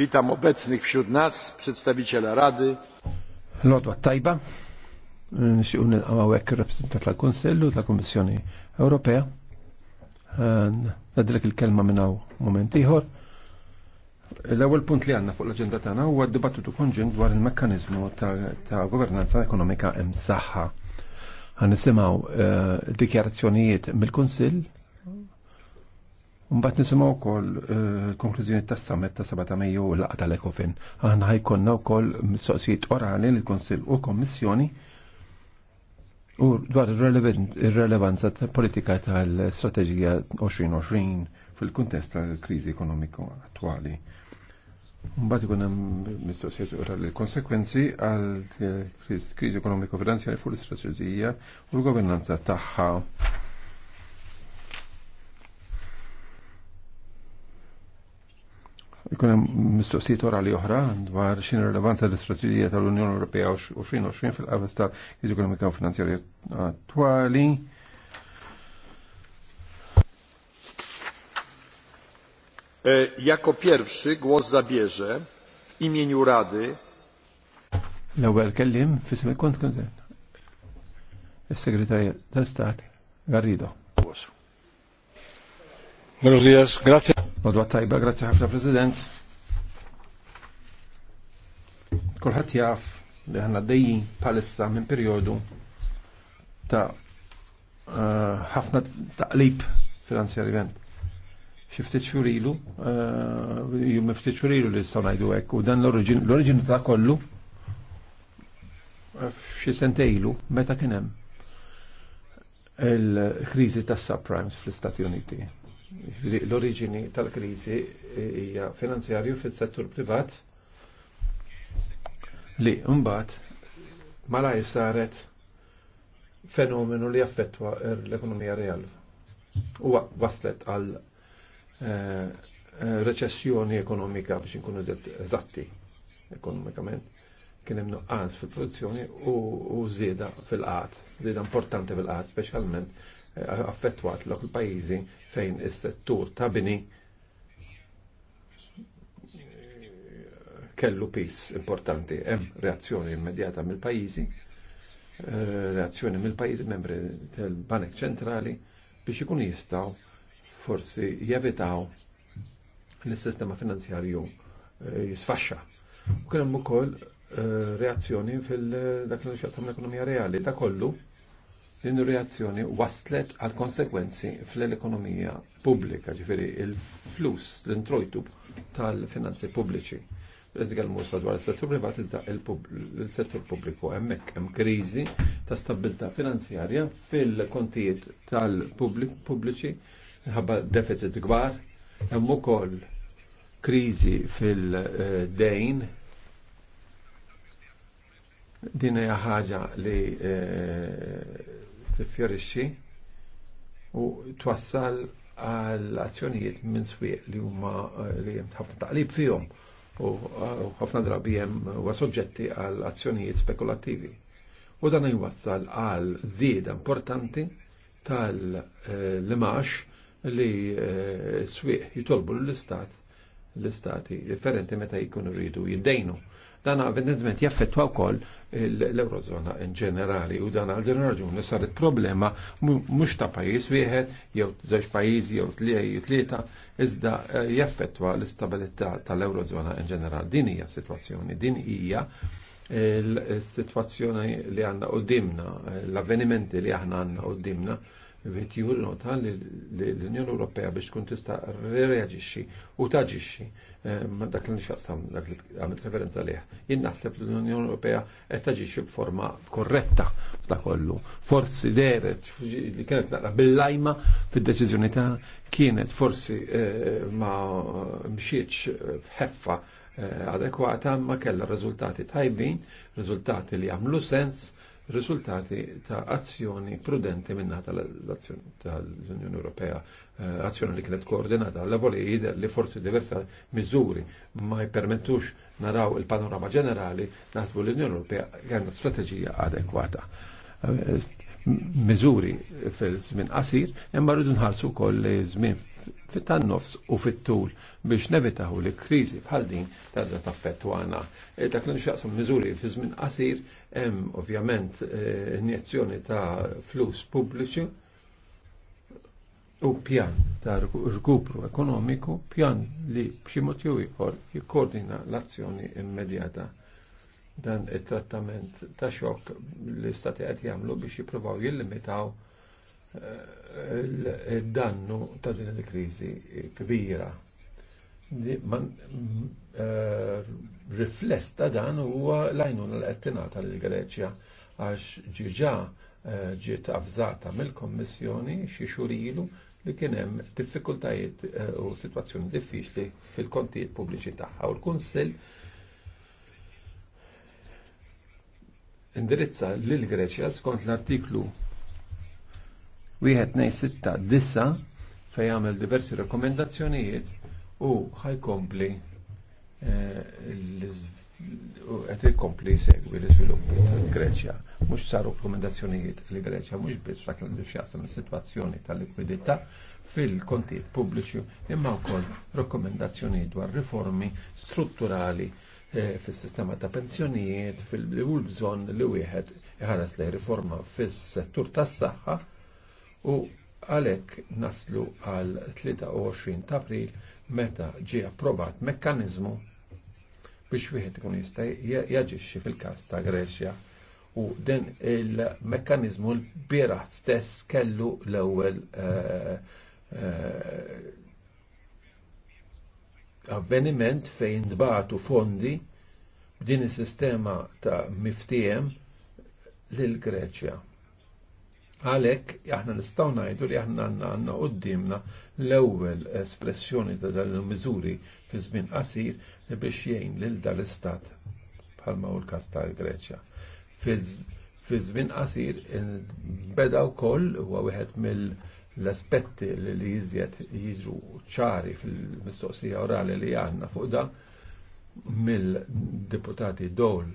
Witam obecnych wśród nas przedstawiciela Rady. Lodwa Tajba, xie unnil awawek rappresentat la Konsellu, la Komisjoni Ewropea. Ehm, nadilek il-kelma minnaw moment iħor. L-ewwel punt li għanna fuq l-aġenda tagħna huwa d-dibattitu konġen dwar il-mekkaniżmu ta' governanza ekonomika imsaħħa. Ħanisimgħu eh, dikjarazzjonijiet mill-Kunsill Mbatt nisimaw kol eh, konklużjoni tas summit ta' 7 Mejju u laqta tal-Ekofin. Aħna ħajkonna wkoll mistoqsijiet orali l konsil u Kommissjoni u dwar ir-relevanza politika tal-Strateġija 2020 fil-kuntest tal-kriżi ekonomiku attwali. Mbagħad ikun hemm mistoqsijiet orali l-konsekwenzi għal kriżi ekonomiku finanzjali fuq l-istrateġija u l-governanza tagħha Ikun mistoqsijiet mistoqsijiet li oħra dwar x'in rilevanza l-istrateġija tal-Unjoni Ewropea u xin fil-qafas tal-kriżi ekonomika u finanzjarja attwali. E, jako pierwszy głos zabierze w imieniu Rady. L-ewwel kellim fisem il-kont kontent. Is-Segretarja tal-Stat Garrido. Głosu. Buenos días, grazie. tajba, grazie ħafna President. Kulħadd jaf li ħanna dejjin palissa minn periodu ta' eh, ħafna taqlib finanzjarjament. Xi xurilu, miftit xurilu li u dan l-oriġinu ta' kollu eh, f'xi sentejlu meta kien hemm il-kriżi tas-subprimes fl-Istati Uniti l origini tal-krizi hija finanzjarju fis-settur privat li mbagħad mara saret fenomenu li jaffettwa l-ekonomija real. Huwa waslet għal eh, eh, reċessjoni ekonomika biex inkunu eżatti ekonomikament. Kien hemm nuqqas fil-produzzjoni u żieda fil-qat, żieda importanti fil-qat, speċjalment affettwat l pajjiżi fejn is-settur ta' bini kellu pis importanti. Hemm reazzjoni immedjata mill-pajjiżi, eh, reazzjoni mill-pajjiżi membri tal-Banek Ċentrali biex ikun jistgħu forsi jevitaw l-sistema finanzjarju eh, jisfaxxa. U kien hemm ukoll eh, reazzjoni fil-dak li xaqsam l-ekonomija reali. Ta' kollu l reazzjoni waslet għal konsekwenzi fl-ekonomija pubblika, ġifiri il-flus, l-introjtu tal-finanzi pubbliċi. Nitkellmu dwar il settur privat il-settur pubbliku hemmhekk hemm kriżi ta' stabilta finanzjarja fil-kontijiet tal-pubbliċi ħabba deficit kbar, hemm ukoll kriżi fil-dejn Din hija ħaġa li eh, tiffjerixxi u twassal għal azzjonijiet minn swieq li huma eh, li hemm ħafna taqlib fihom eh, u ħafna drabi hemm huwa soġġetti għal azzjonijiet spekulattivi. U dan jwassal għal żieda importanti tal-limax li swieq jitolbu l-istat l-istati differenti meta jkunu rridu jiddejnu Dan evidentment jaffettwa wkoll l-Eurozona in ġenerali u dan għal din raġuni saret problema mhux ta' pajjiż wieħed jew żewġ pajjiżi jew tlieta iżda eh, jaffettwa l-istabilità tal-Eurozona in ġenerali. Din hija situazzjoni, din hija l-situazzjoni li għanna dimna, eh, l-avvenimenti li aħna u dimna. Vet nota li l-Unjoni Ewropea biex tkun tista' reaġixxi u taġixxi eh, dak li nixaqsam dak li għamilt referenza leh. Jien naħseb li l-Unjoni Ewropea qed taġixxi b'forma korretta ta' kollu. Forsi deret li kienet naqra bil-lajma fid-deċiżjoni ta' kienet forsi eh, ma mxietx f'ħeffa eh, adekwata ma kellha riżultati tajbin, riżultati li għamlu sens riżultati ta' azzjoni prudenti minna tal tal-Unjoni Ewropea, eh, azzjoni li kienet koordinata, l voli jider li forsi diversa miżuri ma jpermettux naraw il-panorama ġenerali, naħsbu l-Unjoni Ewropea għanna strateġija adekwata eh, miżuri fil-żmien qasir, imma rridu nħarsu wkoll li żmien fit-tan-nofs u fit-tul biex nevitaw li kriżi bħal din terġa' taffettwana. Eh, dak li nxaqsu miżuri fi żmien qasir Hemm ovvjament eh, injezzjoni ta' flus pubbliċi u pjan ta' rkupru ekonomiku, pjan li b'xi mod jew ieħor jikkoordina l-azzjoni immedjata dan it-trattament ta' xokk li stati qed jagħmlu biex jippruvaw jillimitaw eh, dannu ta' din il-kriżi kbira Eh, rifless ta' dan huwa l-għajnuna l-qettinata l-Greċja għax ġiġa eh, ġiet avżata mill-Kommissjoni xi xhur ilu li kien hemm diffikultajiet eh, u sitwazzjoni diffiċli fil-kontijiet pubbliċi tagħha. U l-Kunsill indirizza lil Greċja skont l-artiklu 1.26 dissa fejn jagħmel diversi rekomendazzjonijiet u ħajkompli għet eh, ikompli segwi l-izviluppi tal-Greċja. Mux saru rekomendazzjonijiet li greċja mux biss dak li xjasem situazzjoni tal-likwidità fil-kontijiet pubbliċi, imma wkoll rekomendazzjonijiet dwar riformi strutturali eh, fil-sistema ta' pensjonijiet, fil-bżon bżon li wieħed iħares li riforma fil-settur tas saħħa u għalek naslu għal 23 april meta ġie approvat mekkanizmu biex wieħed ikun jista' jaġixxi fil-każ ta' Greċja u din il mekkanizmu l-bieraħ stess kellu l-ewwel eh, eh, avveniment fejn dbatu fondi b'din is-sistema ta' miftiem lil Greċja. Għalek, aħna nistaw najdu li aħna għanna għoddimna l-ewel espressjoni ta' dal-mizuri fi żmien qasir li biex jgħin lil dal-istat bħalma u l-kas ta' Greċja. Fi żmien qasir beda wkoll huwa wieħed mill-aspetti li jiżjed jiġru ċari fil-mistoqsija orali li għanna fuq da mill-deputati Dol,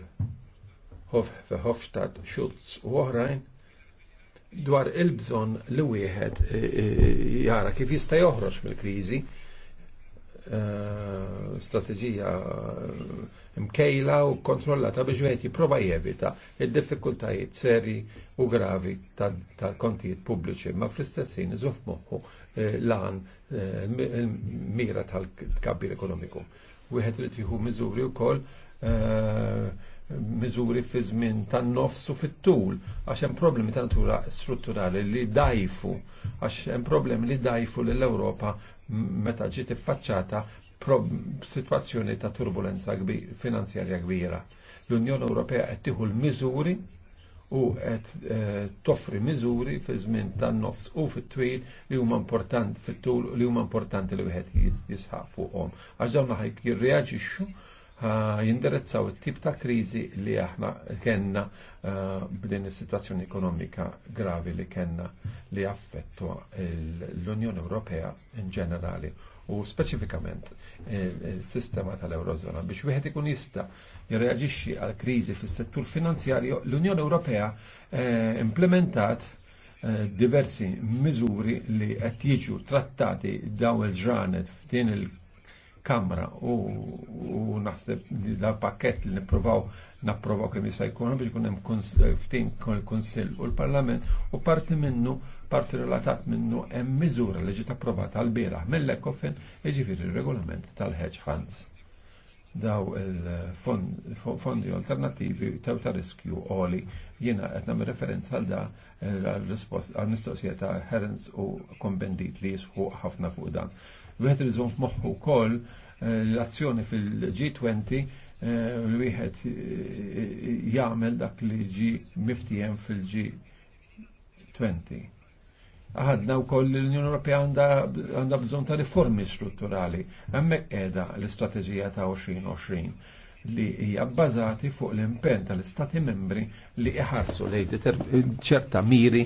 Hofstadt, Schultz u oħrajn dwar il-bżon li wieħed e, e, jara kif jista' joħroġ mill-kriżi e, strateġija mkejla u kontrollata biex wieħed jipprova jevita d diffikultajiet serji u gravi tal-kontijiet pubbliċi, ma fl-istess ħin iżuf moħħu lan mira tal-kabbir ekonomiku. Wieħed rid jieħu miżuri wkoll miżuri fi żmien tan-nofs u fit-tul għax hemm problemi ta' natura strutturali li dajfu għax hemm problemi li dajfu l ewropa meta ġiet iffaċċata situazzjoni ta' turbulenza finanzjarja kbira. L-Unjoni Ewropea qed tieħu l-miżuri u qed eh, toffri miżuri fi żmien tan-nofs u fit-twil li huma importanti fit-tul li huma importanti li wieħed jisħaq fuqhom. Għax dawn ħajk jirreaġixxu jindirizzaw it-tip ta' kriżi li aħna kenna eh, b'din is-sitwazzjoni ekonomika gravi li kenna li affettwa l-Unjoni Ewropea in ġenerali u speċifikament il-sistema tal-Eurozona biex wieħed ikun jista' jirreaġixxi għal kriżi fis-settur finanzjarju l-Unjoni Ewropea eh, implementat eh, diversi miżuri li qed jiġu trattati daw il-ġranet f'din il- kamra u, u naħseb li da pakket li nipprovaw napprovaw kemm jista' jkun biex ikun hemm ftin il-Kunsill u l-Parlament u parti minnu parti relatat minnu hemm miżura li ġiet approvata għal bieraħ mill-Ekofin jiġifieri regolament tal-hedge funds. Daw il-fondi alternativi tew ta' riskju oli jiena qed nagħmel referenza għal da għal-mistoqsija ta' Herens u kombendit li jisħu ħafna fuq dan. Wieħed iżżomm f'moħħu wkoll eh, l-azzjoni fil-G20 eh, l-wieħed eh, jagħmel dak li ġi miftijem fil-G20 Aħadna wkoll l-Unjoni Ewropea għandha bżonn ta' riformi strutturali. Hemmhekk qiegħda l-istrateġija ta' 2020 li hija bbażati fuq l-impenn tal-Istati membri li iħarsu lejn ċerta miri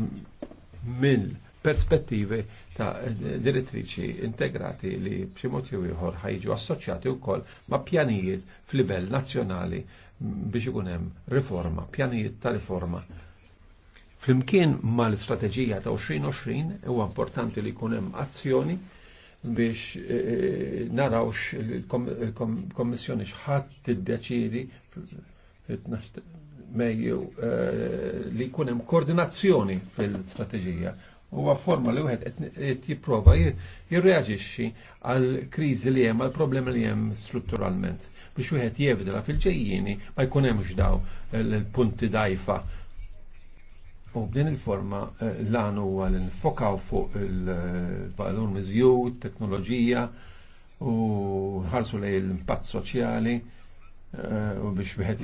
mill perspettivi ta' direttriċi integrati li b'ximot jew ieħor ħajġu assoċjati wkoll ma' pjanijiet f'livell nazzjonali biex ikun hemm riforma, pjanijiet ta' riforma. Flimkien mal-istrateġija ta' 2020 huwa importanti li jkun hemm azzjoni biex eh, eh, narawx il-Kommissjoni xħat tiddeċidi mejju eh, li jkun hemm koordinazzjoni fil-strateġija huwa forma li wieħed qed jipprova jirreaġixxi għal kriżi li hemm għal problemi li hemm strutturalment biex wieħed jevdela fil-ġejjieni ma jkun hemmx daw l-punti dajfa. U b'din il-forma eh, l-għan huwa li nfokaw fuq il-valur miżjud, teknoloġija u ħarsu lej l-impatt soċjali Eh, u biex wieħed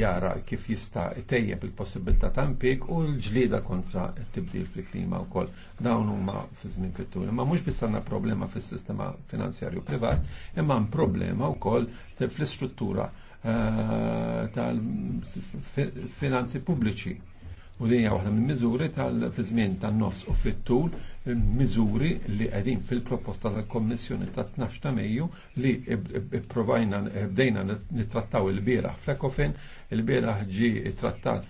jara kif jista' tejjeb il-possibilità ta' impik u l-ġlieda kontra t-tibdil fil-klima wkoll. Dawn huma fi żmien fit-tul. Imma mhux biss għandna problema fis-sistema finanzjarju privat, imma un problema wkoll fl-istruttura eh, tal-finanzi pubbliċi U li hija waħda mill-miżuri tal-fiżmien tan-nofs u fit-tul miżuri li qegħdin fil-proposta tal-Kommissjoni ta' 12 ta' Mejju li ipprovajna bdejna nittrattaw il-bieraħ fl-Ekofin, il-bieraħ ġi trattat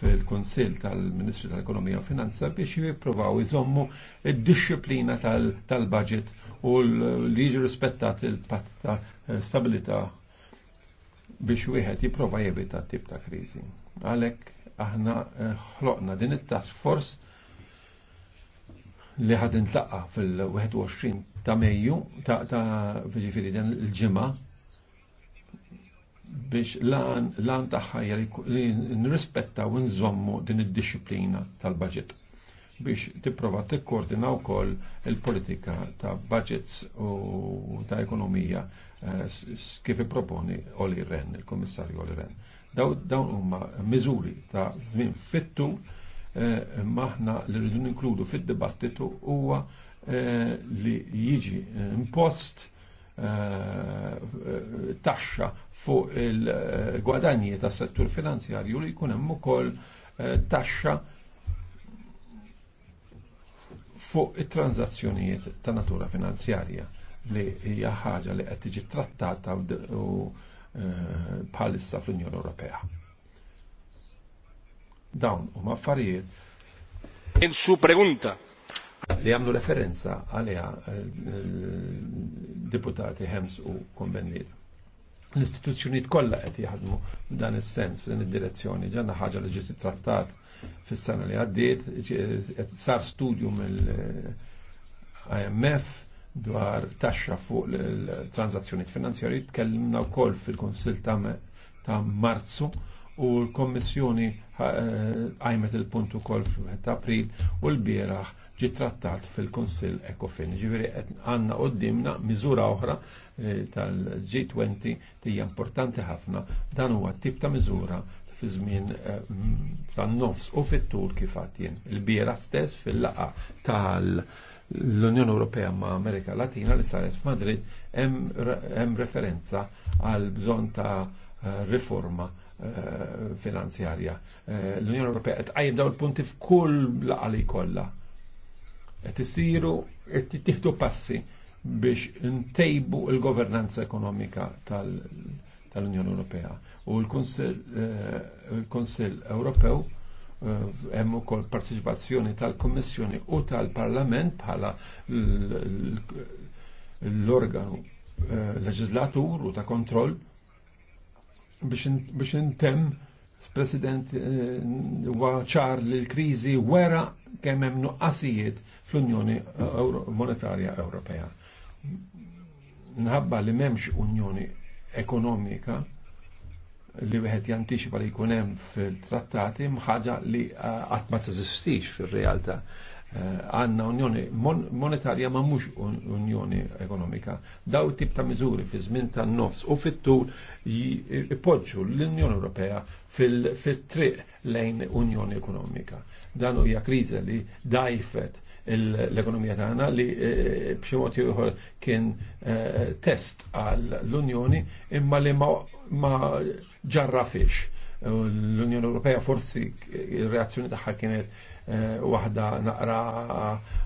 fil-Konsil tal-Ministri tal-Ekonomija u Finanza biex jippruvaw iżommu id-disciplina tal-budget u li jiġi rispettat il-patt ta' stabilità biex wieħed jipprova jevita t-tip ta' kriżi. Għalhekk aħna eh, ħloqna din it-task force li ħad intlaqqa fil-21 ta' Mejju ta' ġifiri din il-ġimgħa biex lan taħħajja li nrispetta u nżommu din id-disciplina tal-budget biex tipprova tikkoordina wkoll il-politika ta' budgets u ta' ekonomija eh, kif proponi Oli Ren, il-Kummissarju Oli Ren. Dawn huma miżuri ta' żmien fittu eh, maħna li rridu ninkludu fid-dibattitu huwa eh, li jiġi impost eh, taxxa fuq il-gwadanji tas settur finanzjarju li jkun hemm ukoll taxxa fuq it-tranzazzjonijiet ta' natura finanzjarja li hija ħaġa li qed tiġi trattata u Eh, bħalissa fl-Unjoni Ewropea. Dawn huma affarijiet. In su pregunta. Li għamlu referenza għalija eh, eh, deputati Hems u konvenir. L-istituzzjonijiet kollha qed jaħdmu dan is-sens, f'dan id-direzzjoni, ġanna ħaġa li ġiet trattat fis-sena li għaddiet, sar studju mill-IMF dwar taxxa fuq l-transazzjoni finanzjarji tkellimna wkoll fil-Konsil ta' Marzu u l-Kommissjoni eh, għajmet il-punt ukoll fl ta' April u l-bieraħ ġi trattat fil-Konsil Ekofin. Ġifieri qed għandna qudiemna miżura oħra eh, tal-G20 hija importanti ħafna dan huwa tip ta' miżura fi żmien eh, tan-nofs u fit-tul kif għatjen. Il-bieraħ stess fil-laqa tal- l-Unjoni Ewropea ma' Amerika Latina li saret f'Madrid hemm referenza għal bżonn ta' eh, riforma eh, finanzjarja. Eh, L-Unjoni Ewropea qed qajjem dawn il-punti f'kull laqgħa li jkollha. Qed isiru qed tieħdu passi biex ntejbu l-governanza ekonomika tal-Unjoni Ewropea. U l-Kunsill Ewropew Eh, hemm ukoll partecipazzjoni tal-Kummissjoni u tal-Parlament bħala l-organu eh, leġislatur u ta' kontroll biex intemm President eh, ċar li l-kriżi wera kemm hemm nuqqasijiet fl-Unjoni Monetarja Ewropea. Nħabba li m'hemmx Unjoni Ekonomika li wieħed jantiċipa li jkun hemm fil-trattati mħaġa li eh, qatt ma teżistix fir-realtà. Eh, għandna unjoni monetarja ma mhux unjoni ekonomika. Daw tip ta' miżuri fi żmien tan-nofs u fit-tul ipoġġu l-Unjoni Ewropea fil-triq lejn Unjoni Ekonomika. Dan hija kriża li dajfet l-ekonomija tagħna li eh, b'xi mod kien test għall unjoni imma li ma ma ġarrafix. L-Unjoni Ewropea forsi il-reazzjoni tagħha kienet eh, waħda naqra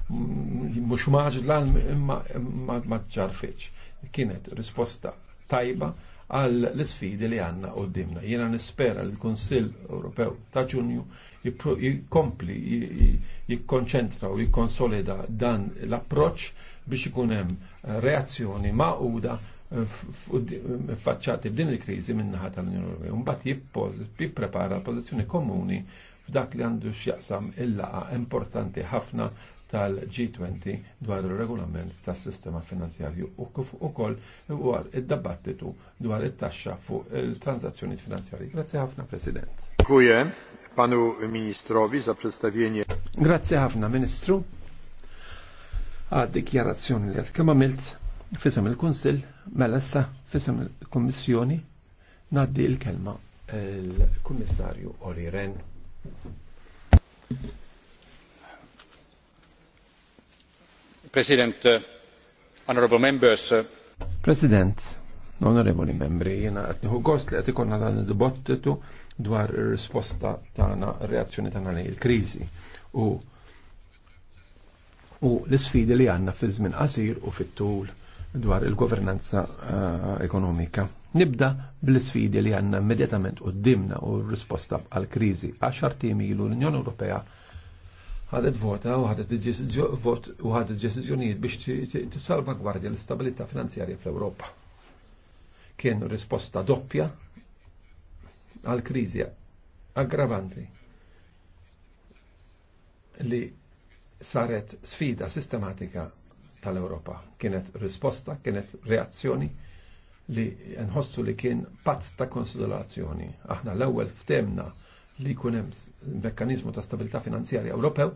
mm, mhux maġla imma ma ġarfiċ. Kienet risposta tajba għal l-sfidi li għanna u dimna. Jena nispera li l-Konsil Ewropew ta' ġunju jikompli, jikkonċentra u jikkonsolida dan l-approċ biex ikun hemm reazzjoni maquda faċċati b'din il-kriżi min-naħa tal-Unjoni Ewropea. Mbagħad jipprepara pożizzjoni komuni f'dak li għandu x'jaqsam il-laqa importanti ħafna tal-G20 dwar il-regolament tas-sistema finanzjarju u kif ukoll dwar id-dibattitu dwar it-taxxa fuq il-transazzjoni finanzjarji. Grazzi ħafna, President. Dziękuję panu ministrowi za przedstawienie. Grazie ħafna, ministru. Għad dikjarazzjoni li għad kemm għamilt Fisem il-Kunsil, mela issa fisem il-Kommissjoni, naddi il-kelma il-Kummissarju Ori Ren. President, honorable members. Uh, President, onorevoli membri, jena hu gost li għatikonna dan id-dibattitu dwar risposta tana, reazzjoni tana li il-krizi u u l-sfidi li għanna fi żmien qasir u fit-tul dwar il-governanza eh, ekonomika. Nibda bl-sfidi li għanna immedjatament u dimna u risposta għal-krizi. Għaxar ilu l-Unjoni Ewropea ħadet vota u ħadet vot u ħadet ġesizjoniet biex gwardja l-istabilità finanzjarja fl-Ewropa. Kien risposta doppja għal kriżi aggravanti li saret sfida sistematika tal-Europa. Kienet risposta, kienet reazzjoni li nħossu li kien pat ta' konsiderazzjoni. Aħna l-ewwel ftemna li kunem hemm mekkanizmu ta' stabilità finanzjarja Ewropew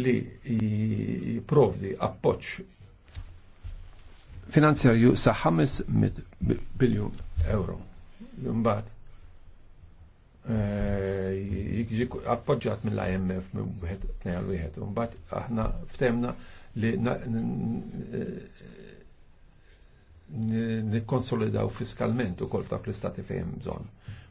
li jiprovdi appoġġ finanzjarju sa' 500 biljun euro. Jumbat eh, jikġi appoġġat mill-IMF minn wieħed tnejn aħna ftemna li nikkonsolidaw fiskalment u kol ta' fl-istati fejn bżon.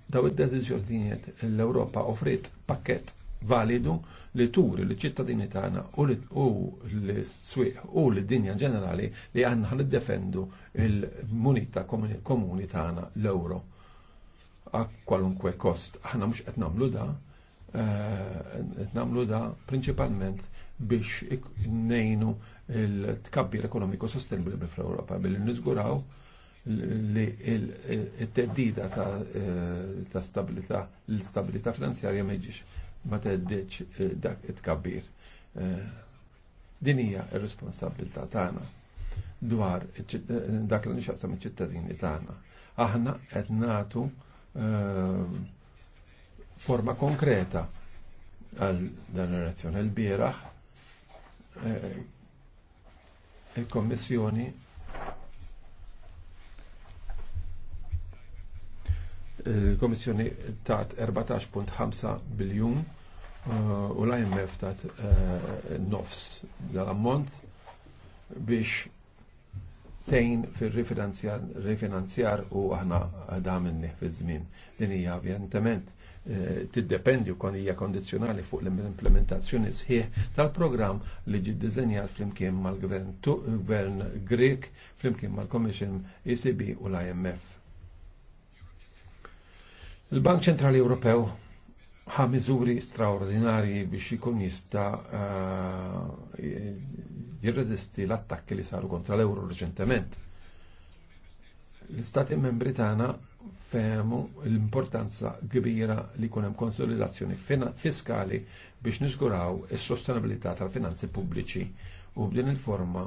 Daw id-deċiżjonijiet l-Ewropa offrit pakket validu li turi li ċittadini tagħna u l-swieq u li dinja ġenerali li għandna ħan defendu il-munita komuni tagħna l-euro a kwalunkwe kost. Aħna mhux qed nagħmlu da, eh, qed nagħmlu da prinċipalment biex nejnu il-tkabbir ekonomiku sostenibli fl-Europa billi nizguraw li il-teddida ta' stabilita, eh, l stabilita finanzjarja meġiġ ma teddeċ eh, dak it-tkabbir. Eh, din hija r-responsabilità tagħna dwar dak li nixaqsam iċ-ċittadini tagħna. Aħna qed nagħtu forma konkreta għal dan il razzjoni l-bieraħ Eh, il-Kommissjoni il-Kommissjoni tat 14.5 biljun eh, u l-IMF eh, nofs l-ammont biex tejn fil-rifinanzjar u aħna għadam fi żmien. Din hija ovvjament Eh, tiddependi kon hija kondizjonali fuq l-implementazzjoni sħiħ tal-programm li ġi ddiżenjat flimkien mal-gvern gvern Grek, flimkien mal-Commission ECB u l-IMF. Il-Bank Ċentrali Ewropew ħa miżuri straordinarji biex ikun jista eh, jirreżisti l-attakki li saru kontra l-euro reċentement. L-istati membri tagħna fehmu l-importanza kbira li kun hemm konsolidazzjoni fiskali biex niżguraw is-sostenibilità tal-finanzi pubbliċi u b'din il-forma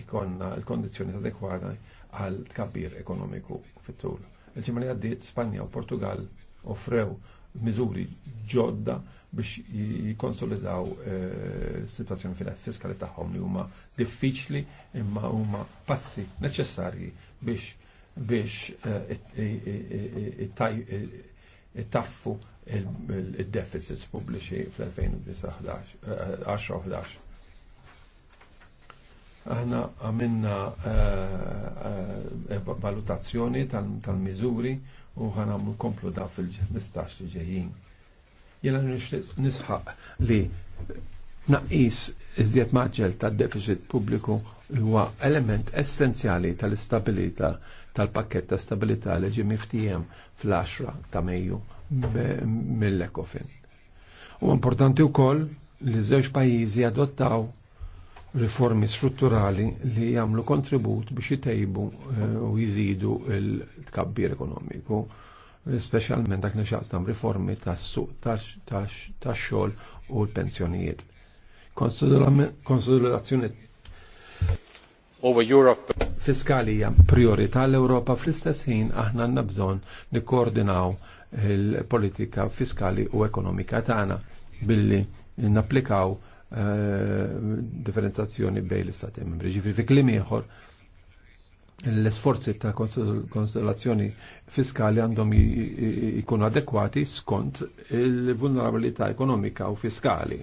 ikonna l-kondizzjoni adekwata għal tkabbir ekonomiku fit-tul. il ġimali li għaddiet Spanja u Portugal offrew miżuri ġodda biex jikonsolidaw eh, situazzjoni fiskali tagħhom li huma diffiċli imma huma passi neċessarji biex biex eh, it taffu il-deficits publiċi fl-2011. Eh, aħna għamilna eh, valutazzjoni tal mizuri u għan għamlu komplu da fil-15 li ġejjin. Jena nisħaq li naqis iżjed maġġel tal deficit publiku huwa element essenzjali tal-istabilita tal-pakket ta' stabilità li ġi miftijem fl-10 ta' Mejju mill-Ekofin. U importanti wkoll li żewġ pajjiżi adottaw riformi strutturali li jagħmlu kontribut biex jitejbu eh, u jżidu l-tkabbir ekonomiku, speċjalment dak nixaqstam riformi tas-suq tax-xogħol u l-pensjonijiet. Konsolidazzjoni over Europe. Fiskali hija priorità l-Ewropa fl-istess ħin aħna għandna bżonn nikkoordinaw il-politika fiskali u ekonomika tagħna billi napplikaw eh, differenzazzjoni bejn l-istati membri. Ġifri fi klim ieħor l-esforzi ta' konstellazzjoni fiskali għandhom jkunu adekwati skont il-vulnerabilità ekonomika u fiskali.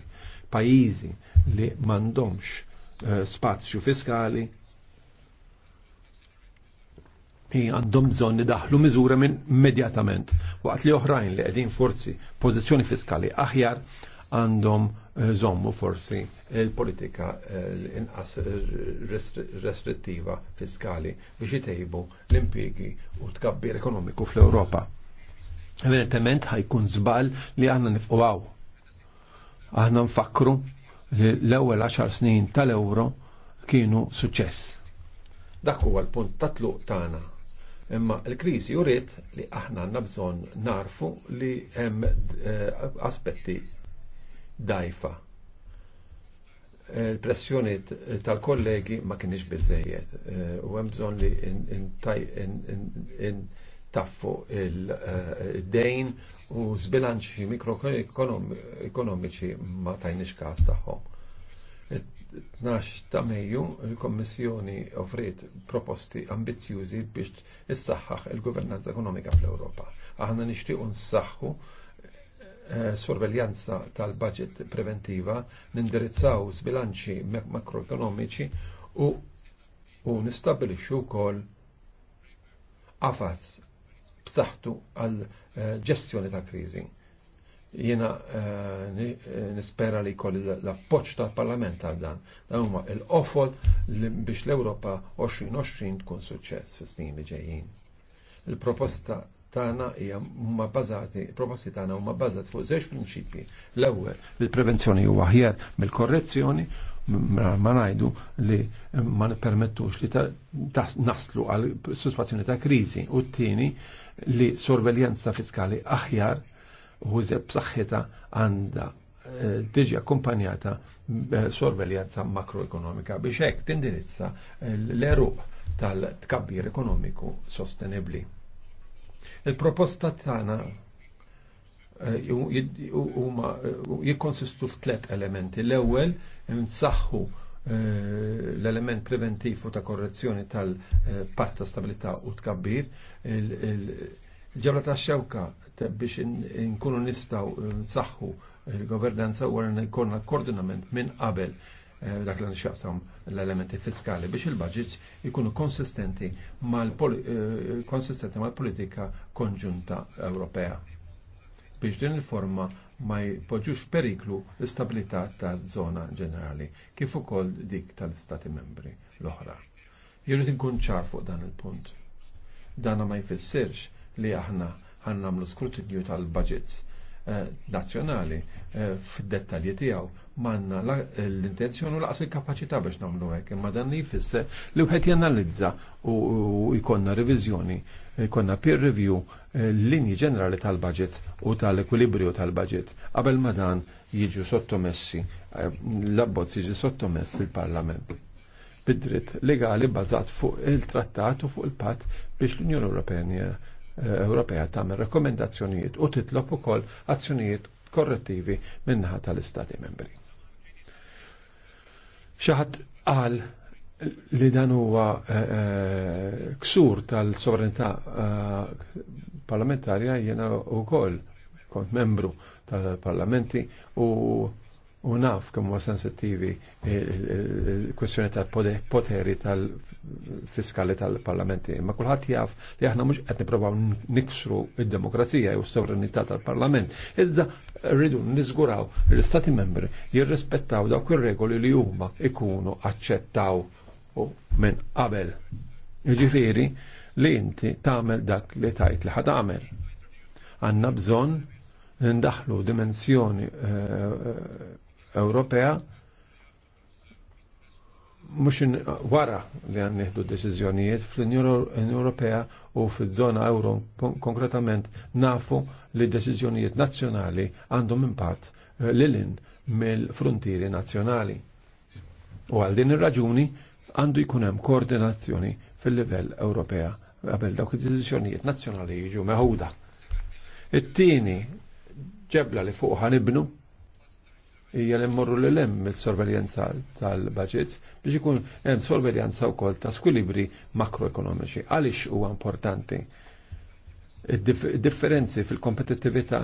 Pajizi li mandomx eh, spazju fiskali għandhom bżonn daħlu miżura minn immedjatament. Waqt li oħrajn li qegħdin forsi pożizzjoni fiskali aħjar għandhom eh, żommu forsi il-politika eh, inqas restrittiva fiskali biex jtejbu l-impjegi u tkabbir ekonomiku fl-Ewropa. Evidentement ħajkun żball li għandna nifqgħu. Aħna nfakru li l-ewwel 10 snin tal-euro kienu suċċess. Dak huwa l-punt tat-tluq tagħna Imma l-kriżi uriet li aħna nabżon bżonn narfu li hemm eh, aspetti dajfa. Il-pressjoni eh, tal-kollegi ma kienx biżejjed eh, u hemm bżonn li taffu il-dejn u zbilanċi mikroekonomiċi ma tajniex każ tagħhom 12 ta' Mejju il-Kommissjoni offriet proposti ambizjużi biex issaħħaħ il-governanza ekonomika fl-Ewropa. Aħna nixtiequ nsaħħu eh, sorveljanza tal-budget preventiva, nindirizzaw sbilanċi makroekonomiċi u, u nistabilixxu wkoll qafas b'saħħtu għal eh, ġestjoni ta' kriżi Jiena eh, eh, nispera li jkolli l-appoċ tal-Parlament għal dan. Dan huma l-qofol biex l-Ewropa 2020 tkun suċċess fis-snin li ġejjin. Il-proposta tagħna hija huma bażati, proposti tagħna huma bażati fuq żewġ prinċipji. L-ewwel, li prevenzjoni huwa aħjar mill-korrezzjoni ma najdu li ma permettux li naslu għal situazzjoni ta' kriżi u t-tieni li sorveljanza fiskali aħjar użeb b'saħħitha għandha eh, tiġi akkumpanjata eh, sorveljanza makroekonomika biex hekk tindirizza eh, l-eruq tal-tkabbir ekonomiku sostenibli. Il-proposta tagħna jikkonsistu f'tlet elementi. L-ewwel insaħħu l-element preventiv u ta' korrezzjoni tal-patta stabilità u tkabbir, il ġabla ta' xewka biex nkunu nistaw eh, nsaħħu il-governanza u għarna l koordinament minn qabel eh, dak li nxaqsam l-elementi fiskali biex il-budgets ikunu eh, konsistenti mal-politika konġunta Ewropea. Biex din il-forma ma jpoġux periklu l-istabilità ta' zona ġenerali, kif ukoll dik tal-Stati membri l-oħra. Jirrid inkun ċar fuq dan il-punt. Dana ma jfissirx li aħna għan namlu skrutinju tal-budgets eh, nazzjonali eh, fid-dettalji tiegħu manna l-intenzjoni u laqsu il-kapaċità biex nagħmlu hekk, imma dan jfisser li wieħed janalizza u jkollna reviżjoni, jkollna peer review l-linji eh, ġenerali tal-budget u tal-ekwilibrju tal-budget qabel ma dan jiġu sottomessi, l-abbozz jiġi sottomess il-Parlament bid-dritt legali bażat fuq il-trattat u fuq il-patt biex l-Unjoni Ewropea Ewropea tagħmel rekomendazzjonijiet u titlob ukoll azzjonijiet korrettivi minnaħa tal-Istati membri. Xaħat qal li dan huwa eh, eh, ksur tal-sovranità eh, parlamentarja jiena wkoll kont membru tal-parlamenti u u naf kemm huwa sensittivi il-kwestjoni ta' poteri tal-fiskali tal-parlamenti. Ma kulħadd jaf li aħna mhux qed nippruvaw niksru id-demokrazija u s-sovranità tal-parlament. Iżda rridu niżguraw l-istati membri jirrispettaw dawk ir-regoli li huma ikunu aċċettaw minn qabel. Jiġifieri li inti tagħmel dak li tajt li ħad tagħmel. Għandna bżonn nindaħlu dimensjoni eh, eh, Ewropea mux wara li għan neħdu deċiżjonijiet fl-Unjoni Ewropea u fil-żona euro konkretament nafu li deċiżjonijiet nazzjonali għandhom impatt eh, lilin mill-frontieri nazzjonali. U għal din ir-raġuni għandu jkun hemm koordinazzjoni fil-livell Ewropea qabel dawk id-deċiżjonijiet nazzjonali jiġu meħuda. It-tieni ġebla li fuq ħanibnu hija li mmorru lil hemm mis sorveljanza tal-budget biex ikun hemm sorveljanza wkoll ta' skwilibri makroekonomiċi. Għaliex huwa importanti? Id-differenzi fil-kompetittività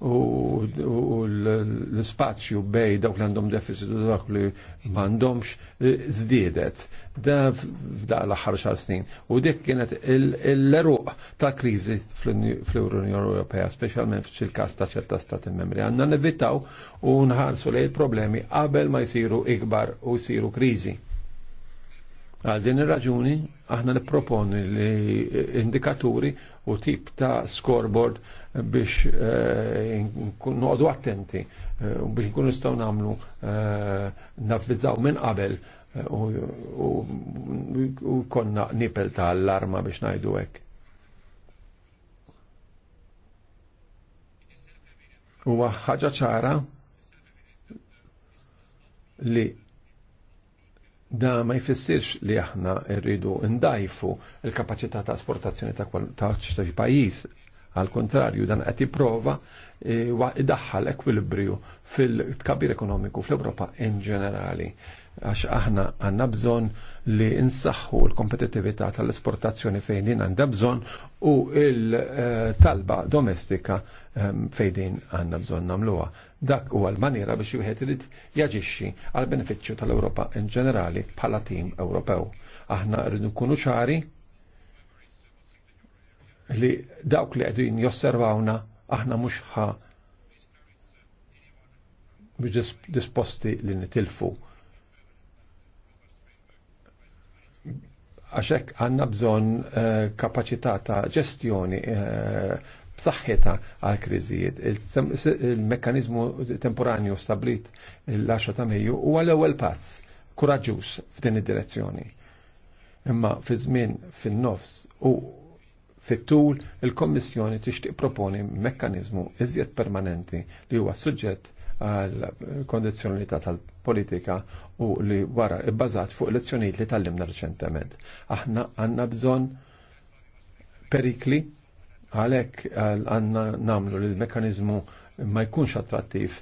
u l-spazju bej dawk li għandhom deficit u dawk li m'għandhomx eh, żdiedet da f'da l-aħħar xar snin. U dik kienet l-eruq ta' kriżi fl-Unjoni Ewropea, speċjalment fil każ ta' ċerta stati membri. Għanna nevitaw u nħarsu li il-problemi qabel ma jsiru ikbar u jsiru kriżi. Għal din ir-raġuni aħna nipproponi li indikaturi u tip ta' scoreboard biex eh, noqogħdu attenti u eh, biex nkunu nistgħu nagħmlu eh, naflizzaw minn qabel u konna nipel ta' allarma biex ngħidu hekk. Huwa ħaġa ċara li Da ma jfissirx li aħna rridu ndajfu il-kapacità ta' esportazzjoni ta' ta' pajjiż. Al kontrarju, dan qed jipprova e, daħħal ekwilibrju fil-kabir ekonomiku fl-Ewropa in ġenerali. Għax aħna għandna bżonn li insaħħu l-kompetitività tal-esportazzjoni fejn din għandha bżonn u il-talba domestika ehm, fejn din għandna bżonn nagħmluha. Dak huwa l-maniera biex wieħed irid jaġixxi għal benefiċċju tal-Ewropa in ġenerali bħala tim Ewropew. Aħna rridu nkunu ċari li dawk li qegħdin josservawna aħna mhux ħa biex disposti li nitilfu għaxek għanna bżon eh, kapacità ta' ġestjoni eh, b'saħħita għal kriżijiet. Il-mekkanizmu temporanju stablit l-10 ta' Mejju huwa l-ewwel pass kuraġġuż f'din id-direzzjoni. Imma fi żmien fin-nofs u fit-tul il-Kommissjoni tixtieq proponi mekkanizmu iżjed permanenti li huwa suġġett għal kondizzjonalità tal politika u li wara bbażat fuq lezzjonijiet li tallimna reċentement. Aħna għandna bżonn perikli għalhekk għandna namlu li l-mekanizmu ma jkunx attrattiv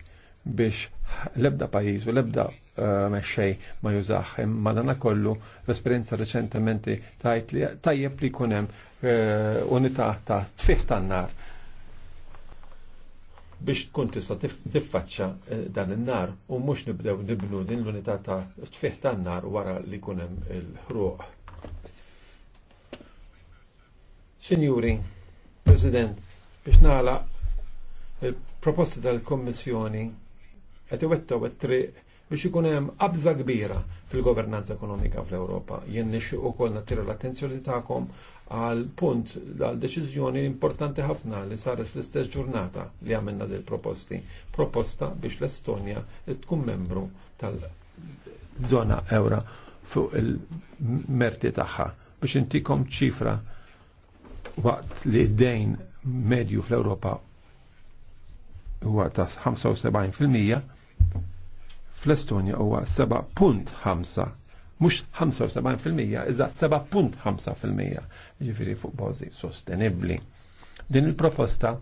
biex lebda pajjiż u lebda eh, mexxej ma jużax. Imma l-għana kollu l-esperjenza reċentementi tajt li tajjeb li jkun hemm eh, unità ta' tfiħ tan-nar biex tkun tista' tiffaċċa eh, dan in-nar u mhux nibdew nibnu din l-unità ta' tfih tan-nar wara li jkun hemm il-ħruq. Sinjuri, President, biex nagħlaq il-proposti tal-Kommissjoni qed iwettaw it-triq biex ikun hemm qabża kbira fil-governanza ekonomika fl-Ewropa. Jien nixtieq ukoll nattira l-attenzjoni tagħkom għal punt għal deċiżjoni importanti ħafna li saret fl-istess ġurnata li għamilna dil proposti. Proposta biex l-Estonja tkun membru tal-żona ewra fuq il-merti tagħha biex intikom ċifra waqt li d-dejn medju fl-Ewropa huwa ta' 75% fl-Estonja huwa 7.5 mhux 75% iżda 7.5% jiġifieri fuq bażi sostenibbli. Din il-proposta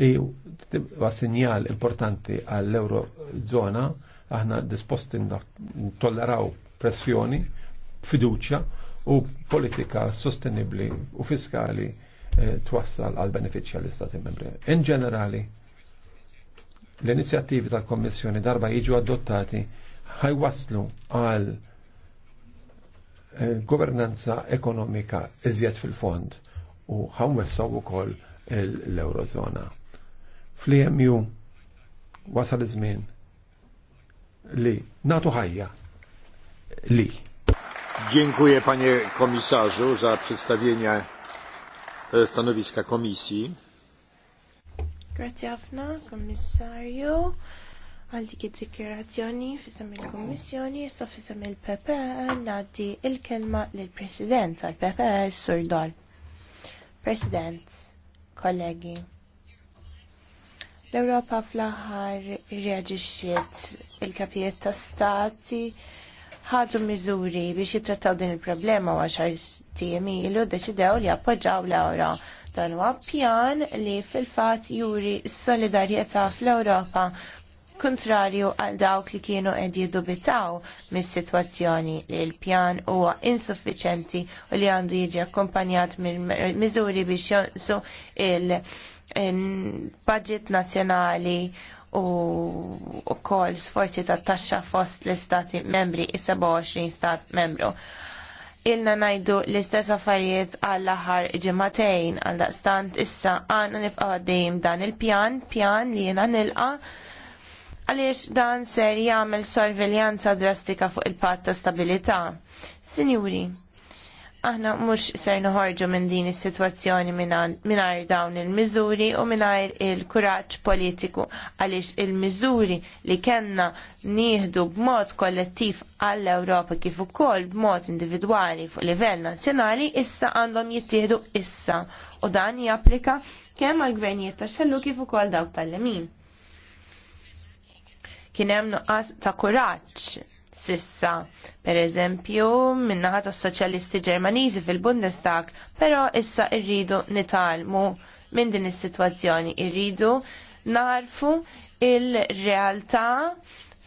huwa sinjal importanti għall-Eurozona aħna disposti ntolleraw pressjoni, fiduċja u politika sostenibbli u fiskali eh, twassal għal benefiċċja l-Istati membri. In ġenerali, l-inizjattivi tal-Kommissjoni darba jiġu adottati ħajwaslu għal eh, governanza ekonomika iżjed fil-fond u ħanwessaw ukoll l-Eurozona. Fl-EMU wasal iż-żmien li natu ħajja li. Dziękuję panie komisarzu za przedstawienie e, stanowiska komisji. Grazie ħafna, Kommissarju, għal dik id-dikjerazzjoni fisem il-Kommissjoni, issa fissam il pp e, ngħaddi il-kelma lill-President tal pp e, Sur Dol. President, kollegi. L-Ewropa fl-aħħar reaġixxiet il-kapijiet ta' stati ħadu miżuri biex jitrattaw din il-problema għaxar tijemi ilu deċidew li appoġġaw l-ewro Dan huwa pjan li fil-fatt juri solidarjetà fl-Ewropa kontrarju għal dawk li kienu qed jiddubitaw mis-sitwazzjoni li l-pjan huwa insuffiċenti u li għandu jiġi akkompanjat minn miżuri biex jonqsu il-budget nazzjonali u wkoll sforzi ta' taxxa fost l-istati membri, is-27 stat membru ilna najdu l-istess affarijiet għall aħħar ġimagħtejn għal daqstant issa għandna nibqa' għaddejjem dan il-pjan, pjan li jiena nilqa' għaliex dan ser jagħmel sorveljanza drastika fuq il-patt ta' stabilità. Sinjuri, aħna mhux ser noħorġu minn din is-sitwazzjoni mingħajr dawn il-miżuri u mingħajr il-kuraġġ politiku għaliex il-miżuri li kellna nieħdu b'mod kollettiv għall-Ewropa kif ukoll b'mod individwali fuq livell nazzjonali issa għandhom jittieħdu issa u dan japplika kemm għall-gvernijiet tax-xellu kif ukoll dawk tal-lemin. Kien hemm nuqqas ta' kuraġġ sissa, per eżempju, minnaħa tas soċjalisti ġermaniżi fil-Bundestag, però issa irridu nitalmu minn din is-sitwazzjoni, irridu narfu il-realtà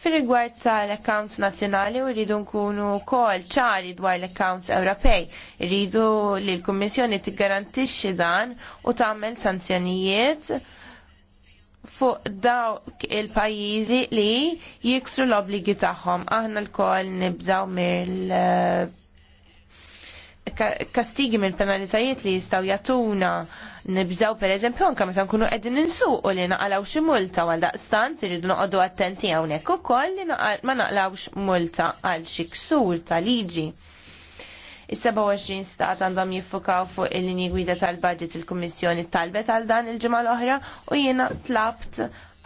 fir rigward tal-accounts nazzjonali u rridu nkunu kol ċari dwar l-accounts Ewropej. Rridu li l-Kummissjoni tiggarantixxi dan u tagħmel sanzjonijiet fuq dawk il-pajjiżi li jiksru l-obligi tagħhom. Aħna lkoll nibżgħu mill eh, kastigi mill penalizajiet li jistaw jatuna nibżaw per eżempju anka meta nkunu qegħdin u li naqalaw xi multa għal daqstant irridu noqogħdu attenti hawnhekk ukoll li ma naqlawx multa għal xi ksur ta' liġi. Is-27 stat għandhom jiffukaw fuq il-linji gwida tal-budget il-Kummissjoni talbet għal dan il-ġimgħa l-oħra u jiena tlabt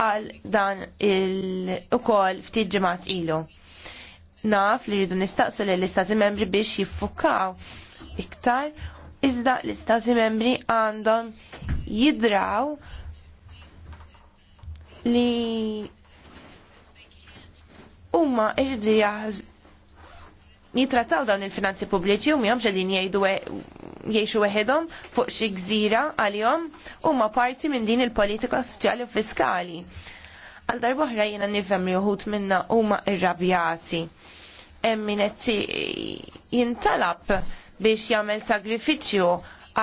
għal dan il-ukoll ftit ġimgħat ilu. Naf li rridu nistaqsu lill istati membri biex jiffukaw iktar iżda l-istati membri għandhom jidraw li huma irdi jitrattaw dawn il-finanzi pubbliċi u miħom xedin jgħidu jiexu weħedhom fuq xi gżira għalihom huma parti minn din il-politika soċjali u fiskali. Għal oħra jiena nifhem li uħud minna huma irrabjati. Hemm min jintalab biex jagħmel sagrifiċċju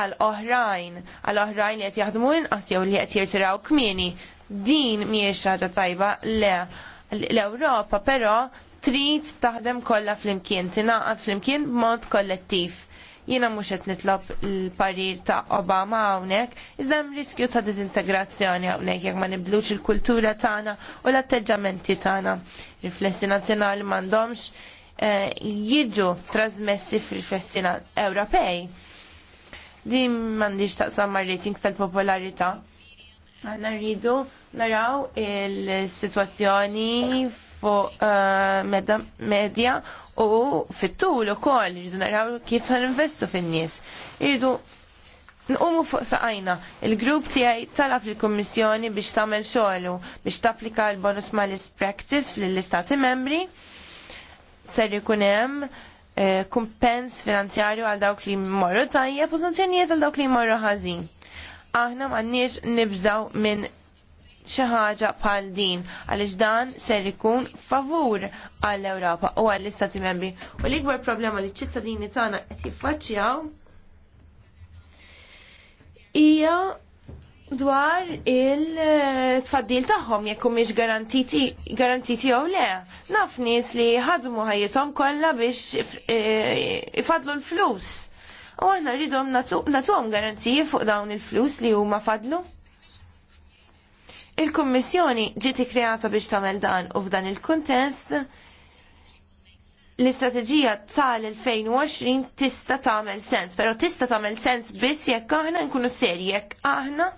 għal oħrajn, għal oħrajn li qed jaħdmu inqas jew li qed jirtiraw kmieni. Din mhijiex ħaġa tajba le l-Ewropa però trid taħdem kollha flimkien, tingħaqad flimkien b'mod kollettiv. Jiena mhux qed nitlob l-parir ta' Obama hawnhekk, iżda hemm riskju ta' diżintegrazzjoni hawnhekk jekk ma nibdlux il-kultura tagħna u l-atteġġamenti tagħna. Riflessi nazzjonali m'għandhomx eh, jiġu trasmessi fil-riflessi Ewropej. Din m'għandix taqsam mar rating tal-popolarità. Għanna rridu naraw il-situazzjoni fuq uh, medja u fit-tul ukoll irridu naraw kif se investu fin-nies. Irridu Nqumu fuq saqajna, il-grupp tiegħi talab lill-Kummissjoni biex tagħmel xogħlu biex tapplika l-bonus malis practice fl-istati membri. Ser jkun hemm eh, kumpens finanzjarju għal dawk li morru tajjeb u għal dawk li morru ħażin. Aħna m'għandniex nibżaw minn xi ħaġa bħal din għaliex dan ser ikun favur għall ewropa u għall istati membri. U l-ikbar problema li ċ-ċittadini tagħna qed jiffaċċjaw hija dwar il-tfaddil tagħhom jekk mhix garantiti garantiti jew le. Naf nies li ħadmu ħajjithom kollha biex eh, ifadlu l-flus. U aħna rridhom nagħtuhom garanziji fuq dawn il-flus li huma fadlu. Il-Kummissjoni ġiet kreata biex tagħmel dan u f'dan il-kuntest l-istrateġija tal-2020 tista' tagħmel sens, però tista' tagħmel sens biss jekk aħna nkunu seri jekk aħna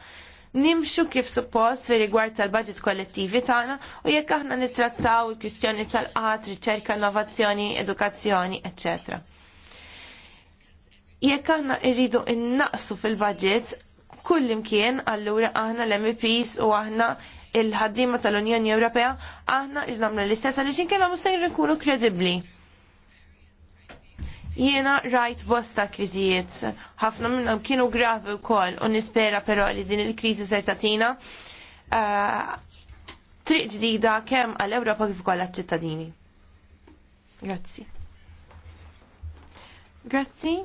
nimxu kif suppost fi rigward tal-budget kollettivi tagħna u jekk aħna nittrattaw il-kwistjoni tal-qat, riċerka, innovazzjoni, edukazzjoni, etc. Jekk aħna rridu innaqsu fil-budget, kullimkien allura aħna l-MPs u aħna il-ħaddima tal-Unjoni Ewropea aħna iġnamlu l-istess għaliex inkella mustajn nkunu kredibbli. Jiena rajt bosta kriżijiet, ħafna minnhom kienu gravi wkoll u nispera però li din il-kriżi ser tagħtina uh, triq ġdida kemm għall-Ewropa kif ukoll għaċ-ċittadini. Grazzi. Grazzi.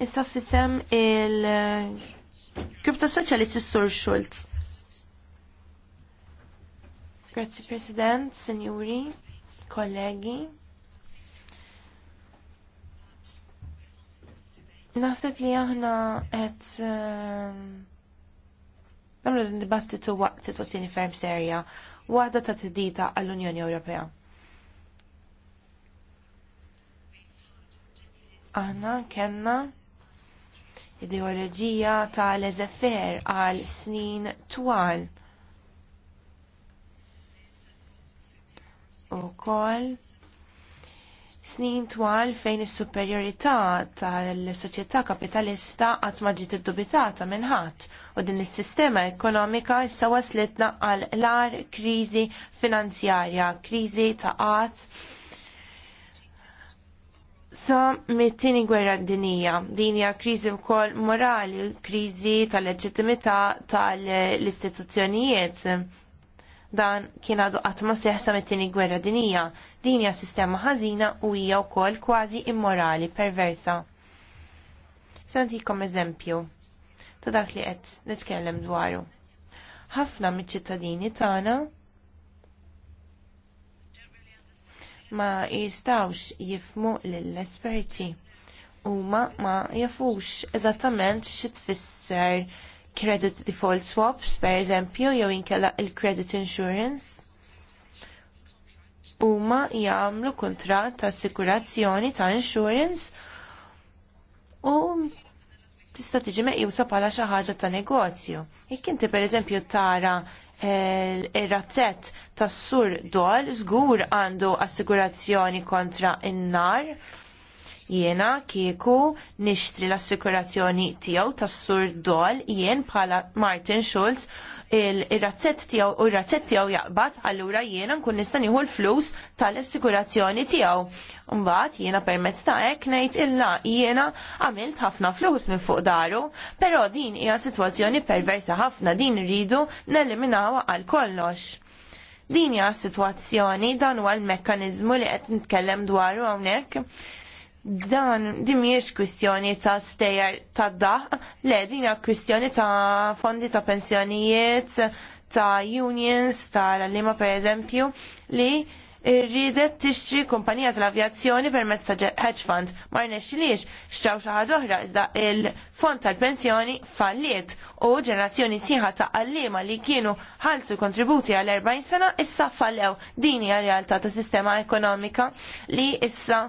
Issa fissem il eh, ta' Soċjalisti Sur Schultz. Grazzi President, Sinjuri, kollegi. Naħseb li aħna qed eh, nagħmlu din dibattitu waqt sitwazzjoni ferm serja waħda ta' tedita għall-Unjoni Ewropea. Aħna kellna ideoloġija ta' Lezefer għal snin twal. U kol snin twal fejn is-superjorità tal-soċjetà kapitalista qatt ma ġiet iddubitata minħat. u din is-sistema ekonomika issa waslitna għal lar kriżi finanzjarja, kriżi ta' qatt sa mit-tieni gwerra dinija. Din hija kriżi wkoll morali, kriżi tal-leġittimità tal-istituzzjonijiet. Dan kien għadu qatt ma sa mit-tieni gwerra dinija. Din hija sistema ħażina u hija wkoll kważi immorali, perversa. Santikom eżempju ta' dak li qed nitkellem dwaru. Ħafna miċ-ċittadini tagħna ma jistawx jifmu lill-esperti huma ma jafux eżattament xi tfisser credit default swaps pereżempju jew inkella il-credit insurance ma jagħmlu kuntratt ta' assikurazzjoni ta' insurance u tista' tiġi meqjusa bħala xi ħaġa ta' negozju. Jekk inti pereżempju tara ir-razzett tas-sur dol żgur għandu assigurazzjoni kontra in-nar. Jiena kieku nixtri l-assikurazzjoni tiegħu tas-sur dol jien bħala Martin Schulz il-razzett tijaw u r-razzett tijaw jaqbad allura jiena nkun nista' nieħu l-flus tal-assikurazzjoni tiegħu. Mbagħad jiena permezz ta' hekk ngħid illa jiena għamilt ħafna flus minn fuq daru, però din hija sitwazzjoni perversa ħafna din rridu neliminawha għal kollox din hija situazzjoni dan huwa l-mekkaniżmu li qed nitkellem dwaru hawnhekk dan din mhijiex kwistjoni ta' stejjer ta' daq, le din hija kwistjoni ta' fondi ta' pensjonijiet, ta' unions, ta' l-lima per eżempju, li rridet tixtri kumpanija tal-avjazzjoni permezz ta' hedge fund. Ma rnex liex xtraw xi ħaġa oħra iżda il-fond tal-pensjoni falliet u ġenerazzjoni sieħa ta' għallima li kienu ħalsu kontributi għal 40 sena issa fallew. Din hija realtà ta' sistema ekonomika li issa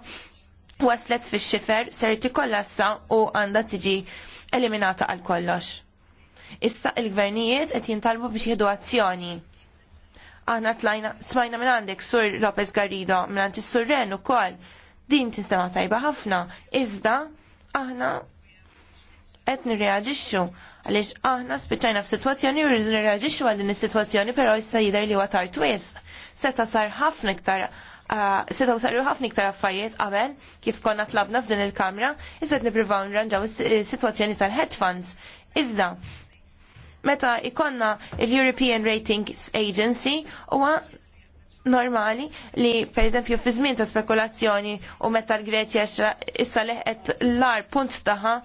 waslet fix xifer ser kollassa u għandha tiġi eliminata għal kollox. Issa il-gvernijiet qed jintalbu biex jieħdu azzjoni. Aħna tlajna smajna minn għandek sur Lopez Garrido minn għandi sur Ren ukoll. Din tinsema tajba ħafna, iżda aħna qed nirreaġixxu għaliex aħna spiċajna f'sitwazzjoni u nirreaġixxu għal din is-sitwazzjoni però issa jidher li huwa tard wisq. Seta sar ħafna iktar Eh, setaw saru ħafna iktar affajiet qabel kif konna tlabna f'din il-kamra, iżda niprivaw nranġaw is-sitwazzjoni eh, tal-hedge funds. Iżda, meta ikonna l-European Ratings Agency huwa normali li per eżempju fi żmien ta' spekulazzjoni u meta l-Grezja issa leħqet l-ar punt taħħa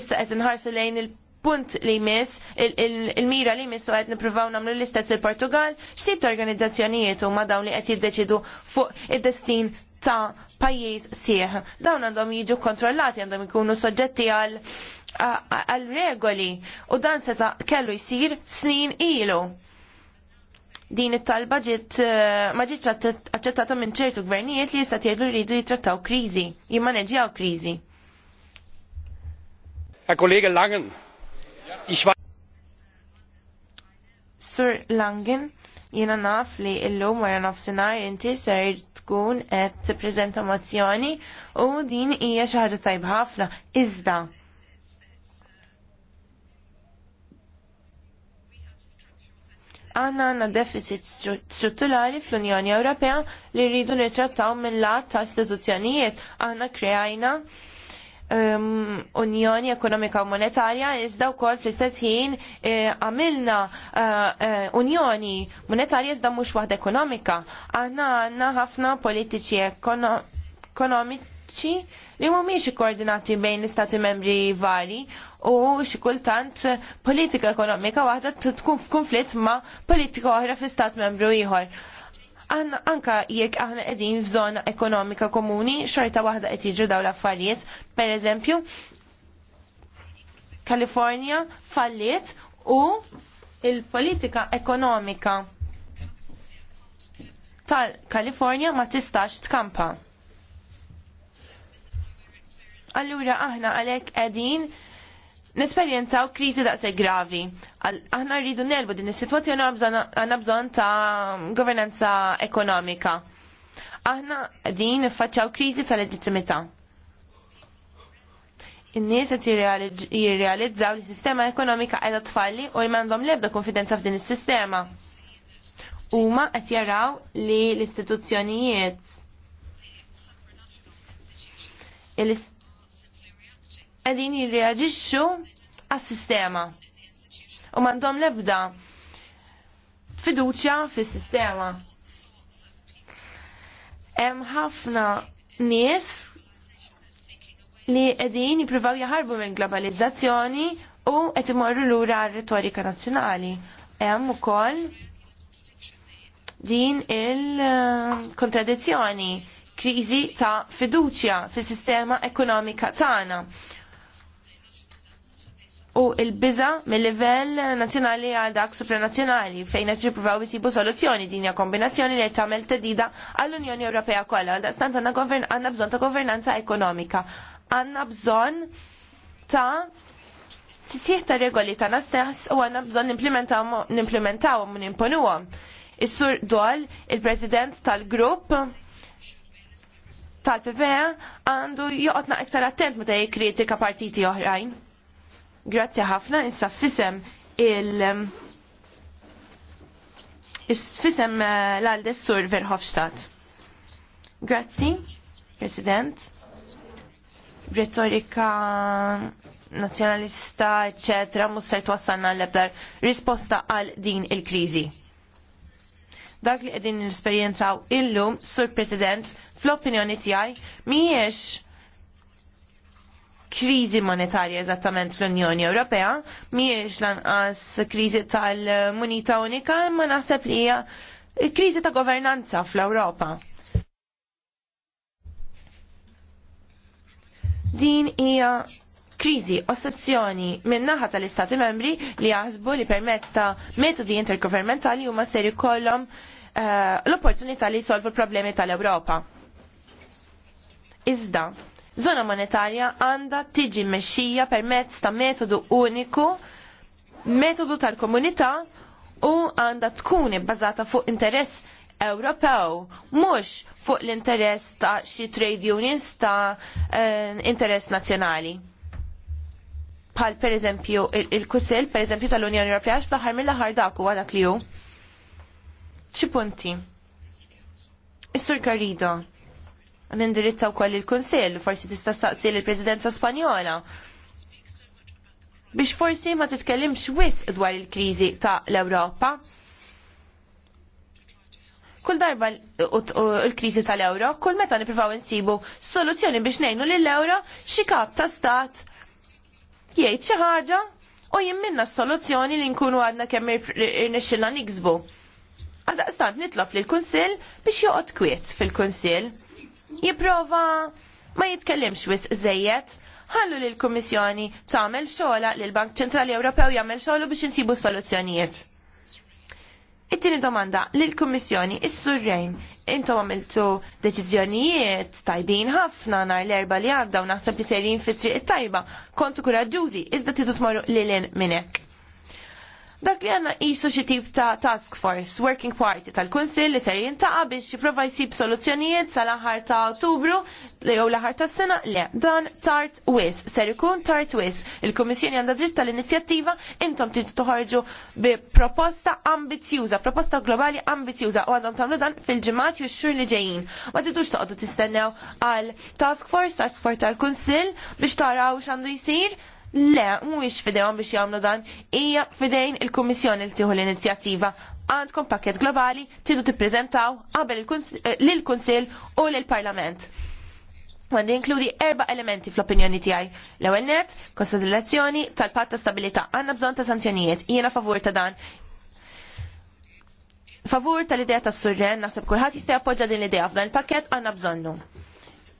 issa qed inħarsu lejn il- punt li jmiss, il-mira li jmiss u għed nipruvaw namlu l-istess il-Portugal, xtib ta' organizzazzjonijiet u ma dawn li għed jiddeċidu fuq id-destin ta' pajjiż sieħ. Dawn għandhom jiġu kontrollati, għandhom ikunu soġġetti għal għal regoli u dan se ta' kellu jisir snin ilu. Din it-talba ġiet eh, ma ġietx aċċettata minn ċertu gvernijiet li jista' jgħidu jridu jittrattaw kriżi, jimmaneġjaw kriżi. Herr Kollege Langen, Sir Langen, jiena naf li illum wara nafsinhar inti ser tkun qed prezenta mozzjoni u din ija xaħġa tajb ħafna. izda. għanna għanna deficit strutturali fl-Unjoni Ewropea li rridu nitrattaw mill-lat ta' istituzzjonijiet. Għanna krejajna um, Unjoni Ekonomika u Monetarja iżda wkoll fl-istess ħin eh, għamilna uh, uh, Unjoni Monetarja iżda mhux waħda ekonomika. Aħna għandna ħafna politiċi ekonomiċi li mhumiex ikkoordinati bejn l-istati membri vari u xi kultant politika ekonomika waħda tkun f'kunflitt ma' politika oħra fl-istat membru ieħor An anka jekk aħna qegħdin f'żona ekonomika komuni, xorta waħda qed jiġu dawn l-affarijiet. Pereżempju, California falliet u il-politika ekonomika tal-Kalifornja ma tistax tkampa. Allura aħna għalhekk qegħdin nesperjenzaw krizi daqse gravi. Aħna rridu nelbu din is-sitwazzjoni għandna bżonn ta' governanza ekonomika. Aħna din niffaċċaw krizi ta' leġittimità. In-nies qed jirrealizzaw li s-sistema ekonomika qiegħda tfalli u jmandhom lebda konfidenza f'din is-sistema. Huma qed jaraw li l-istituzzjonijiet qegħdin jirreaġixxu għas-sistema u m'għandhom l-ebda fiduċja fis-sistema. Hemm ħafna nies li qegħdin jippruvaw jaħarbu minn globalizzazzjoni u qed imorru lura għar retorika nazzjonali. Hemm ukoll din il-kontradizzjoni, kriżi ta' fiduċja fis-sistema ekonomika tagħna u il-biża mill-livell nazzjonali għal dak supranazzjonali fejn qed jippruvaw isibu soluzzjoni din hija kombinazzjoni li tagħmel tedida għall-Unjoni Ewropea kollha. stant għandna għandna bżonn ta' governanza ekonomika. Għandna bżonn ta' tisieħ ta' regoli tagħna stess u għandna bżonn nimplementawhom u nimponuhom. Is-sur Dol, il-President tal-grupp, tal-PPE għandu joqotna iktar attent meta jikkritika partiti oħrajn. Grazzi ħafna, issa fisem il- Fisem eh, l-għaldes sur Verhofstadt. Grazzi, President. Retorika nazjonalista, eccetera, musser twassalna l-ebdar risposta għal din il-krizi. Dak li għedin l-esperienza illum, sur President, fl-opinjoni tijaj, miex kriżi monetarja eżattament fl-Unjoni Ewropea, mhijiex lanqas kriżi tal-munita unika, imma naħseb li hija kriżi ta' governanza fl-Ewropa. Din hija kriżi ossezzjoni min-naħa tal-Istati membri li jaħsbu li permezz ta' metodi intergovernmentali huma ser kollom uh, eh, l-opportunità li jsolvu l-problemi tal-Ewropa. Iżda, Zona monetarja għandha tiġi mexxija permezz ta' metodu uniku, metodu tal-komunità u għandha tkun bbażata fuq interess Ewropew, mhux fuq l-interess ta' xi trade unions ta' eh, interess nazzjonali bħal per eżempju il-kusil, per eżempju tal-Unjoni Ewropea, fl mill-aħħar dak huwa dak li hu. Xi punti? Is-Sur Garrido nindirizzaw koll il-Kunsill, forsi tista' staqsi l-Presidenza Spanjola biex forsi ma titkellimx wis dwar il-kriżi ta' l-Ewropa. Kull darba l-kriżi tal-euro, kull meta nippruvaw insibu soluzzjoni biex ngħinu lill-euro xi kap ta' stat jgħid xi ħaġa u jimminna s-soluzzjoni li nkunu għadna kemm irnexxilna niksbu. Għadaqstant nitlob lill kunsill biex joqgħod kwiet fil-Kunsill jipprova ma jitkellimx wis żejjed ħallu li l-Kummissjoni tagħmel xogħla li l-Bank Ċentrali Ewropew jagħmel xogħlu biex insibu soluzzjonijiet. It-tieni domanda l kummissjoni s surrejn intom għamiltu deċiżjonijiet tajbin ħafna nhar l-erba li għadda u naħseb li sejrin fit-triq it-tajba. Kontu kuraġġużi iżda tidu tmorru lilin minn hekk dak li għanna jisu xi tip ta' task force, working party tal-Kunsill li ser jintaqa biex jipprova jsib soluzzjonijiet sal aħar ta' Ottubru jew l-aħar ta' sena le. Dan tart wis, ser ikun tart wis. Il-Kummissjoni għandha dritta l inizjattiva intom trid toħorġu bi proposta ambizjuża, proposta globali ambizjuża u għandhom tagħmlu dan fil-ġimgħat ju xur li ġejjin. Ma tidux toqgħdu tistennew għal task force, task force tal-Kunsill biex taraw x'għandu jsir Le, mhuwiex fidejhom biex jagħmlu dan, hija fidejn il-Kummissjoni li tieħu l-inizjattiva għandkom pakket globali tidu tippreżentaw qabel eh, lill-Kunsill u lill-Parlament. Għandu inkludi erba elementi fl-opinjoni tijaj. L-ewel net, konsiderazzjoni tal patt ta' stabilita. Għanna bżon ta' sanzjonijiet. Jiena favur ta' dan. Favur tal-idea ta' surren, nasib kullħat jistaj appoġġa din l-idea f'dan il-pakket għanna bżonnu.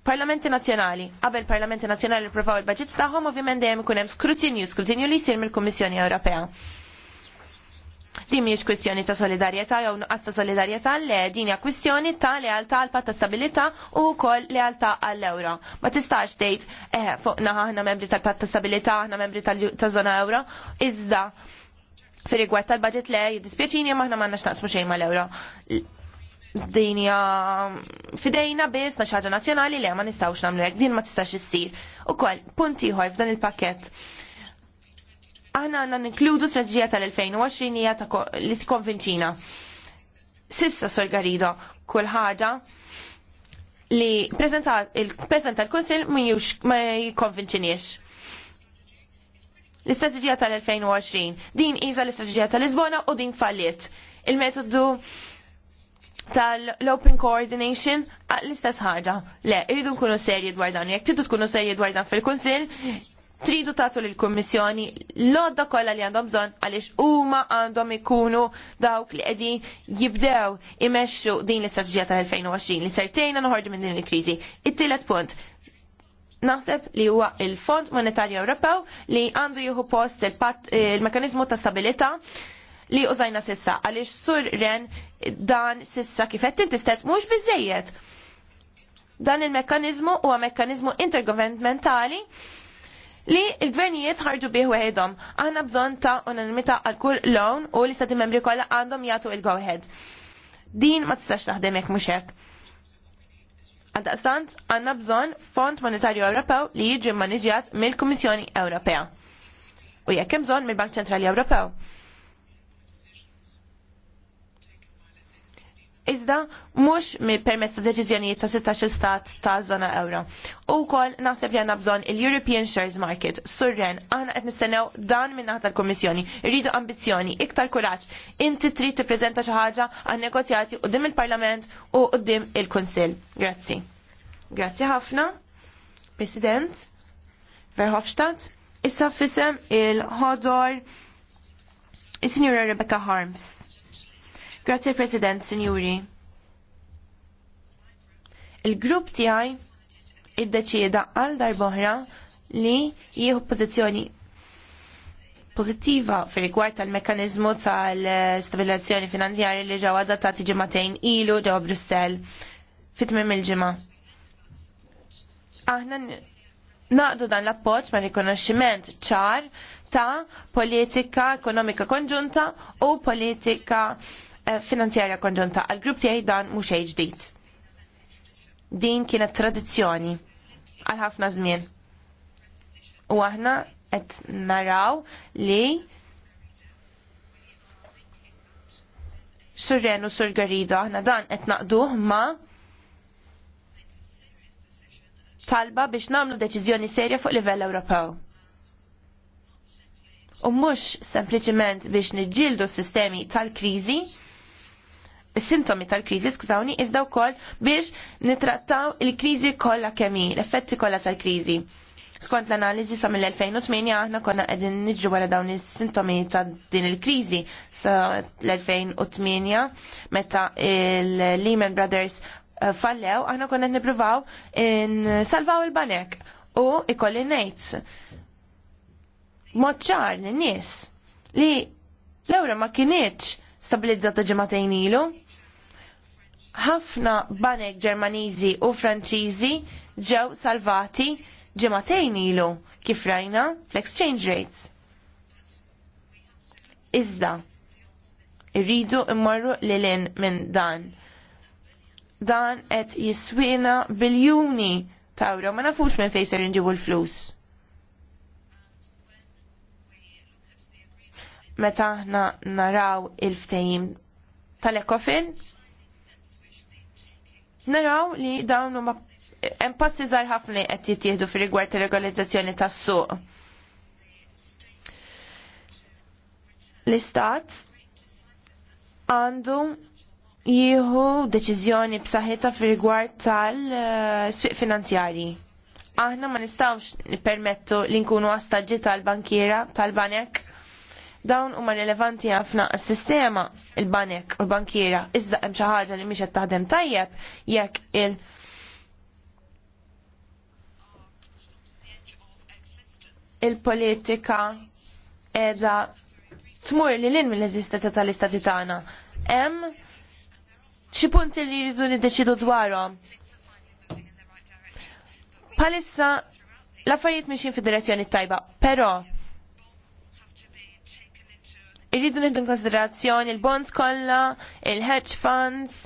Parlamenti Nazzjonali, qabel Parlamenti Nazzjonali provaw il-budget tagħhom ovvjament dejjem ikun hemm skrutinju, skrutinju li jsir mill-Kummissjoni Ewropea. Din mhijiex kwistjoni ta' solidarjetà jew nuqqas ta' solidarjetà le din hija kwistjoni ta' lealtà għal ta' stabilità u wkoll lealtà għall euro Ma tistax tgħid eh, fuqna aħna membri tal patta stabilità, aħna membri tal-żona euro, iżda fi tal-budget le jiddispjaċini ma aħna m'għandnax naqsmu xejn mal-euro dinja fidejna biss na xaġa nazzjonali li ma nistawx namlek, din ma tistax issir. U kol, punti ħor f'dan il-pakket. Aħna għanna ninkludu strategija tal-2020 hija li tikonvinċina. Sissa sor Garido, kull ħaġa li prezenta l konsil ma jikonvinċiniex l-istrateġija tal-2020. Din iża l-istrateġija tal-Lisbona u din fallit. Il-metodu tal-Open Coordination l-istess ħaġa. Le, irridu nkunu serji dwar dan. Jekk tridu tkunu serji dwar dan fil-Kunsill, tridu tagħtu lill-Kummissjoni l-odda kollha li għandhom bżonn għaliex huma għandhom ikunu dawk li qegħdin jibdew imexxu din l-istrateġija tal-2020 li sertejna noħorġu minn din il-kriżi. It-tielet punt, naħseb li huwa il-Fond Monetarju Ewropew li għandu jieħu post il-mekanizmu ta' stabilita' li użajna sissa għaliex sur ren dan sissa kifet intistet mux mhux biżejjed. Dan il-mekkanizmu huwa mekkanizmu intergovernmentali li l-gvernijiet ħarġu bih għedhom. Aħna bżonn ta' unanimita għal kull lawn u li stati membri kollha għandhom jagħtu il għawħed Din ma tistax taħdem jekk mhux hekk. Għaldaqstant għandna bżonn Fond Monetarju Ewropew li jiġi maniġjat mill-Kummissjoni Ewropea. U jekk hemm bżonn mill-Bank Ċentrali Ewropew iżda mhux permezz ta' deċiżjonijiet ta' 16 stat ta' żona euro. U wkoll naħseb li għandna bżonn il-European Shares Market, surren, aħna qed nistennew dan minn naħa tal-Kummissjoni. Irridu ambizzjoni, iktar kuraġġ. Inti trid tippreżenta xi ħaġa għan negozjati qudiem il-Parlament u qudiem il-Kunsill. Grazzi. Grazzi ħafna. President Verhofstadt. Issa fisem il-ħodor is-Sinjura Rebecca Harms. Grazie President, Signori. Il-grupp tiegħi iddeċieda għal darboħra li jieħu pożizzjoni pozittiva fi rigward tal-mekkanizmu tal-stabilazzjoni finanzjarja li ġew adattati ġimagħtejn ilu ġewwa Brussell fit-tmiem il-ġimgħa. Aħna naqdu dan l-appoġġ ma' rikonoxximent ċar ta' politika ekonomika konġunta u politika Eh, finanzjarja konġunta. Għal-grupp tiegħi dan mhux xejn ġdid. Din kienet tradizzjoni għal ħafna żmien. U aħna qed naraw li Surren u Sur Garrido aħna dan qed naqduh ma' talba biex nagħmlu deċiżjoni serja fuq livell Ewropew. U mhux sempliċement biex niġġieldu s-sistemi tal-kriżi, sintomi tal-kriżi skużawni iżda wkoll biex nitrattaw il-kriżi kollha kemm hi, l-effetti kollha tal-kriżi. Skont l-analiżi sa mill-2008 aħna konna qegħdin nġu wara dawn is-sintomi ta' din il-kriżi sa l-2008 meta il-Lehman Brothers eh, fallew aħna konna nippruvaw salvaw il-banek u ikolli ngħid mod ċar lin-nies li l-ewra ma kienieċ stabilizzata ġematejn ilu. Ħafna banek Ġermaniżi u Franċiżi ġew salvati ġematejn ilu kif rajna fl-exchange rates. Iżda, irridu immorru lilin minn dan. Dan qed jiswina biljuni ta' euro, ma nafux minn fejser inġibu l-flus meta aħna naraw il-ftehim tal-ekofin, naraw li dawn huma hemm żgħar ħafna qed jittieħdu fir-rigward ir-regolizzazzjoni tas-suq. L-istat għandu jieħu deċiżjoni b'saħħitha fir-rigward tal-swieq finanzjarji aħna ma nistawx nippermettu li nkunu għastaġġi tal-bankiera, tal-banek, dawn huma rilevanti ħafna s-sistema il-banek u l-bankiera iżda hemm xi ħaġa li mhix qed taħdem tajjeb jekk il- il-politika edha tmur li l mill-eżistenza tal-istati tagħna. Hemm xi punti li jridu niddeċidu dwarhom. Palissa l-affarijiet mixin fid-direzzjoni tajba, però irridu nieħdu konsiderazzjoni il-bonds kollha, il-hedge funds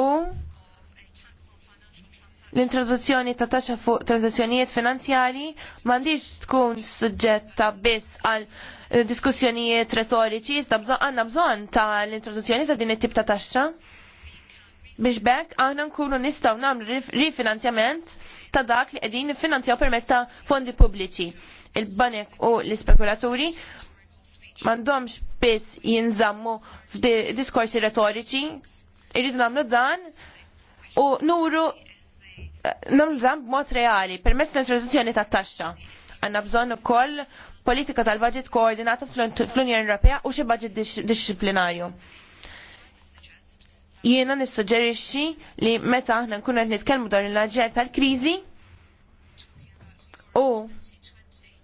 u l-introduzzjoni ta' taxxa fuq transazzjonijiet finanzjarji m'għandix tkun suġġetta biss għal eh, diskussjonijiet retoriċi, iżda għandna bżonn ta' l-introduzzjoni ta' din it-tip ta' taxxa. Biex bekk aħna nkunu nistgħu nagħmlu rifinanzjament ta' dak li qegħdin niffinanzjaw permezz ta' fondi pubbliċi. Il-banek u l-ispekulaturi mandomx biss jinżammu f'diskorsi retoriċi, irridu namlu dan u nuru namlu dan b'mod reali permezz l-introduzzjoni ta' taxxa. Għanna bżonn ukoll politika tal-budget koordinata fl-Unjoni Ewropea u xi budget disciplinarju. Jiena nissuġġerixxi li meta aħna nkunu qed nitkellmu dwar il-aġġel tal-kriżi u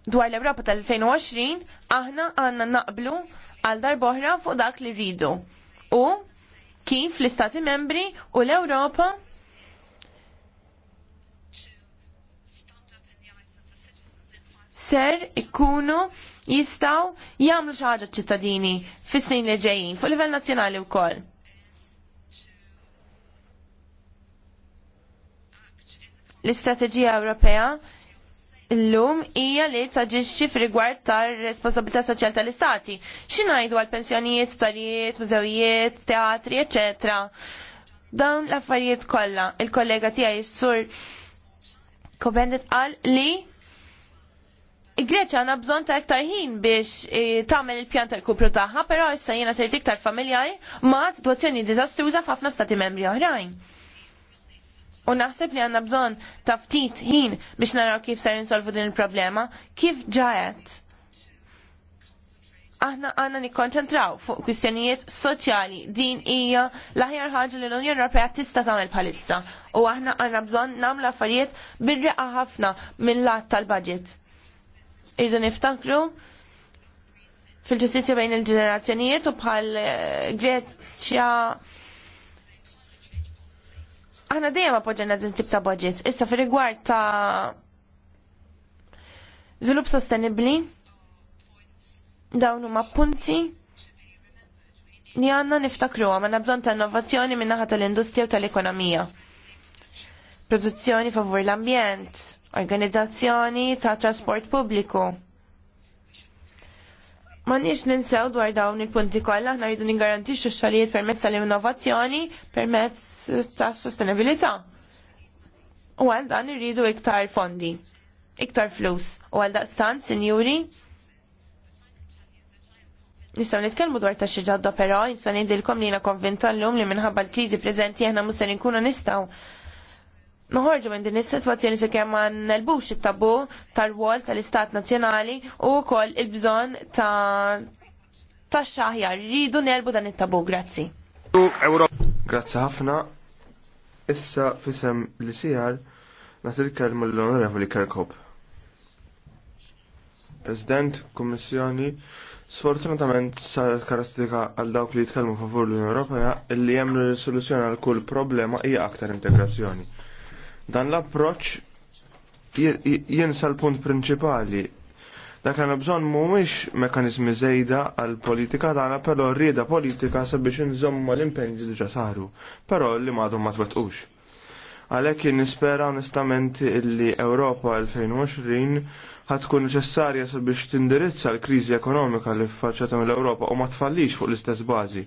dwar l-Europa tal-2020 aħna għanna naqblu għal darboħra fuq dak li rridu. U kif l-Istati membri u l-Europa ser ikunu jistaw jagħmlu xi ħaġa ċittadini fis-snin li ġejjin fuq livell nazzjonali wkoll. L-Istrateġija Ewropea l-lum ija li taġiġi f'rigward tar-responsabilità soċjal tal-istati. X'ingħidu għal pensjonijiet, sptarijiet, mużewijiet, teatri, eċetera. Dawn l-affarijiet kollha. Il-kollega tiegħi sur Kovendet qal li greċja għana bżon ta' iktar ħin biex eh, tagħmel il-pjan tal-kupru tagħha, però issa jiena sejt iktar familjari ma' situazzjoni diżastruża f'ħafna stati membri oħrajn. U naħseb li għanna bżon taftit ħin biex naraw kif ser insolvu din il-problema, kif ġajet. Aħna għanna nikkonċentraw fuq kwistjonijiet soċjali din hija l-aħjar ħaġa li l-Unjoni Ewropea tista' tagħmel bħalissa. U aħna għanna bżonn nagħmlu affarijiet birriqa' ħafna mill-lat tal-budget. Irdu niftakru fil-ġustizja bejn il-ġenerazzjonijiet u bħal eh, Greċja Aħna dejjem appoġġjana din tip ta' budget. Issa fir-rigward ta' żvilupp sostenibbli dawn huma punti li għandna niftakru ma bżonn ta' innovazzjoni min naħa tal-industrija u tal-ekonomija. Produzzjoni favur l-ambjent, organizzazzjoni ta' trasport pubbliku. Ma nix ninsew dwar dawn il-punti kollha, aħna rridu ningarantixxu x-xogħlijiet permezz tal-innovazzjoni, permezz ta' sostenibilità. U għal dan irridu iktar fondi, iktar flus. U għal daqstan, sinjuri, Nistaw nitkellmu dwar ta' xi ġadda però nista' ngħidilkom li jiena konvinta llum li minħabba l-kriżi preżenti aħna mhux se nkunu nistgħu noħorġu minn din is-sitwazzjoni se kemm ma nelbux it-tabu tal-wol tal-Istat Nazzjonali u wkoll il-bżonn ta' tax-xaħjar. Rridu nelbu dan it-tabu, grazzi. Grazzi ħafna. Issa fisem li sijar nagħti l-kelma l-Onorevoli Kerkop. President, Kommissjoni, sfortunatament saret karastika għal dawk li jitkellmu favur l-Unjoni Ewropea illi hemm li soluzzjoni għal kull problema hija aktar integrazzjoni. Dan l-approċċ jinsa l-punt prinċipali Dak li bżonn mhumiex mekkaniżmi żejda għal politika tagħna però rieda politika sabiex inżommu mal li diġà saru, però li m'għadhom ma twettqux. Għalhekk nispera onestament illi Ewropa 2020 ħatkun neċessarja sabiex tindirizza l-kriżi ekonomika li faċċata mill-Ewropa u ma tfallix fuq l-istess bażi.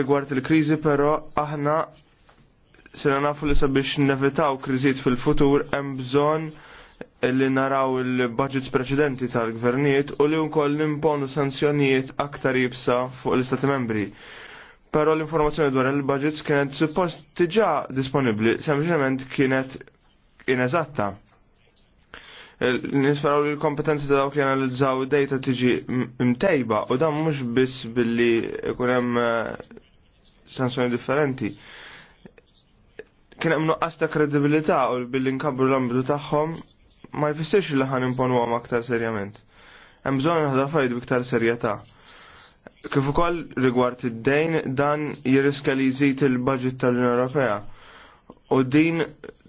Rigward il-kriżi però aħna sena nafu li sabiex nevitaw kriżijiet fil-futur hemm bżonn li naraw il-budgets preċedenti tal-gvernijiet u li wkoll nimponu sanzjonijiet aktar jibsa fuq l-Istati membri. Però l-informazzjoni dwar il-budgets kienet suppost diġà disponibbli, sempliċement kienet ineżatta. Nisperaw li l-kompetenzi ta' dawk li analizzaw data tiġi mtejba u dan mhux biss billi ikun hemm eh, sanzjoni differenti kien hemm nuqqas ta' kredibilità u billi nkabru l-ambitu tagħhom ma jfissirx li ħan imponu għam aktar serjament. Hemm bżonn ħadar farid biktar serjetà. Kif ukoll rigward id-dejn dan jiriska li jżid il-budget tal-Unjoni Ewropea. U din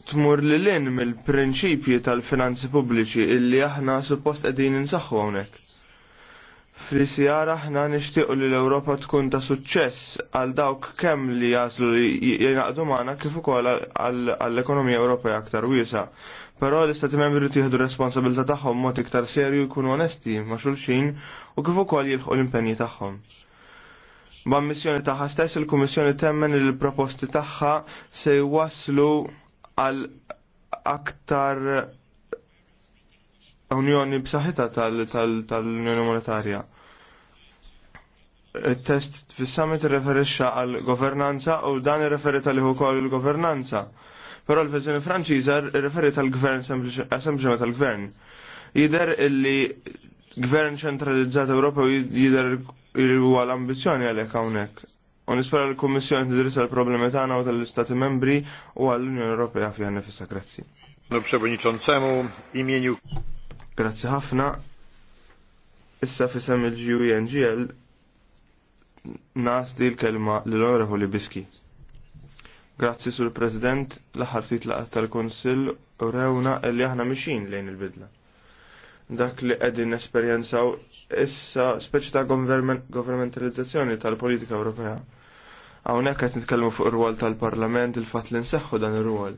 tmur li lin mill-prinċipji tal-finanzi pubbliċi illi aħna suppost qegħdin insaħħu hawnhekk. Fl-isjar aħna nixtiequ li l-Ewropa tkun ta' suċċess għal dawk kemm li jażlu li jingħaqdu magħna kif ukoll għall-ekonomija Ewropea aktar wiesa' Però l-istati membri tiħdu responsabilità tagħhom mod iktar serju jkunu onesti ma' xulxin u kif ukoll jilħqu l-impenji tagħhom. missjoni taħħa stess il-Kummissjoni temmen li l-proposti tagħha se jwasslu għal aktar unjoni b'saħħitha tal-Unjoni Monetarja. Il-test fis-summit irreferixxa għal governanza u dan irreferita liħu wkoll il-governanza. il governanza però l-verżjoni Franċiża referi tal-gvern eh, sempliċement tal-gvern. Jider li gvern ċentralizzat Ewropew jider huwa l-ambizzjoni għalhekk hawnhekk. U nispera l-Kummissjoni tidrisa l-problemi tagħna u tal-Istati Membri u għall-Unjoni Ewropea fiha nifissa grazzi. Przewodniczącemu imieniu. Grazzi ħafna. Issa fisem il-GUNGL nasti l-kelma l-Onorevoli Biski. Grazzi sur President, l-aħħar ftit laqgħa tal-Kunsill u rewna li aħna mixin lejn il-bidla. Dak li qegħdin nesperjenzaw issa speċi ta' governmentalizzazzjoni tal-politika Ewropea. Hawnhekk qed nitkellmu fuq ir-rwol tal-Parlament il-fatt li nseħħu dan ir-rwol.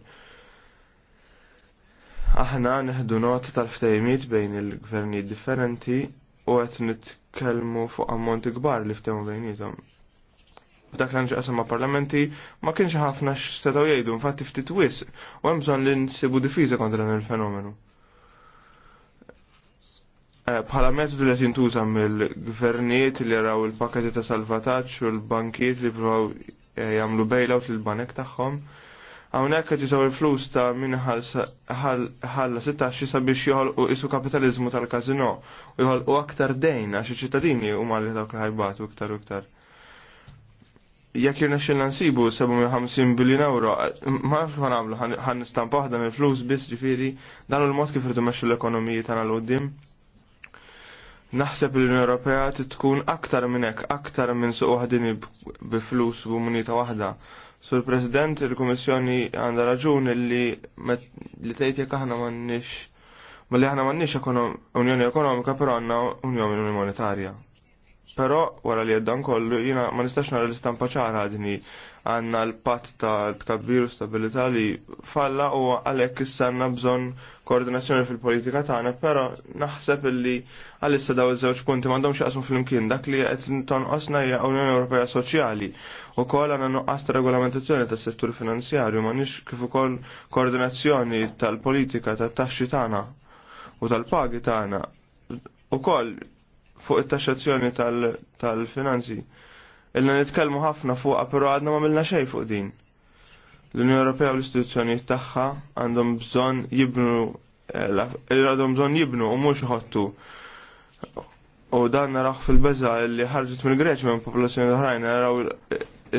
Aħna neħdu nota tal-ftejmiet bejn il-gvernijiet differenti u qed nitkellmu fuq ammonti kbar li ftehmu bejnietom u dak l-anġa ma' parlamenti ma kienx ħafna x-setaw jgħidu, infatti ftit wis, u hemm bżonn li nsibu difiza kontra dan il-fenomenu. Eh, bħala metodu li jintuża mill-gvernijiet li raw il-paketi ta' salvataġġ u l-bankiet li provaw eh, jagħmlu bailout lill-banek tagħhom. Hawnhekk qed jisaw il-flus ta' minħal ħalla 16 sabiex joħolqu isu kapitalizmu tal-kazino u joħolqu aktar dejn għax iċ-ċittadini huma li dawk li ħajbatu iktar u iktar jekk jirna xilna nansibu 750 biljon euro, ma nafx ma namlu, għan nistampaħ dan il-flus biss ġifiri, dan u l-mod kif rridu meċu l-ekonomiji tana l-għoddim. Naħseb l-Unjoni Ewropea tkun aktar minn hekk, aktar minn suq waħdini bi flus u munita waħda. Sur President, il-Kummissjoni għandha raġun li li tgħid jekk aħna m'għandniex, ma li aħna m'għandniex Unjoni Ekonomika però għandna Unjoni Monetarja. Però wara li għeddan kollu jina ma nistax nara l-istampa ċara għadni għanna l-pat ta' tkabbir u stabilità li falla u għalek s-sanna bżon koordinazzjoni fil-politika tagħna, però naħseb li għalissa daw iż-żewġ punti m'għandhomx jaqsmu fil imkien dak li qed osna hija Unjoni Ewropea Soċjali u koll għanna nuqqas ta' regolamentazzjoni tas-settur finanzjarju m'għandniex kif ukoll koordinazzjoni tal-politika tat-taxxi tagħna u tal-pagi tagħna u koll fuq it-taxxazzjoni tal-finanzi. Ilna nitkellmu ħafna fuqha però għadna ma milna xejn fuq din. L-Unjoni Ewropea u l-istituzzjonijiet tagħha għandhom bżonn jibnu eh, għandhom bżonn jibnu u mhux iħottu. U dan naraħ fil-beża li ħarġet mill-Greċ minn popolazzjoni oħrajn naraw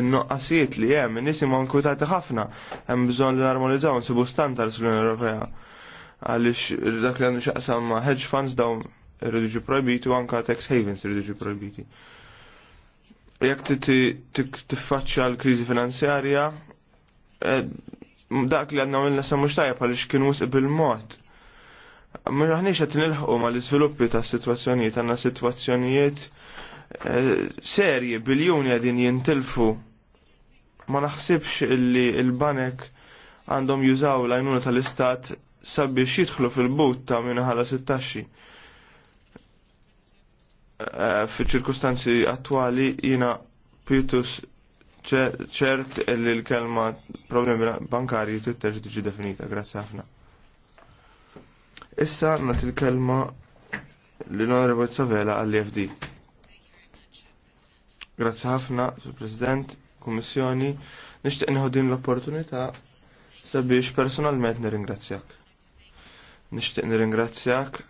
in-noqqasijiet li hemm in-nies imma nkwitati ħafna hemm bżonn li narmonizzaw nsibu standards l-Unjoni Ewropea għaliex dak li għandu xaqsam ma' hedge funds dawn irridu projbiti u anka tax havens irridu projbiti. Jekk tiffaċċja l-kriżi finanzjarja, eh, dak li għandna għamilna samu mhux tajjeb għaliex kien wisq bil-mod. Ma aħniex qed nilħqu mal-iżviluppi tas-sitwazzjonijiet, għandna sitwazzjonijiet eh, serji biljoni għadin jintilfu. Ma naħsibx li l-banek għandhom jużaw l-għajnuna tal-istat sabiex jidħlu fil-but ta' ħala 16. Eh, fi ċirkustanzi attuali jina pjutus ċert li l-kelma problemi bankarji titterġ tiġi definita, grazzi ħafna. Issa nat il-kelma l-Onorevole Savela għall-FD. Grazzi ħafna, President, Kommissjoni, nishtiq din l-opportunità sabiex personalment nirringrazzjak. Nishtiq nirringrazzjak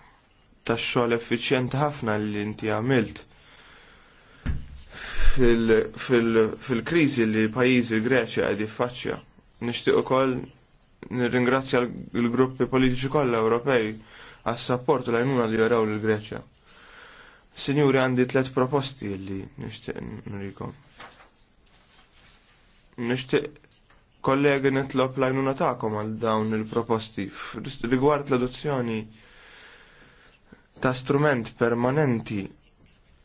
tax-xogħol effiċjenti ħafna li inti għamilt fil-kriżi li pajjiżi l-Greċja qed jiffaċċja. Nixtieq ukoll nirringrazzja l-gruppi politiċi kollha Ewropej għas-sapport l għajnuna li jaraw l-Greċja. Sinjuri għandi tlet proposti li nixtieq nrikom. Nixtieq kollegi nitlob l-għajnuna tagħkom għal dawn il-proposti rigward l-adozzjoni ta' strument permanenti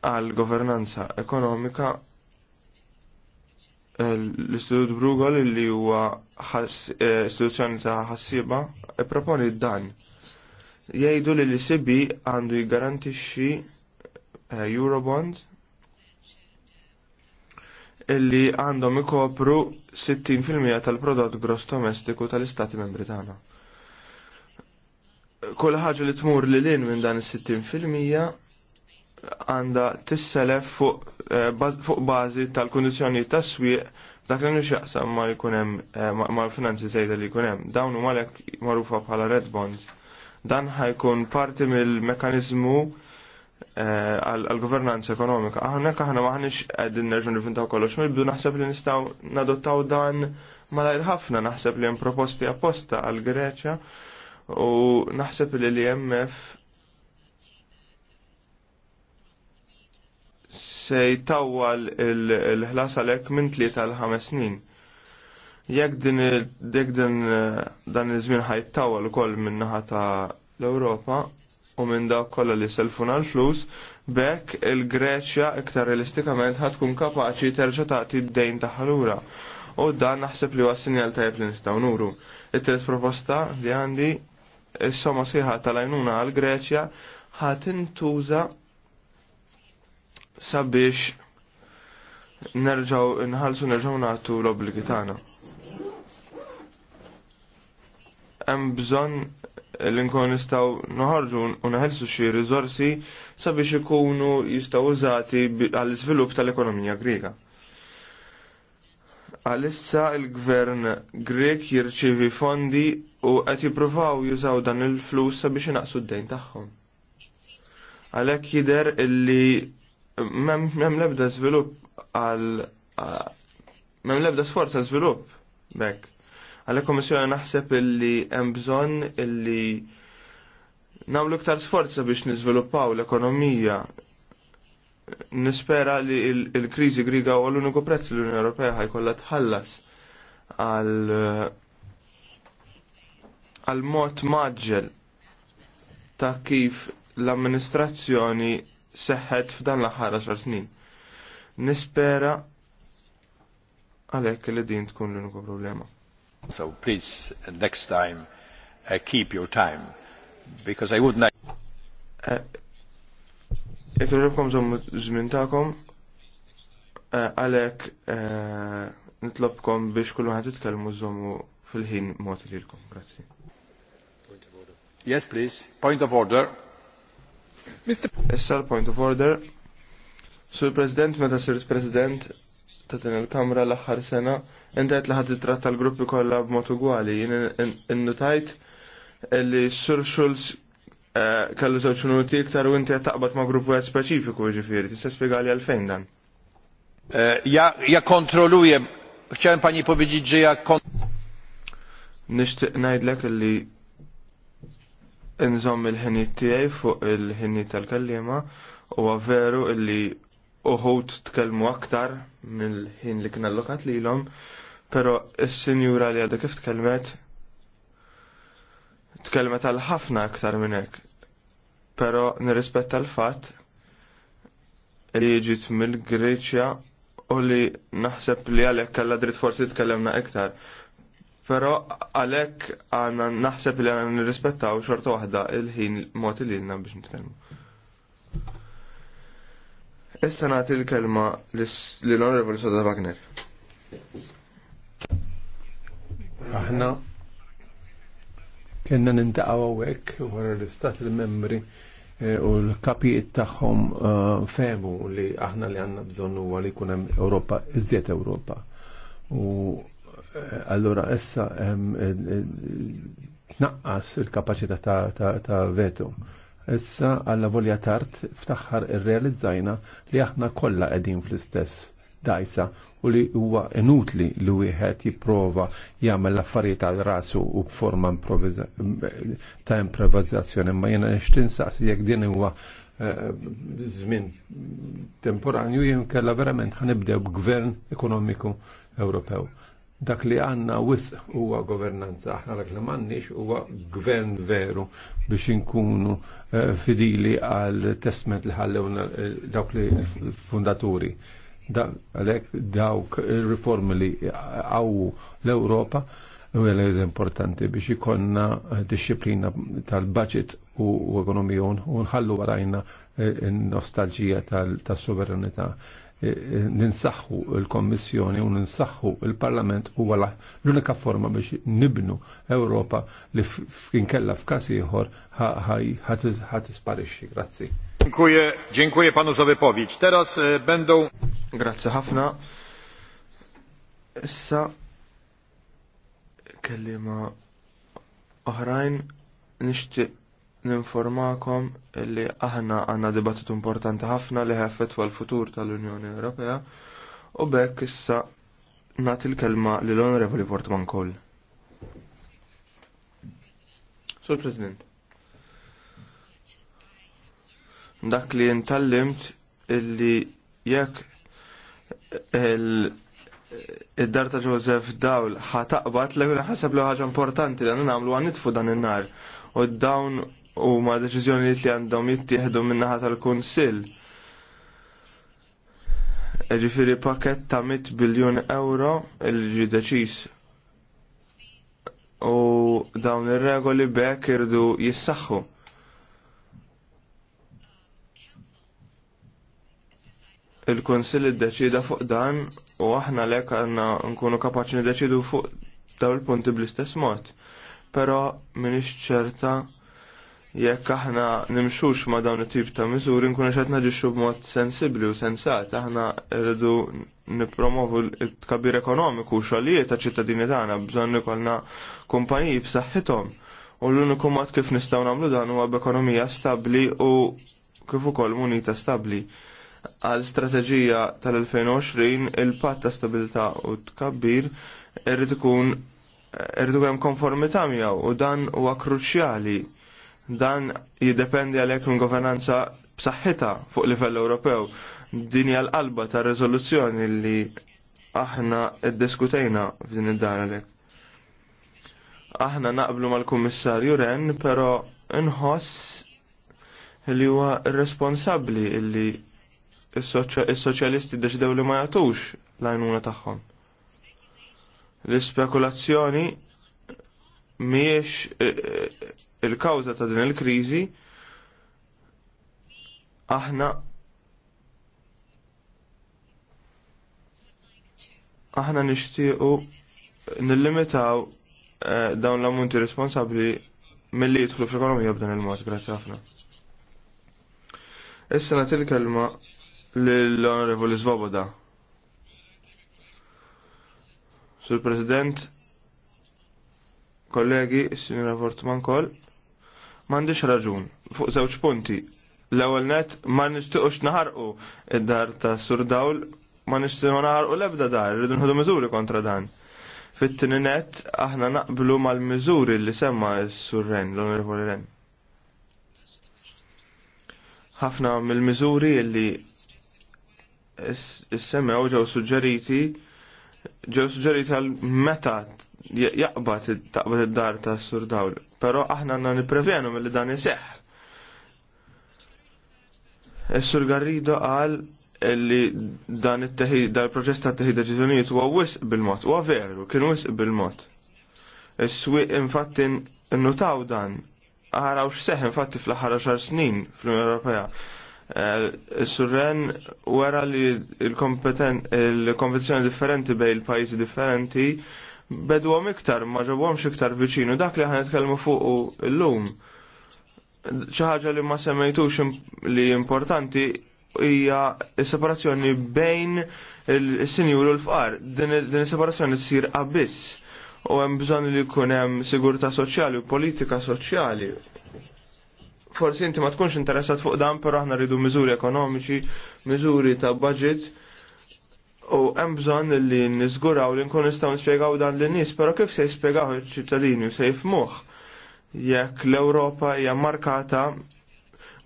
għal governanza ekonomika eh, l-Istitut Bruegel li huwa eh, istituzzjoni ta' ħassiba e proponi dan. Jgħidu li l-ICB għandu jgarantixxi eh, Eurobond illi għandhom ikopru 60% tal-prodott gross domestiku tal-Istati Membri tagħna kull ħaġa li tmur li lin minn dan is-60% għandha tisselef fuq eh, bażi tal kondizjoni tas-swieq dak li xaqsam ma jkun hemm eh, mal-finanzi sejda li jkun hemm. Dawn huma għalhekk magħrufa bħala red bonds. Dan ħajkun parti mill-mekkaniżmu eh, għal-governanza ekonomika. Aħna aħna maħniex qegħdin nerġun nifintaw kollox mill-bidu naħseb li nistgħu nadottaw dan malajr ħafna naħseb li hemm proposti apposta għal Greċja u naħseb li l-IMF se jtawwal il-ħlas għalhekk minn tlieta għal ħames snin. Jekk din jekk din eh, dan iż-żmien ħajtawwal ukoll minn naħa ta' l-Ewropa u minn dawk kollha li selfuna l-flus, bekk il-Greċja iktar realistikament ħatkun kapaċi terġa' tagħti d-dejn ta' lura. U dan naħseb li huwa sinjal tajjeb li nistgħu nuru. It-tielet proposta li għandi is-soma sieħa tal-għajnuna għal Greċja ħadd intuża sabiex nerġaw nħalsu nerġaw nagħtu l-obbligi tagħna. Hemm bżonn li nkun nistgħu noħorġu u neħelsu xi riżorsi sabiex ikunu jistgħu użati għall-iżvilupp tal-ekonomija Griega għalissa il-gvern Grek jirċivi fondi u qed jippruvaw jużaw dan il-flus sabiex naqsu d-dejn tagħhom. Għalhekk jidher illi m'hemm l-ebda żvilupp għal mem lebda sforza svilup żvilupp bekk. Għalhekk komissjoni naħseb illi hemm bżonn illi nagħmlu iktar sforza biex niżviluppaw l-ekonomija nispera li il-krizi griga u l-uniku prezz l-Unjoni Ewropea ħajkollha tħallas għal għal mod maġġel ta' kif l-amministrazzjoni seħħet f'dan l-aħħar 10 snin. Nispera għalhekk li din tkun l unika problema. So please next time uh, keep your time because I would not eh, Jekk irribkom żommu żmien tagħkom eh, għalhekk eh, nitlobkom biex kull itkellmu żommu fil-ħin mod lilkom. Grazzi. Yes, please. Point of order. Mr. Essar, point of order. Sur President, meta sir President ta' din il-Kamra l-aħħar sena, intajt li ħadd tratta l-gruppi kollha b'mod ugwali. Jien innutajt li Sur Schulz eh, kellu żewġ minuti iktar u inti qed taqbad ma' grupp wieħed speċifiku jiġifieri. Tista' spjegali għalfejn dan? Eh, ja kontroluję. Chciałem pani powiedzieć, że ja kon... Nishtiq najdlek li nżomm il-ħinit tiegħi fuq il-ħinit tal-kallima u veru illi uħut tkellmu aktar mill-ħin li kien allokat lilhom, però is-sinjura li għadha kif tkellmet tkellmet għal ħafna aktar minn hekk. Però nirrispetta l-fatt li jiġit mill-Greċja u li naħseb li għalhekk kellha dritt forsi tkellemna iktar. Pero għalek għana naħseb li għanna nirrispettaw xorta wahda il-ħin mot li l-na biex nitkellmu. Issa nagħti l-kelma l-Onorevoli Soda Wagner. Aħna kena nintaqaw għawek wara l-istat il-membri e, u l-kapijiet tagħhom e, femu li aħna li għanna huwa li jkun Europa, iżjed Europa. U Eh, allora essa ehm, eh, eh, tnaqqas il-kapacità ta' veto. Issa għalla volja tard ftaħħar irrealizzajna li aħna kollha qegħdin fl-istess dajsa u li huwa inutli li wieħed jipprova jagħmel l-affarijiet għal rasu u b'forma ta' improvvizazzjoni, ma jiena nixtin saqsi jekk din huwa żmien temporanju jien kella verament ħanibdew b'gvern ekonomiku Ewropew dak li għanna wis huwa governanza, aħna dak li m'għandniex huwa gvern veru biex inkunu eh, fidili għal testment li ħallewna eh, dawk li fundaturi. għalhekk dawk il-riformi li għawu l-Europa u għal importanti biex ikonna eh, disciplina tal-budget u ekonomijon u nħallu għarajna nostalġija tal-sovranità. E, e, ninsaħħu l-Kommissjoni u ninsaħħu l-Parlament huwa l-unika forma biex nibnu Europa li f'inkella f'każ ieħor ħatisparixxi. Grazzi. Dziękuję, dziękuję panu za wypowiedź. Teraz e, będą... Grazie ħafna. Issa ma oħrajn nixtieq ninformakom li aħna għandna dibattitu importanti ħafna li ħaffetwa l-futur tal-Unjoni Ewropea u bekk issa nagħti l-kelma lill onorevoli Portman Koll. Sur President. Dak li ntallimt illi jekk id-dar ta' Joseph Dawl ħataqbat l ħaseb li ħaġa importanti li nagħmlu għan nitfu dan in-nar. U dawn u ma deċiżjonijiet li għandhom jittieħdu minnaħa tal-Kunsill. Ġifiri pakket ta' 100 biljun euro il-ġi deċis u dawn ir-regoli bekk irdu jissaħħu. il kunsill iddeċida fuq dan u aħna lek għanna nkunu kapaċi niddeċidu fuq dawn il-punti bl-istess mod. Però minix ċerta jekk aħna nimxux ma dawn it-tip ta' miżuri nkunu qed naġixxu b'mod sensibbli u sensat, aħna rridu nippromovu l-kabir ekonomiku u xogħlijiet ta' ċittadini tagħna bżonn ikollna kumpaniji b'saħħithom. U l-uniku mod kif nistgħu nagħmlu dan huwa b'ekonomija stabbli u kif ukoll munita stabbli. Għal strateġija tal-2020 il-patt ta' stabilità u tkabbir irrid ikun irrid hemm konformità miegħu u dan huwa kruċjali Dan jiddependi għalhekk minn governanza b'saħħitha fuq livell Ewropew. Din hija l-qalba ta' riżoluzzjoni li aħna iddiskutejna f'din id-dar għalek. Aħna naqblu mal-Kummissarju Ren, però nħoss li huwa responsabbli li is-soċjalisti deċidew li ma jagħtux l-għajnuna tagħhom. L-ispekulazzjoni miex eh, eh, il-kawza ta' din il-kriżi aħna aħna nixtiequ nillimitaw eh, dawn l-ammonti responsabbli milli jidħlu fl-ekonomija b'dan il-mod, grazzi ħafna. Issa nagħti l-kelma lill-Onorevoli Svoboda. Sur President, kollegi, Sinjora Vortman Koll, m'għandix raġun fuq żewġ punti. L-ewwel net ma nixtiequx naħarqu id-dar ta' Sur Dawl ma nixtiequ naħarqu l-ebda dar, irridu nħodu miżuri kontra dan. Fit-tieni net aħna naqblu mal-miżuri li semma s-Sur Ren, l-Onorevoli Ren. Ħafna mill-miżuri li s semma ġew suġġeriti ġew suġġeriti għal meta jaqbad taqbad id-dar ta' sur dawl, Pero aħna għandna nipprevenu milli dan iseħħ. Is-sur Garrido qal li dan il-proċess ta' teħid deċiżjonijiet huwa wisq bil-mod, huwa veru, kien wisq bil-mod. Is-swieq infatti nnotaw dan, ħaraw x-seħ infatti fl-aħħar xar snin fl-Unjoni Ewropea. Eh, Is-surren wara li l-kompetenzjoni differenti bejn il-pajjiżi differenti bedu għom iktar, ma ġewomx iktar viċinu, dak li ħanet kelmu fuq l-lum. ċaħġa li ma semmejtux li importanti hija separazzjoni bejn il-sinjur u l-fqar. Din is-separazzjoni s-sir abiss u hemm bżonn li jkun hemm sigurtà soċjali u politika soċjali. Forsi inti ma tkunx interessat fuq dan, però aħna rridu miżuri ekonomiċi, miżuri ta' budget u hemm bżonn li niżguraw li nkun nistgħu nispjegaw dan lin nies, però kif se jispjegaw iċ-ċittadini u se jifmuh jekk l-Ewropa hija markata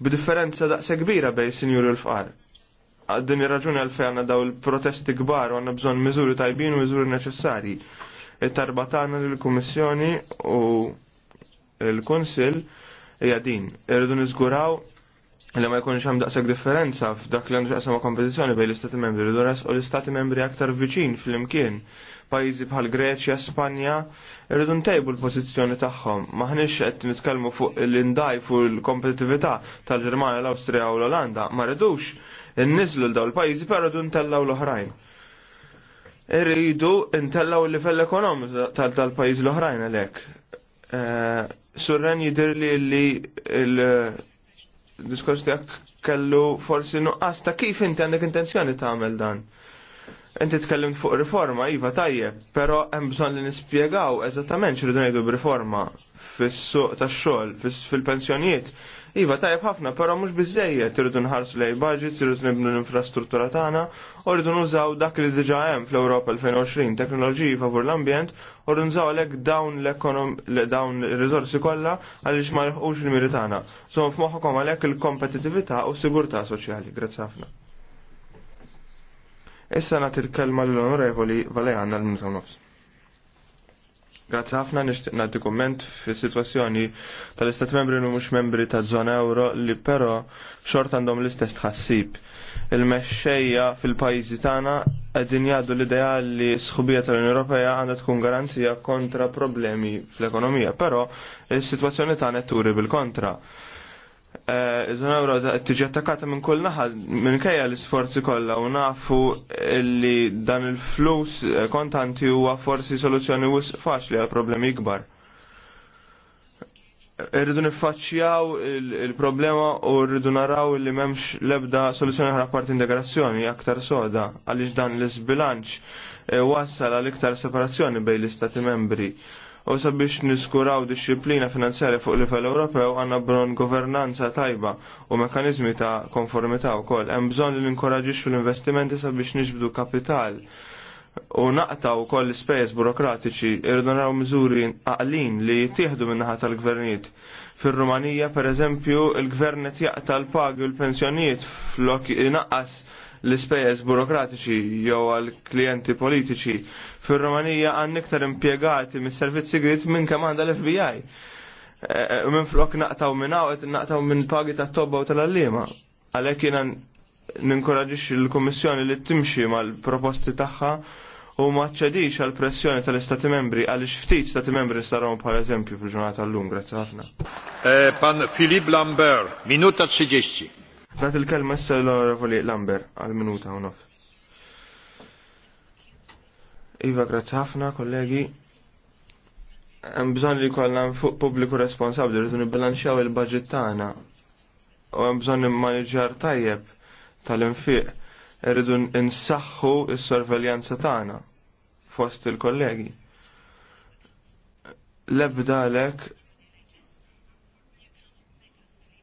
b'differenza daqse kbira bej sinjuri l-fqar. Għaddin ir-raġuni għalfej għandna daw il-protesti kbar u għandna bżonn miżuri tajbin u miżuri neċessarji. It-tarba tagħna lill-Kummissjoni u l-Kunsill hija din. Irridu niżguraw li ma jkunx hemm daqshekk differenza f'dak li għandu ma' kompetizzjoni bejn l-Istati Membri li u l-Istati Membri aktar viċin fl-imkien. Pajjiżi bħal Greċja, Spanja, irridu ntejbu l-pożizzjoni tagħhom. Maħniex qed nitkellmu fuq l-indajfu l-kompetitività tal-Ġermanja, l-Awstrija u l-Olanda, ma rridux inniżlu l-daw l-pajjiżi per rridu ntellaw l-oħrajn. Irridu ntellaw l-livell ekonomiku tal-pajjiżi l-oħrajn għalhekk. Eh, Surren jidir li l diskors tiegħek kellu forsi nuqqas ta' kif inti għandek intenzjoni tagħmel dan. Inti tkellim fuq riforma, iva tajjeb, però hemm bżonn li nispjegaw eżattament x'ridu ngħidu b'riforma fis-suq tax-xogħol, fil-pensjonijiet, Iva tajb ħafna, però mhux t-ridu nħarsu lej budgets, ridu nibnu l-infrastruttura tagħna, u rridu nużaw dak li diġà hemm fl-Ewropa 2020, teknoloġiji favur l-ambjent, u rridu nużaw lek dawn l-ekonom dawn ir rizorsi kollha għaliex ma jħuġ il-miri tagħna. So f'moħħkom għalhekk il kompetitivita u sigurta soċjali. Grazzi ħafna. Issa nagħti l-kelma lill-Onorevoli Valejan l minuta Grazzi ħafna nixtieq nagħti kumment fis-sitwazzjoni tal-Istat Membri u mhux membri ta' żona euro li però xort għandhom l-istess tħassib. Il-mexxejja fil-pajjiżi tagħna qegħdin jgħaddu l-idea li sħubija tal-Unjoni Ewropea għandha tkun garanzija kontra problemi fl-ekonomija, però is-sitwazzjoni tagħna turi bil-kontra. Eh, Iżon euro tiġi attakata minn kull naħad minn kajja l-isforzi kollha u nafu li dan il-flus eh, kontanti huwa forsi soluzzjoni wis faċli għal problemi ikbar. Irridu niffaċċjaw il-problema u rridu naraw li m'hemmx l-ebda soluzzjoni ħra parti integrazzjoni aktar soda għaliex dan l-isbilanċ eh, wassal għal iktar separazzjoni bejn l-istati membri u sabiex niskuraw disċiplina finanzjarja fuq livell Ewropew għandna bron governanza tajba u mekanizmi ta' konformità wkoll. Hemm bżonn li ninkoraġixxu l-investimenti sabiex niġbdu kapital u naqtaw koll ispejjeż burokratiċi irridu naraw miżuri għaqlin li jittieħdu min-naħa tal-gvernijiet. Fir-Rumanija, per eżempju, il-gvern qed jaqta l-pagi u l-pensjonijiet flok inaqqas l-ispejjeż burokratiċi jew għal klijenti politiċi. Fir-Romanija għandna iktar impjegati mis-servizz segret minn kemm għandha l-FBI. E, e, minn flok naqtaw minn għawet, naqtaw minn pagi ta' tobba u tal-allima. Għalhekk jiena ninkoraġix il-Kummissjoni li timxi mal-proposti tagħha u ma ċedix għal pressjoni tal-Istati membri, għal ftit Stati membri sarom par eżempju fil-ġurnata l-lum, grazzi ħafna. Eh, pan Filip Lambert, minuta 30. Nat il-kelma issa l-onorevoli Lamber għal-minuta u nof. Iva, grazzi ħafna, kollegi. Hemm bżonn li kollha fuq pubbliku responsabbli rridu nibbilanċjaw il budget tagħna. U hemm bżonn immaniġġar tajjeb tal-infiq. Irridu nsaħħu s-sorveljanza tagħna fost il-kollegi. Lebda għalhekk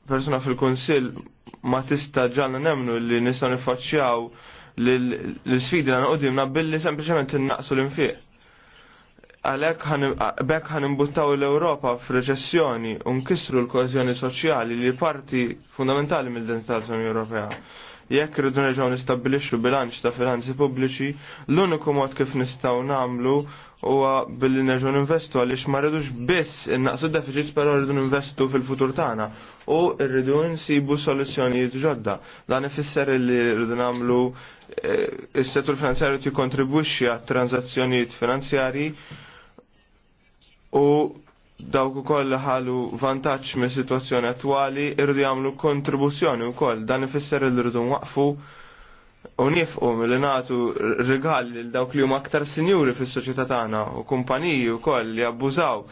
persuna fil-Kunsill ma tista' ġanna nemnu li nistgħu nifaċċjaw l-sfidi li qudimna billi sempliċement innaqsu l-infiq. Għalek bekk ħan imbuttaw l-Ewropa f'reċessjoni u nkissru l-kohezjoni soċjali li parti fundamentali mill-identità tal-Unjoni Ewropea. Jekk irridu nerġgħu nistabbilixxu bilanċ ta' finanzi pubbliċi, l-uniku mod kif nistgħu nagħmlu huwa billi nerġgħu ninvestu għaliex ma rridux biss innaqsu d-deficit però rridu ninvestu fil-futur tagħna u rridu nsibu soluzzjonijiet ġodda. Dan ifisser li rridu nagħmlu eh, is-settur finanzjarju tikkontribwixxi għat tranzazzjonijiet finanzjarji u dawk ukoll ħalu vantaġġ mis-sitwazzjoni attwali rridu jagħmlu kontribuzzjoni wkoll. Dan ifisser li rridu nwaqfu u nifqu li nagħtu rigal lil dawk li huma aktar sinjuri fis-soċjetà tagħna u kumpaniji wkoll li abbużaw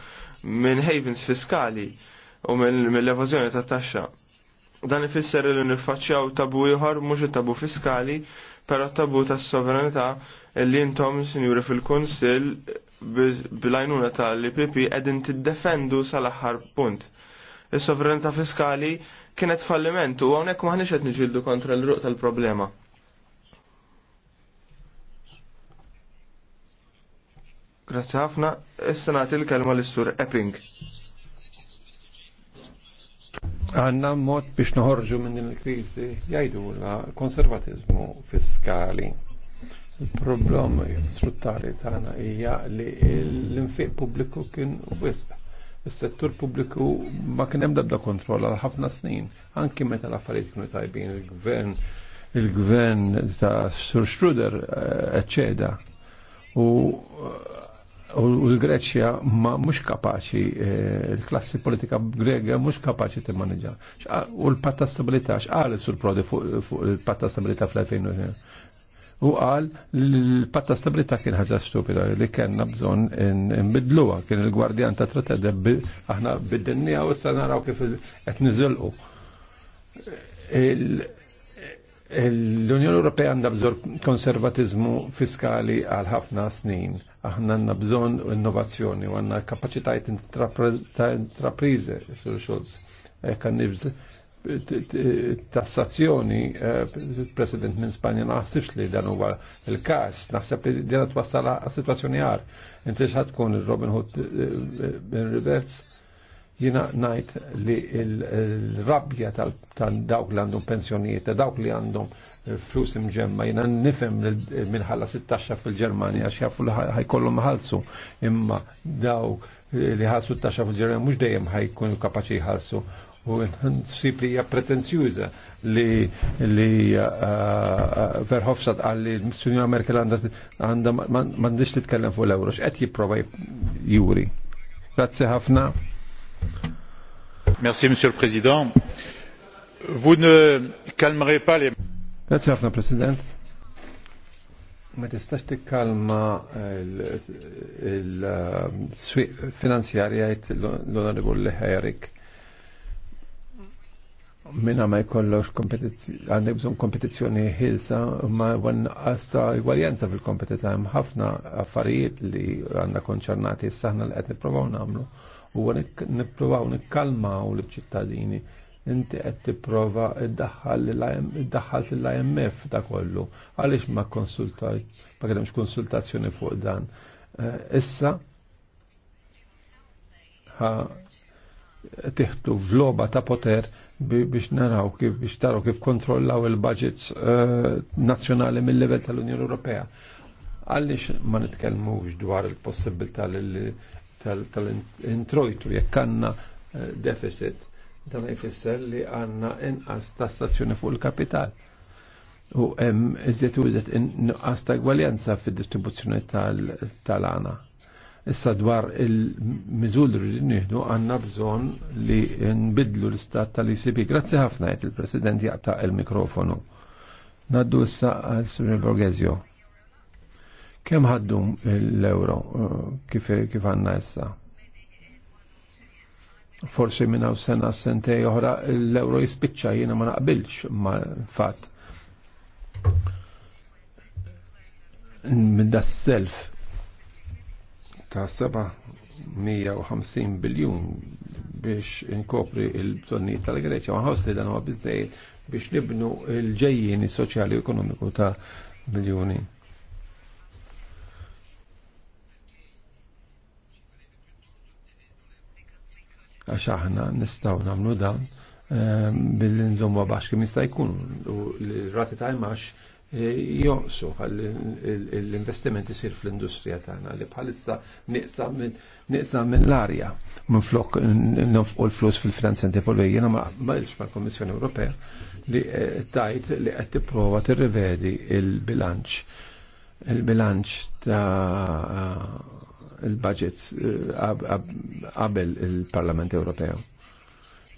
minn havens fiskali u mill-evażjoni tat taxxa. Dan ifisser li niffaċċjaw tabu ieħor mhux it-tabu fiskali, però tabu tas-sovranità li intom sinjuri fil-Kunsill bil-għajnuna tal-IPP qegħdin tiddefendu sal-aħħar punt. Is-sovranità fiskali kienet falliment u hawnhekk maħniex qed niġildu kontra l-ruq tal-problema Grazzi ħafna. Issa nagħti l-kelma lis-sur Epping. Għanna mod biex noħorġu minn din il-kriżi jgħidu l-konservatizmu fiskali. Il-problema strutturali tagħna hija li l-infiq pubbliku kien wisq. Is-settur pubbliku ma kien hemm dabda kontroll għal ħafna snin, anki meta l-affarijiet kienu tajbin il-gvern il-gvern ta' Sur Schruder eh, eċċeda u eh, u l-Greċja ma mhux kapaċi, e, l-klassi politika grega mhux kapaċi manġa. U l-patta stabilità, x'qal sur-prodi fuq il-patta stabilità fl-2020? U qal l-patta stabilità kien ħaġa stupida li kellna bżonn nbidluha, kien il-gwardjan ta' tratedda aħna bid-dinnija u s naraw kif etnizilqu. L-Unjoni Ewropea għandha bżonn konservatiżmu fiskali għal ħafna snin. Aħna għandna bżonn innovazzjoni u għandna kapaċitajt intraprize sur xogħol. tassazzjoni eh, president minn Spanja naħsibx li dan huwa il-każ, naħseb li dina twassal għas-sitwazzjoni għar. Inti x'ħad tkun il-Robin Hood eh, eh, in reverse jina najt li l-rabja tal-dawk li għandhom pensjonijiet, dawk li għandhom flus imġemma, jina nifem minħalla 16 fil-Germania, xjafu li ħajkollu maħalsu, imma dawk li ħalsu 16 fil-Germania mux dejjem ħajkunu kapaċi ħalsu. U nsib li hija pretenzjuża li li uh, uh, Verhofstadt qal li s Merkel għandha m'għandix titkellem fuq l-euro, x'qed jipprova juri. Grazzi ħafna. Merci, Monsieur le Président. Vous ne calmerez pas les... Grazie, ħafna, President. Ma tistax tikkalma il-swiq eh, finanzjarjajt l-onorevol Leħerik minna ma jkollox għandek bżon kompetizjoni ħilsa ma għan għasta igwaljanza fil kompetizjoni hemm ħafna affarijiet li għanna konċernati s-saħna li qed nipprovaw għamlu u nippruvaw nikkalmaw l-ċittadini inti qed tipprova iddaħħal l-IMF ta' kollu għaliex ma konsultajt ma kellemx konsultazzjoni fuq dan. Eh, issa tiħtu vloba ta' poter biex naraw kif biex taraw kif kontrollaw il-budgets eh, nazzjonali mill-level tal-Unjoni Ewropea. Għaliex ma nitkellmux dwar il-possibilità li tal-introjtu jekk għandna eh, deficit dan jfisser li għandna inqas tassazzjoni fuq il-kapital. U hemm iżjed użet inqas ta' gwaljanza fid-distribuzzjoni tal-għana. Issa dwar il-miżuri li nieħdu għandna bżonn li nbidlu l-istat tal-ICB. Grazzi ħafna qed il-President jaqta' il-mikrofonu. Naddu issa għal Sur Borgesio. Kemm ħaddum l-euro eh, kif għandna issa? Forsi minn hawn sena sentej oħra l-euro jispiċċa jiena ma naqbilx ma fat. Minda self ta' 750 biljun biex inkopri il-tonni tal-Greċja, ma ħosli dan huwa biżejjed biex nibnu l-ġejjieni soċjali u ekonomiku ta' miljoni. għax aħna nistgħu nagħmlu dan ehm, billi nżommu baxx kemm jista' jkun u l-rati ta' imax e, jonqsu l-investiment isir fl-industrija tagħna li bħalissa minn mill-arja minn flok nofqu l-flus fil-finanzjenti polwej ma qilx mal-Kommissjoni Ewropea li e, tajt li qed tipprova tirrivedi il-bilanċ il-bilanċ ta' il-budgets eh, qabel il-Parlament Ewropew.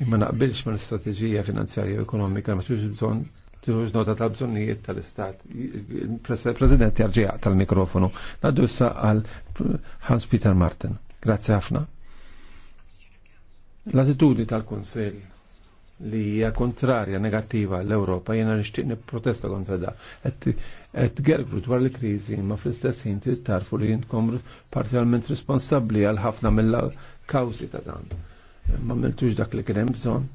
Imma naqbilx ma' l-istrateġija finanzjarja u ekonomika ma tuġi bżon tuġi nota ta' bżonijiet tal-Istat. Il-President jarġija tal-mikrofonu. Naddu issa għal Hans Peter Martin. Grazie ħafna. L-attitudni tal-Konsell li hija kontrarja negattiva l-Ewropa jiena nixtieq nipprotesta kontra da. Qed gergru dwar il-kriżi ma fl-istess ħin trid tarfu li jintkom partjalment responsabbli għal ħafna mill-kawżi ta' dan. Ma miltux dak li kien hemm bżonn.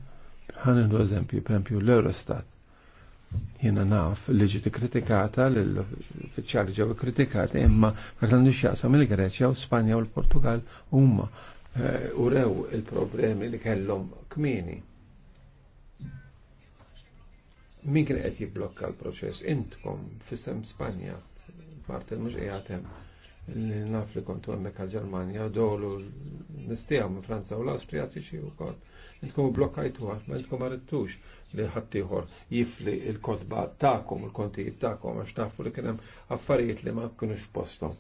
Ħanieħdu eżempju, perempju l-Eurostat. Jiena naf li ġiet kritikata l-uffiċjali ġew kritikati imma dak l-għandu xjaqsam il-Greċja u Spanja u l-Portugal huma eh, urew il-problemi li kellhom kmieni min kien qed jibblokka l-proċess? Intkom f'isem Spanja, Martin mhux qiegħed hemm li naf li kontu hemmhekk għall-Ġermanja dolu nistgħu minn Franza u l-Awstrija tixi wkoll. Intkom blokkajtuha, ma intkom ma li ħaddieħor jifli l-kotba tagħkom, il-kontijiet tagħkom għax nafu li kien hemm affarijiet li ma kinux postom.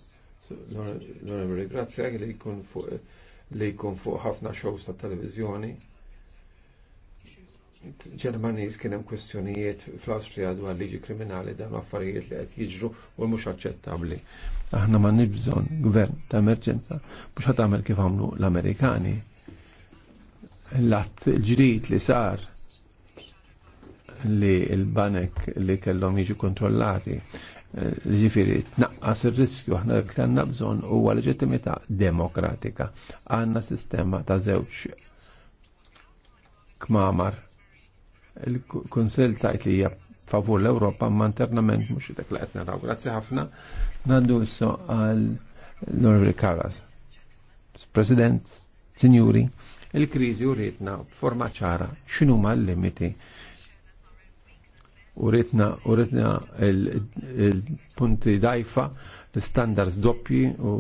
li jkun fuq li jkun fuq ħafna shows ta' televiżjoni Ġermaniż kien hemm kwestjonijiet fl-Awstrija dwar liġi kriminali dan affarijiet li qed jiġru u mhux aċċettabbli. Aħna ma bżonn gvern ta' emerġenza mhux ħadd tagħmel kif għamlu l-Amerikani. L-att ġrid li sar li l-banek li kellhom jiġu kontrollati eh, ġifiri, tnaqqas ir riskju aħna li għanna bżonn huwa leġittimità demokratika. għandna sistema ta' żewġ kmamar il-Kunsel tajt li hija favur l europa ma internament mhux dak la' qed raw. Grazie ħafna. Ngħaddu issa għal l Norvi Karas. President, Sinjuri, il krizi u rritna forma ċara xinu ma' l-limiti U uritna il-punti dajfa, l-standards doppi u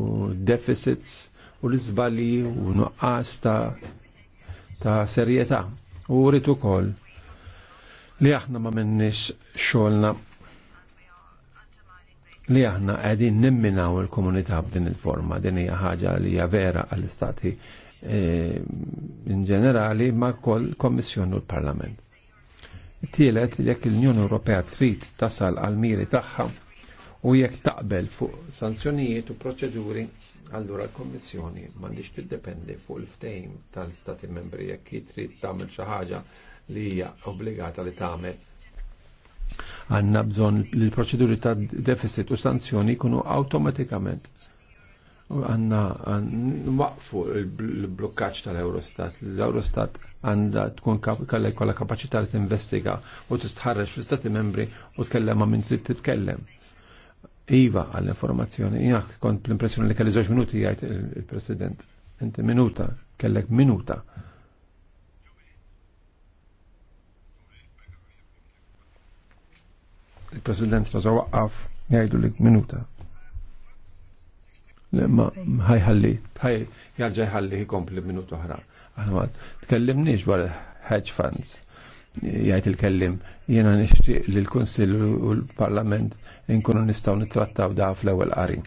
deficits u l-izbali u nuqqas ta' ta' serjetà. U rritu kol li aħna ma minnix xolna li aħna għedin nimminaw il-komunità b'din il-forma, din hija ħaġa li hija vera għall-istati eh, in ġenerali ma kol kommissjon u l-parlament. Tielet, jekk l-Unjoni Ewropea trid tasal għal-miri tagħha u jekk taqbel fuq sanzjonijiet u proċeduri Allura l-Kommissjoni m'għandix tiddependi fuq il-ftehim tal istati membri jekk trid tagħmel xi ħaġa li hija obbligata li tagħmel għanna bżon li l-proċeduri ta' deficit u sanzjoni kunu automatikament għanna waqfu l-blokkaċ tal-Eurostat. L-Eurostat għanda tkun kalla kolla kapacità li t-investiga u t istħarreċ fl stati membri u tkellem minn li t-tkellem. Iva għall-informazzjoni, jgħak kont l-impressjoni li kelli zoċ minuti għajt il-President. Inti minuta, kellek minuta. il-President Raza waqqaf jgħidu li minuta. Lemma, ħajħalli, ħaj jarġa ħalli jkompli minuta oħra. Aħna tkellimniex dwar hedge funds jgħajt il-kellim, jena nishtiq li l-Konsil u l-Parlament nkunu nistgħu nittrattaw da fl-ewwel qari.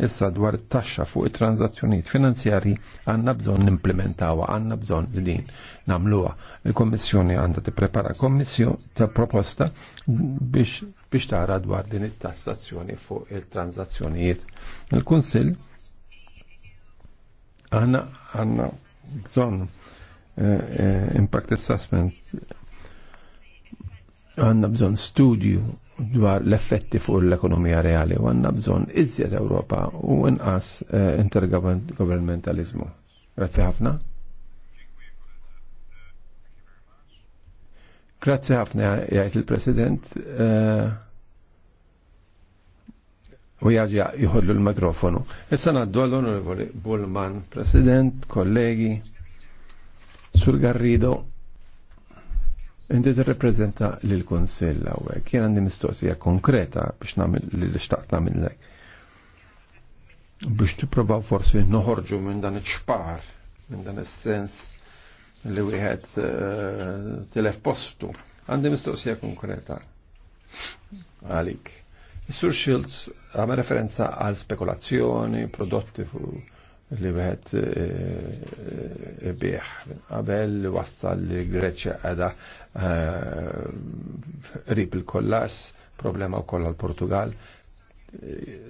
Issa dwar taxxa fuq it-transazzjonijiet finanzjarji għandna bżonn nimplementawha, għandna bżonn li din nagħmluha. Il-Kommissjoni għandha tipprepara kommissjon ta' proposta biex biex tara dwar din it-tassazzjoni fuq il-transazzjonijiet. Il-Kunsill għandna għandna bżonn eh, eh, impact assessment għandna bżonn studju dwar l-effetti fuq l-ekonomija reali u għanna bżon iżjed Ewropa u inqas eh, intergovernmentalizmu. Grazie ħafna. Grazie ħafna jgħid il-President. Eh, u jaġi jħollu l-mikrofonu. Issa naddu għall-onorevoli Bullman, President, kollegi, Sur Garrido, Inti t-reprezenta li l-Konsill għawek, jien għandi mistoqsija konkreta biex namil li l-ixtaqt namil namillek. Biex t probaw forsi noħorġu minn dan iċpar, minn dan il-sens li wieħed eh, telef postu. Għandi mistoqsija konkreta. Għalik. Sur Shields għam referenza għal spekulazzjoni, prodotti fuq li wieħed eh, eh, bieħ qabel li wassal li Greċja għada eh, rib il-kollas, problema wkoll għall portugal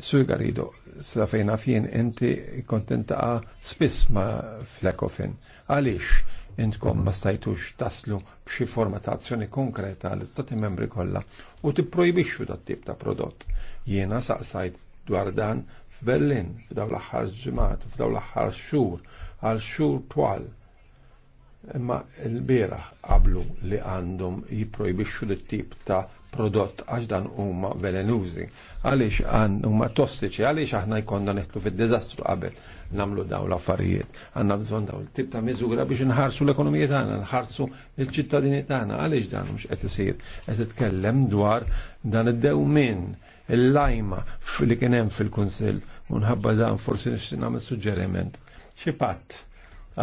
Sur garido, sa fien inti kontenta spiss ma flekofin. Għaliex intkom ma stajtux taslu b'xi forma ta' azzjoni konkreta l istati membri kollha u tipprojbixxu dat tip ta' prodott. Jiena saqsajt dwar dan f'Berlin f'daw l-aħħar ġimgħat f'daw l-aħħar xhur għal xhur twal. Imma l-bieraħ qablu li għandhom jipprojbixxu li tip ta' prodott għax dan huma velenużi, għaliex huma tossiċi, għaliex aħna jkollna neħtu fid-diżastru qabel namlu daw l-affarijiet. Għandna bżonn daw tip ta' miżura biex nħarsu l-ekonomija tagħna, nħarsu l-ċittadini tagħna, għaliex dan mhux qed isir. Qed titkellem dwar dan id-dewmin il-lajma li kien hemm fil-Kunsill Unħabba dan forsi nixtin għamil suġġeriment. Xi patt,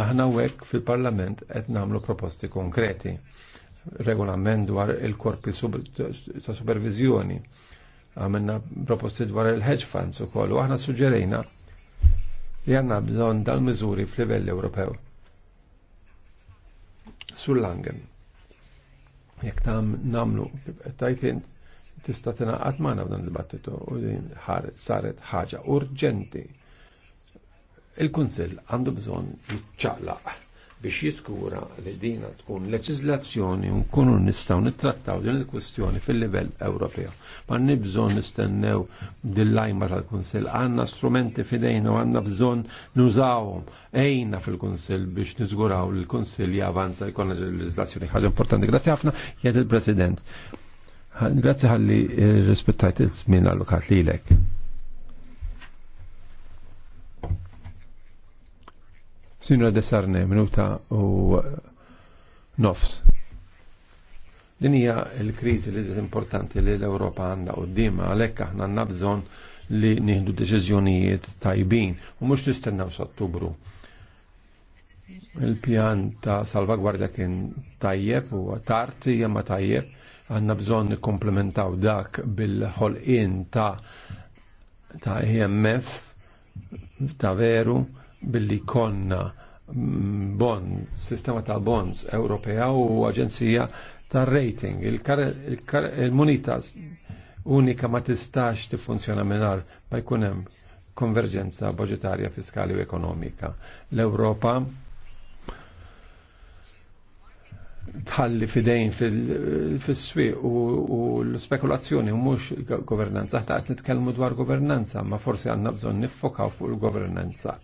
aħna wek fil-Parlament qed nagħmlu proposti konkreti. Regolament dwar il-korpi ta' supervizjoni. Għamilna proposti dwar il-hedge funds ukoll u aħna suġġerejna li għanna bżon dal-mizuri f'livell Ewropew. Sul-langen. Jek tam namlu, tajtint, tista' tingħaqad magħna f'dan il-dibattitu u din saret ħaġa urġenti. Il-Kunsill għandu bżonn jiċċaqlaq biex jiskura li dina tkun leġizlazzjoni u nkunu nistgħu nittrattaw din il-kwestjoni fil-livell Ewropew. Ma bżonn nistennew dil-lajma tal-Kunsill, għandna strumenti fidejna u għandna bżonn nużawhom ejna fil-Kunsill biex niżguraw li l-Kunsill javanza jkollna leġizlazzjoni ħaġa importanti. Grazzi ħafna, jgħid il-President. Grazzi ħalli eh, rispettajt il-żmien allokat lilek. Sinra Desarne, minuta u eh, nofs. Din hija l-kriżi li importanti li l-Ewropa għandha qudiema għalhekk aħna għandna bżonn li nieħdu deċiżjonijiet tajbin u mhux nistennew s-Ottubru. Il-pjan ta' salvagwardja kien tajjeb u tard hija ma tajjeb Għanna bżon nikkomplementaw dak bil-ħolqien ta' ta' IMF e ta' veru billi konna bond, sistema ta' bonds Ewropea u aġenzija ta' rating. Il-munita unika ma tistax funzjona minar ma jkun hemm konverġenza budgetarja, fiskali u ekonomika. L-Ewropa tħalli fidejn fil-swieq u l-spekulazzjoni u mux governanza. Ħta għat nitkellmu dwar governanza, ma forsi għanna bżon nifokaw fuq il-governanza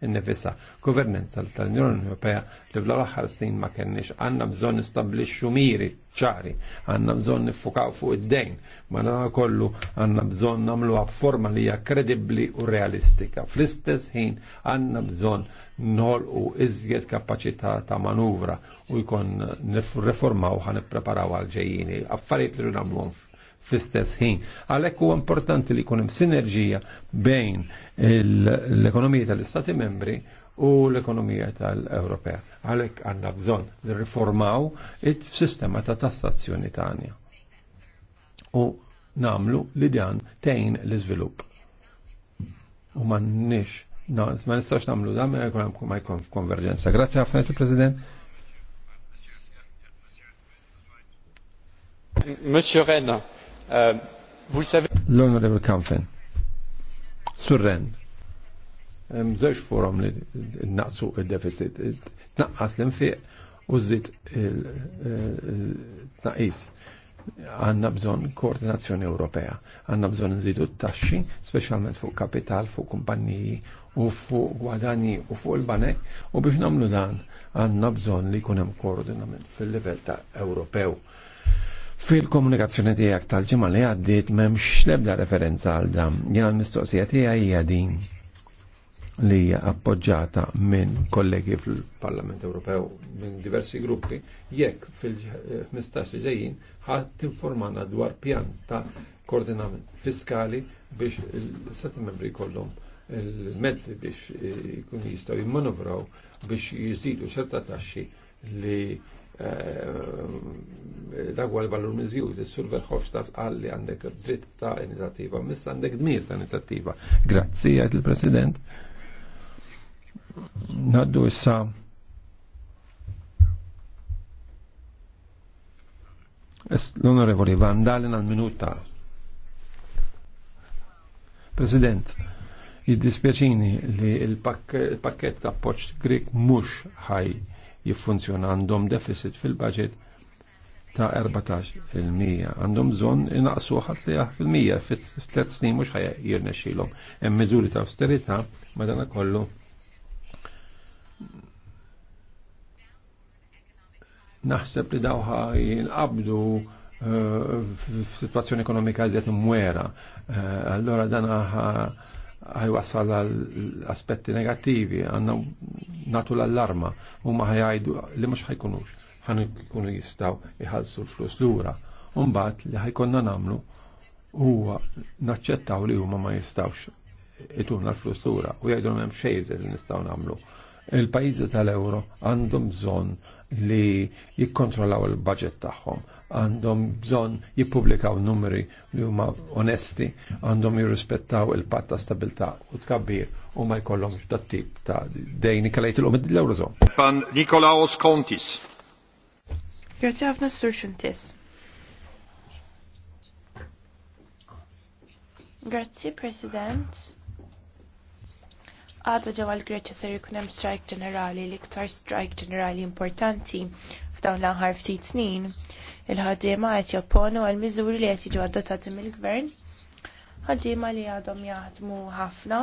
innifissa. Governanza l tal-Unjoni Ewropea li l aħħar snin ma kennix għanna bżon nistablixxu miri ċari, għanna bżon nifokaw fuq id-dejn, ma kollu għanna bżon namlu forma li hija kredibbli u realistika. Fl-istess ħin għanna bżon nħolqu iżjed kapaċità ta' manuvra u jkun nirreformaw ħan nippreparaw għal ġejjini, affarijiet li nagħmluhom fl-istess ħin. Għalhekk huwa importanti li jkun hemm sinerġija bejn l-ekonomija tal-Istati membri u l-ekonomija tal-Ewropea. Għalhekk għandna bżonn nirriformaw il-sistema ta' tassazzjoni tagħna. U namlu li dan tejn l-iżvilupp. U m'għandniex No, ma nistax namlu da, ma jkun konverġenza. Grazie għafna, il-President. Monsieur Renna, euh, vous savez... L'honorable Kampfen. Sur Rennes. Mżewġ forum li naqsu il-deficit. Naqqas l-infiq u zit il-tnaqis għanna bżon koordinazzjoni Ewropea, għanna bżon nżidu t-taxxi, specialment fuq kapital, fuq kumpanniji u fuq gwadani u fuq il-banek, u biex namlu dan għanna bżon li kunem koordinament fil-level ta' Ewropew. Fil-komunikazzjoni tijak tal-ġimma li għaddit memx lebda referenza għal dam, jena l-mistoqsija tijak jgħadin din li hija appoġġata minn kollegi fil-Parlament Ewropew minn diversi gruppi, jekk fil-15 eh, ġejjin ħadd informana dwar pjan ta' koordinament fiskali biex il-seti membri kollhom il-mezzi biex eh, kun jistaw jimmanovraw biex jiżidu ċerta taxxi li eh, eh, dagwa l valur mizju is-sur Verhofstadt qal li għandek dritt ta' inizjattiva, miss għandek dmir ta' inizjattiva. Grazzi għajt il-President. Naddu issa L-Onorevoli Van Dalen għal minuta. President, jiddispjaċini li il-pakket ta' poċt Grek mux ħaj jiffunzjona għandhom deficit fil-budget ta' 14%. Għandhom bżon inaqsu fil-mija fit-3 snin mux ħaj jirnexilom. Hemm miżuri ta' austerita madana kollu Naħseb li dawħa jinqabdu eh, f-situazzjoni ekonomika eżiet mwera. Eh, allora dan ħajwassal għal-aspetti negativi, għanna natu l-allarma, u ma ħajajdu li mux ħajkunux, kunu jistaw iħalsu l-flus l-ura. Umbat li ħajkonna namlu huwa naċċettaw li huma ma jistawx ituna l-flus l-ura u jgħidu l-mem xejze li nistaw namlu il-pajizi tal-euro għandhom bżonn li jikkontrollaw il-budget tagħhom, għandhom bżonn jippubblikaw numri li huma onesti, għandhom jirrispettaw il-patt ta' stabilità u tkabbir u ma jkollhomx dat tip ta' dejni kalajt il l-eurozon. Pan Nikolaos Kontis. Grazie ħafna Sur Xuntis. Grazie President għadu ġewwa l greċa ser jkun hemm strajk ġenerali, l-iktar strajk ġenerali importanti f'dawn l anħar ftit snin. Il-ħaddiema qed jopponu għal miżuri li qed jiġu adottati mill-gvern. Ħaddiema li għadhom jaħdmu ħafna,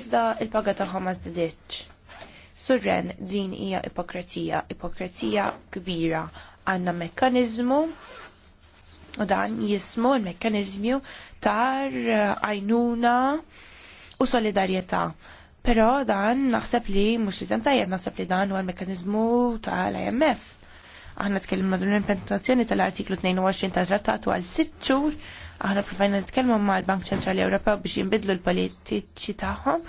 iżda il-paga tagħhom ma żdiditx. Surren din hija ipokrazija, ipokrazija kbira. Għandna mekkaniżmu u dan jismu l mekkaniżmu tar għajnuna u solidarjetà Però dan naħseb li mhux li tajjeb naħseb li dan huwa l-mekkaniżmu tal-IMF. Aħna tkellimna dwar l-implementazzjoni tal-artiklu 22 tat-trattat għal sitt xhur aħna provajna nitkellmu mal bank Ċentrali Ewropew biex jinbidlu l-politiċi tagħhom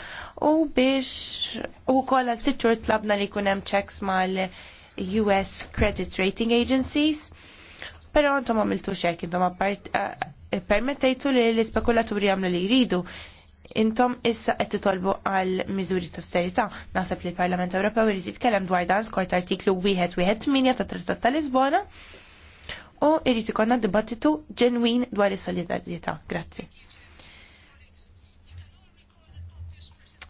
u biex ukoll għal sitt tlabna li jkun hemm checks mal-US Credit Rating Agencies. Però intom għamiltu xek, intom eh, permettejtu li l-ispekulaturi għamlu li jridu intom issa qed titolbu għal miżuri ta' austerità. Naħseb li l-Parlament Ewropew irid jitkellem dwar dan skont artiklu 118 ta' Trattat ta' Lisbona u irid ikollna dibattitu ġenwin dwar is-solidarjetà. Grazzi.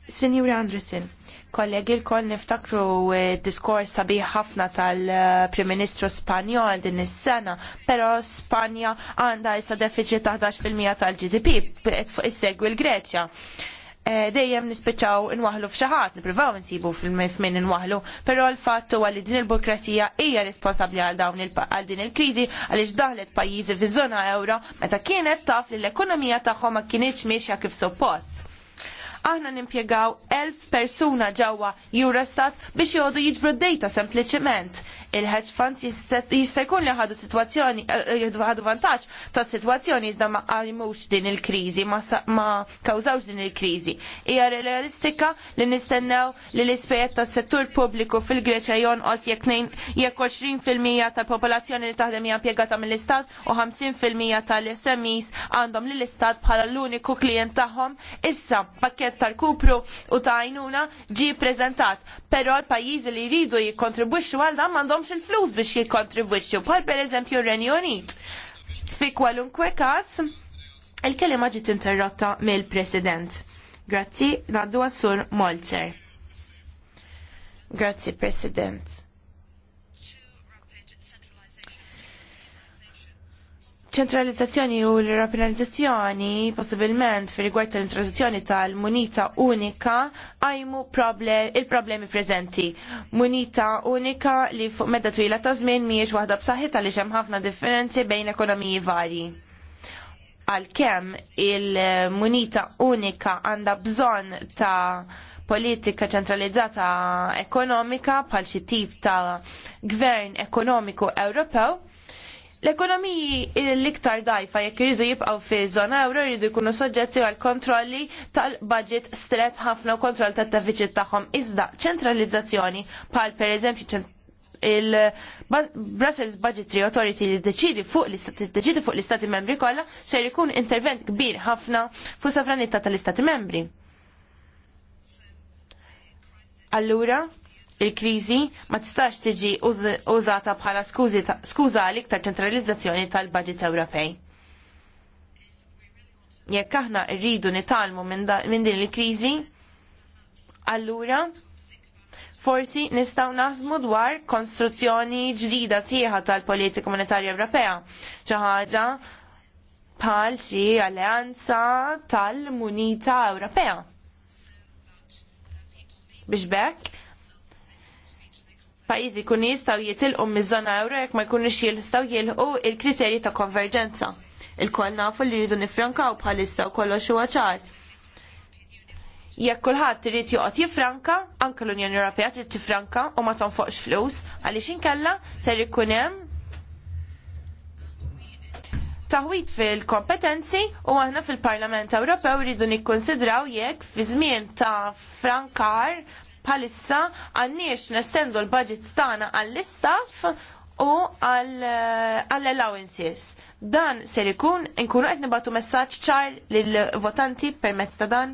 Sinjuri Andresen, kollegi l-koll niftakru eh, diskors sabiħ ħafna tal-Prim Ministru Spanjol din is-sena, però Spanja għandha issa deficit 11% tal-GDP qed fuq is-segwi l-Greċja. Eh, dejjem nispiċċaw inwaħlu f'xaħat, nippruvaw insibu fil-min inwaħlu, però l-fatt huwa li din il-burokrasija hija responsabbli għal dawn għal din il-kriżi għaliex daħlet pajjiżi fiż-żona euro meta kienet taf li l-ekonomija tagħhom ma kienieċ miexja kif suppost aħna nimpjegaw elf persuna ġewwa Eurostat biex jgħodu jiġbru d-data sempliċement il-hedge funds jista' jkun li ħadu situazzjoni eh, eh, ħadu vantaġġ ta' situazzjoni iżda ma qarimux din il-kriżi, ma kawżawx din il-kriżi. Hija realistika li nistennew li l-ispejjed tas-settur pubbliku fil-Greċja jonqos jekk jekk 20% tal-popolazzjoni li taħdem hija impjegata mill-istat u 50% tal-SMEs għandhom lill-istat bħala l-uniku klient tagħhom. Issa pakket tal-kupru u ta' għajnuna ġie preżentat, però l-pajjiżi li jridu jikkontribwixxu għal dan m'għandhom għandhomx il-flus biex jikontribwixxu bħal pereżempju r-Renju Unit. Fi kwalunkwe każ il-kelima ġiet interrotta mill-President. Grazzi, naddu għas-Sur Molzer. Grazzi, President. ċentralizzazzjoni u l-rapinalizzazzjoni possibilment fi rigward tal-introduzzjoni tal-munita unika għajmu il-problemi prezenti. Munita unika li fuq medda twila ta' żmien miex waħda b'saħħi tal hemm ħafna differenzi bejn ekonomiji varji. Għalkemm il-munita unika għandha bżonn ta' politika ċentralizzata ekonomika bħal xi tip ta' gvern ekonomiku Ewropew, L-ekonomiji l-iktar dajfa jekk iridu jibqgħu fi żona euro jridu jkunu soġġetti għal kontrolli tal-budget stret ħafna u kontroll tad-deficit tagħhom. Iżda ċentralizzazzjoni bħal pereżempju il-Brussels Budgetary Authority li deċidi fuq l-istati fuq l-istati membri kollha ser jkun intervent kbir ħafna fuq sovranità tal-istati membri. Allura, Il-kriżi ma tistax tiġi użata bħala skuża għal iktar ċentralizzazzjoni tal-budget Ewropej. Jekk aħna rridu nitalmu minn din il-kriżi, allura forsi nistaw naħsmu dwar konstruzzjoni ġdida sieħa tal-politika Monetarja Ewropea. xi ħaġa bħal xi alleanza tal-Munita Ewropea. Biex bekk, pajjiżi kun jistgħu jitilqu miż-żona euro jekk ma jkunux jistgħu jilqu il-kriterji ta' konverġenza. il koll nafu li jridu nifrankaw bħalissa u kollox huwa ċar. Jekk kulħadd irid joqgħod jiffranka, anke l-Unjoni Ewropea trid tifranka u ma tonfoqx flus, għaliex inkella ser ikun hemm taħwit fil-kompetenzi u aħna fil-Parlament Ewropew rridu nikkonsidraw jekk fi żmien ta' frankar palissa għanniex nestendu l-budget tagħna għall-istaff u eh, għall-allowances. Dan ser ikun inkunu qed nibatu messaġġ ċar lill-votanti permezz ta' dan.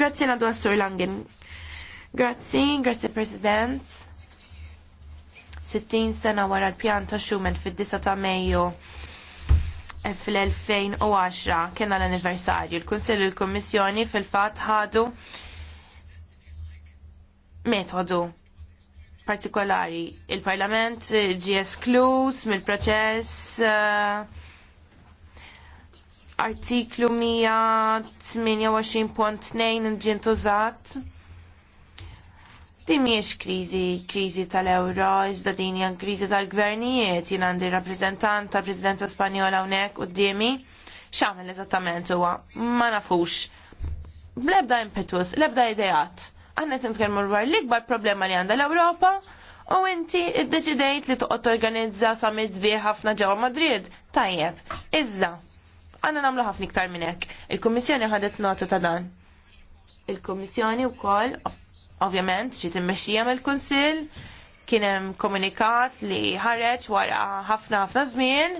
Grazzi għandu għassur Langen. Grazzi, grazie President. 60 sena wara l-pjan ta' Schumann fid-9 ta' Mejju eh, fil-2010 kena l-anniversarju. Il-Kunsill u l-Kommissjoni fil-fat ħadu metodu partikolari. Il-Parlament eh, ġie esklus mill-proċess uh, artiklu 128.2 ġie ntużat. Din mhijiex kriżi, kriżi tal-euro, iżda din hija kriżi tal-gvernijiet, jien għandi rappreżentant tal Presidenza Spanjola hawnhekk qudiemi. X'għamel eżattament huwa? Ma nafux. Bl-ebda impetus, l-ebda ideat għanna t-nitkelmu dwar l-ikbar problema li għanda l-Europa u inti id-deċidejt li toqgħod organizza summit sbieħ ħafna ġewwa Madrid. Tajjeb, iżda, għandna nagħmlu ħafna iktar minn hekk. Il-Kummissjoni ħadet nota ta' dan. Il-Kummissjoni wkoll ovvjament xi timmexxija mill-Kunsill, kien hemm komunikat li ħareċ wara ħafna ħafna żmien.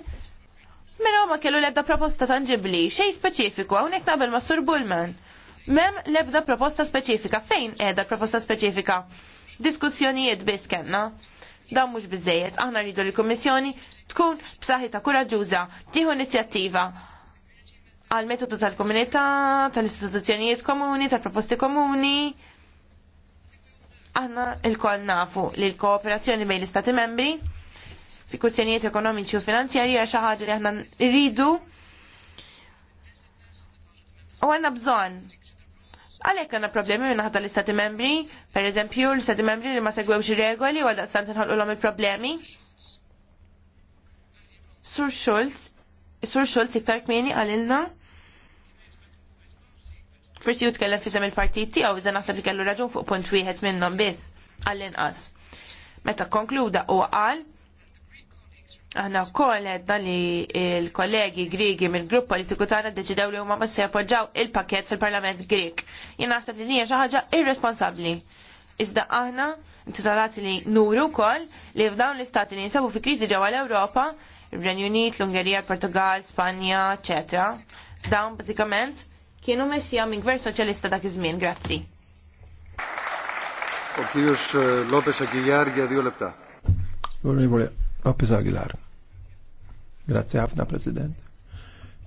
Mero ma kellu l edda proposta tangibli, xejn speċifiku, hawnhekk nabel ma' Sur Bullman mem lebda proposta speċifika. Fejn edha proposta speċifika? Diskussjonijiet biss kenna. Dawn mhux biżejjed, aħna rridu li kummissjoni tkun b'saħħitha kuraġuża, tieħu inizjattiva għal metodu tal-komunità, tal-istituzzjonijiet komuni, tal-proposti komuni. Aħna il-koll nafu li l-kooperazzjoni bejn l-Istati membri fi kwistjonijiet ekonomiċi u finanzjarji għal xi ħaġa li aħna rridu U għanna bżonn. Għalek għanna problemi minna ħata l-istati membri, per eżempju l-istati membri li ma segwewx regoli u għadaqstant nħolqu l-om il-problemi. Sur Schultz, Sur Schultz iktar kmini għalilna. Forsi ju tkellem fizem il partiti għaw iżan naħseb li kellu raġun fuq punt wieħed minnhom biss għall-inqas. Meta konkluda u qal Aħna wkoll edna li l-kollegi Griegi mill-grupp politiku tagħna ddeċidew li huma ma se jappoġġaw il-pakett fil-Parlament Grieg. Jien naħseb li hija xi ħaġa irresponsabbli. Iżda aħna intitolati li nuru wkoll li f'dawn l-istati li jinsabu fi kriżi ġewwa l-Ewropa, ir-Renju Unit, l-Ungerija, l-Portugal, Spanja, eċetera. Dawn bażikament kienu mexxija minn gvern soċjalista dak iż-żmien, grazzi. Eh, Papis Aguilar. Grazie ħafna, President.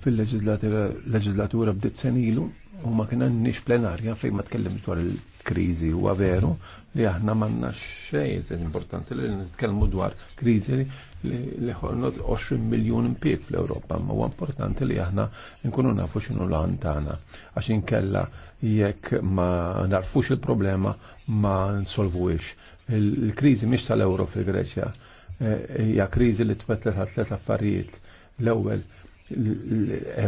Fil-leġizlatura bdiet senilu u ma kien nix plenarja fejn ma tkellim dwar il-kriżi huwa veru li aħna m'għandna xejn importanti li nitkellmu dwar kriżi li ħolnot 20 miljun impjieg fl-Ewropa, ma huwa importanti li aħna nkunu nafu xinu l-għan tagħna għax inkella jekk ma narfux il-problema ma nsolvuhiex. Il-kriżi mish tal-euro fil-Greċja hija kriżi li tbetlet tlet affarijiet. L-ewwel eh,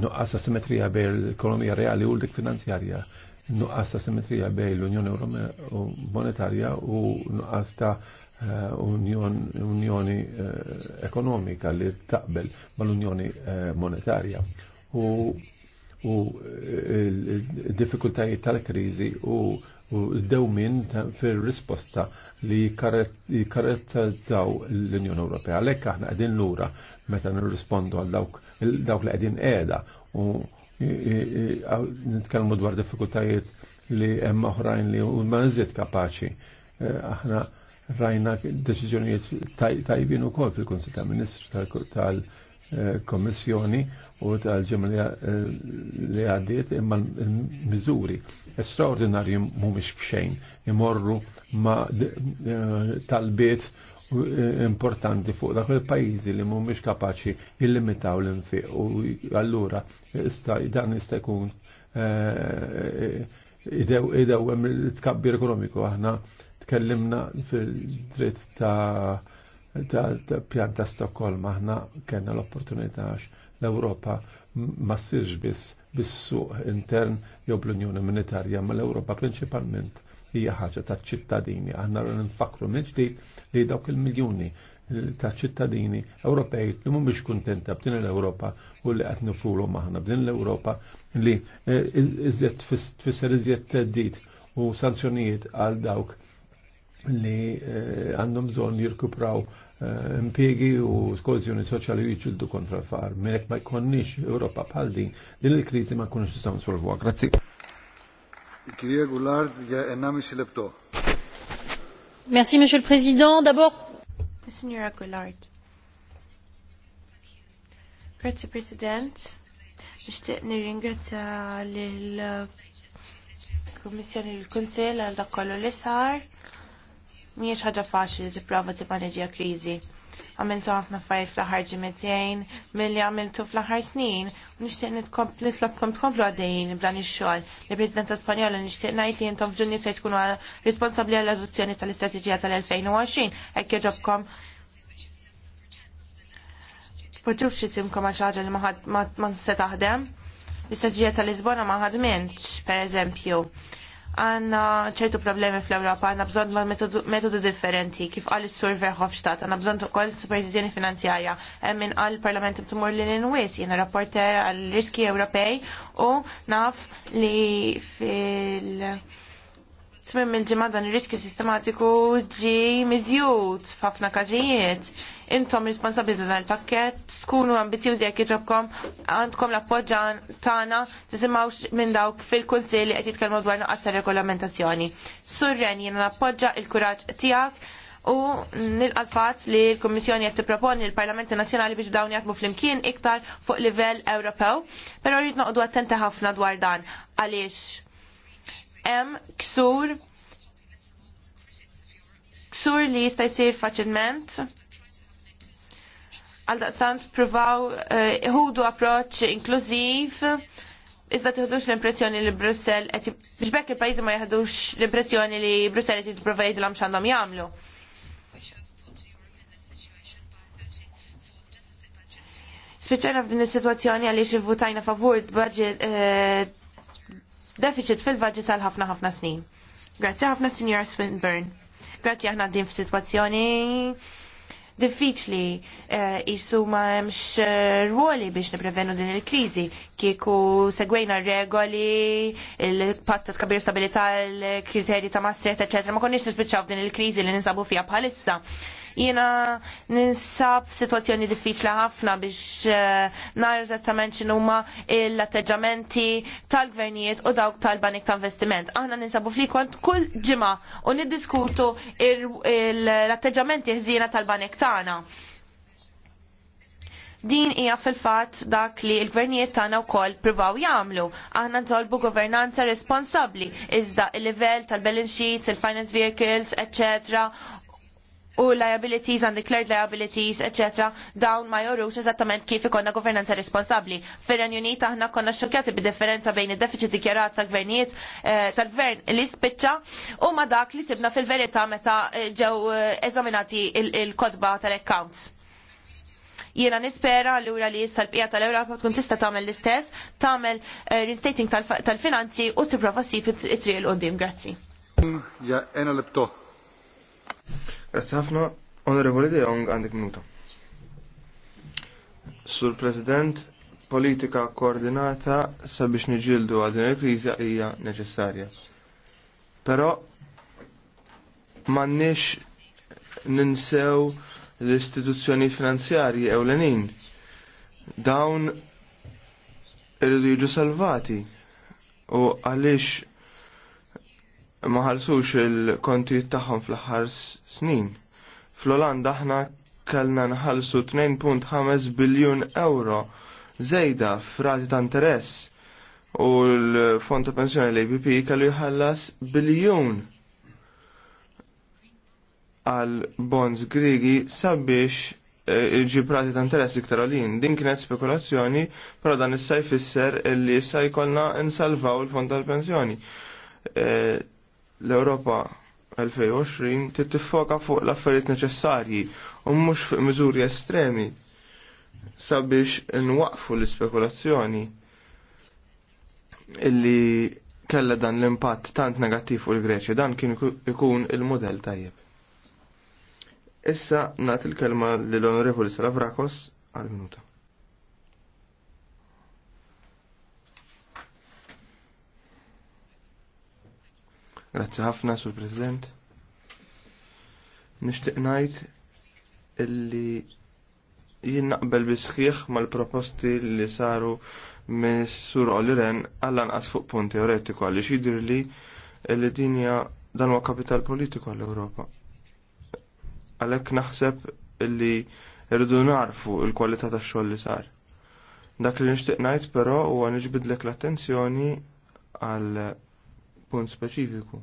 nuqqas simetrija bejn l-ekonomija reali u l-dik finanzjarja nuqqas simetrija bejn l-Unjoni Monetarja u nuqqas ta' eh, Unjoni eh, Ekonomika li taqbel mal-Unjoni Monetarja. U u diffikultajiet tal-krizi u d-dewmin fil-risposta li jikkaratterizzaw l-Unjoni Ewropea. Għalhekk aħna qegħdin lura meta nirrispondu għal dawk dawk li qegħdin qiegħda u nitkellmu dwar diffikultajiet li hemm oħrajn li huma nżid kapaċi. Eh, aħna rajna deċiżjonijiet tajbin ukoll fil-Kunsil tal-Ministru tal-Kommissjoni u tal-ġemma li għaddiet imma l-miżuri estraordinarji mhumiex bxejn imorru ma eh, talbiet eh, importanti fuq dak il-pajjiżi li mhumiex kapaċi jillimitaw l-infiq u allura dan jista' jkun eh, idew hemm tkabbir ekonomiku aħna tkellimna fil-dritt ta' ta' Stokkolma aħna kellna l-opportunità l-Ewropa ma ssirx biss bis-suq intern jew bl-Unjoni Monetarja mal-Ewropa prinċipalment hija ħaġa taċ-ċittadini. Aħna nfakru minn ġdid li dawk il-miljuni ta' ċittadini Ewropej li mhumiex kuntenta b'din l-Ewropa u li qed nifulu maħna b'din l-Ewropa li eh, iżjed tfisser iżjed teddit u sanzjonijiet għal dawk li eh, għandhom bżonn jirkupraw Eh, impiegi u skozjoni soċjali jiġġuldu kontra l-far. Mek ma jkonniex Europa bħal din, din il krizi ma jkunx nistgħu nsolvuha. Grazzi. Kirija Goulard, ja ennami silebto. Merci, Monsieur le Président. D'abord, Monsieur Goulard. Grazie, President. Nishtiq nirringrazzja l kummissjoni l-Kunsel għal dak kollu li sar mhijiex ħaġa faċli li tipprova tipmaneġja kriżi. Għamiltu ħafna affarijiet fl-aħħar ġimgħtejn milli għamiltu fl-aħħar snin u nixtieq nitlobkom tkomplu għaddejjin b'dan ix-xogħol. il Presidenza Spanjola nixtieq ngħid li intom f'ġunju se tkunu responsabbli għall adozzjoni tal-istrateġija tal-2020 hekk jogħġobkom Poġġuf xi timkom għal ħaġa li ma se taħdem. L-istrateġija tal-Lisbona ma ħadmentx, pereżempju għanna ċertu problemi fl-Europa, għanna bżon ma metodi differenti, kif għal il-sur Verhofstadt, għanna bżon ukoll supervizjoni finanzjarja, emmin għal parlament b'tumur li n-wis, jena rapporter għal riski Ewropej u naf li fil- Tmim il-ġimma dan il-riskju sistematiku ġi miżjud f'ħafna każijiet intom responsabli ta' dan il-pakket, tkunu ambizjużi jekk jiġobkom, għandkom l-appoġġan tagħna tisimgħux minn dawk fil-kunsill li qed jitkellmu dwar nuqqas regolamentazzjoni. Surren jiena nappoġġa il-kuraġġ tiegħek u nilqa l-fatt li l kummissjoni qed tipproponi l-Parlamenti Nazzjonali biex dawn jaħdmu flimkien iktar fuq livell Ewropew, però rrid noqogħdu attenti ħafna dwar dan għaliex hemm ksur ksur li jista' jsir faċilment għal daqsan provaw eh, iħudu approċ inklużiv iżda tiħdux l-impressjoni li Brussel biex bekk il pajzi ma jaħdux l-impressjoni li Brussel qed jipprova jgħidulhom x'għandhom jagħmlu. Spiċċajna f'din is-sitwazzjoni għaliex ivvutajna favur budget eh, deficit fil-budget għal ħafna ħafna snin. Grazzi ħafna Sinjora Swinburne. Grazzi aħna din f'sitwazzjoni diffiċli jissu eh, ma hemmx eh, ruoli biex niprevenu din il-kriżi. Kieku segwejna regoli, il-patta kabir stabilita il-kriterji ta' Maastricht, eċetera, ma konniex nispiċċaw din il-kriżi li ninsabu fija bħalissa. Jiena ninsab situazzjoni diffiċli ħafna biex eh, nar eżattament x'inhuma l-atteġġamenti tal-gvernijiet u dawk tal-banik ta' investiment. Aħna ninsabu flikont kull ġimgħa u niddiskutu l-atteġġamenti ħżina tal-banik tagħna. Din hija fil-fatt dak li l-gvernijiet tagħna wkoll pruvaw jagħmlu. Aħna ntolbu governanza responsabbli iżda il-livell tal-balance sheets, il-finance vehicles, etc u liabilities, undeclared liabilities, etc. dawn ma jorux eżattament kif ikonna governanza responsabli. Fir-Renju Unita aħna konna xokjati bi differenza bejn id-deficit dikjarat ta' gvernijiet eh, tal-gvern li spiċċa u ma dak li sibna fil-verità meta eh, ġew eh, eżaminati il-kodba tal-accounts jiena nispera l ura li issa l-bqija tal europa tkun tista' tagħmel l-istess, tagħmel restating tal-finanzi u tipprova ssib it-triq il qudiem Grazzi. Ja, ena l Grazzi ħafna, Onorevoli De Jong, għandek minuta. Sur President, politika koordinata sabiex niġildu għal din il-kriżi hija neċessarja. Però m'għandniex ninsew l-istituzzjoni finanzjarji ewlenin. Dawn irridu jiġu salvati u għaliex ma il-kontijiet tagħhom fl-aħħar snin. Fl-Olanda aħna kellna nħallsu 2.5 biljun euro żejda frati ta' interess u l-fond ta' pensjoni l-ABP kellu jħallas biljun għal bonds grigi sabiex prati e, ta' interess iktar għalin. Din kienet spekulazzjoni, pero dan issa jfisser li issa jkollna nsalvaw il-fond tal-pensjoni. E, l-Europa 2020 tittifoka fuq l-affarijiet neċessarji u mhux fuq miżuri estremi sabiex nwaqfu l-ispekulazzjoni illi kella dan l-impatt tant negattiv fuq il-Greċja dan kien ikun il-modell tajjeb. Issa nagħti il-kelma lill-Onorevoli Salavrakos għal-minuta. Grazzi ħafna, Sur President. Nixtieq ngħid illi jien naqbel bisħiħ mal-proposti li saru mis Sur Oliren għallan qas fuq punt teoretiku għalli xidir li illi dinja dan huwa kapital politiku għall-Ewropa. Għalhekk naħseb li rridu narfu l-kwalità tax-xogħol li sar. Dak li nixtieq ngħid però huwa niġbidlek l-attenzjoni għal punt specifiku.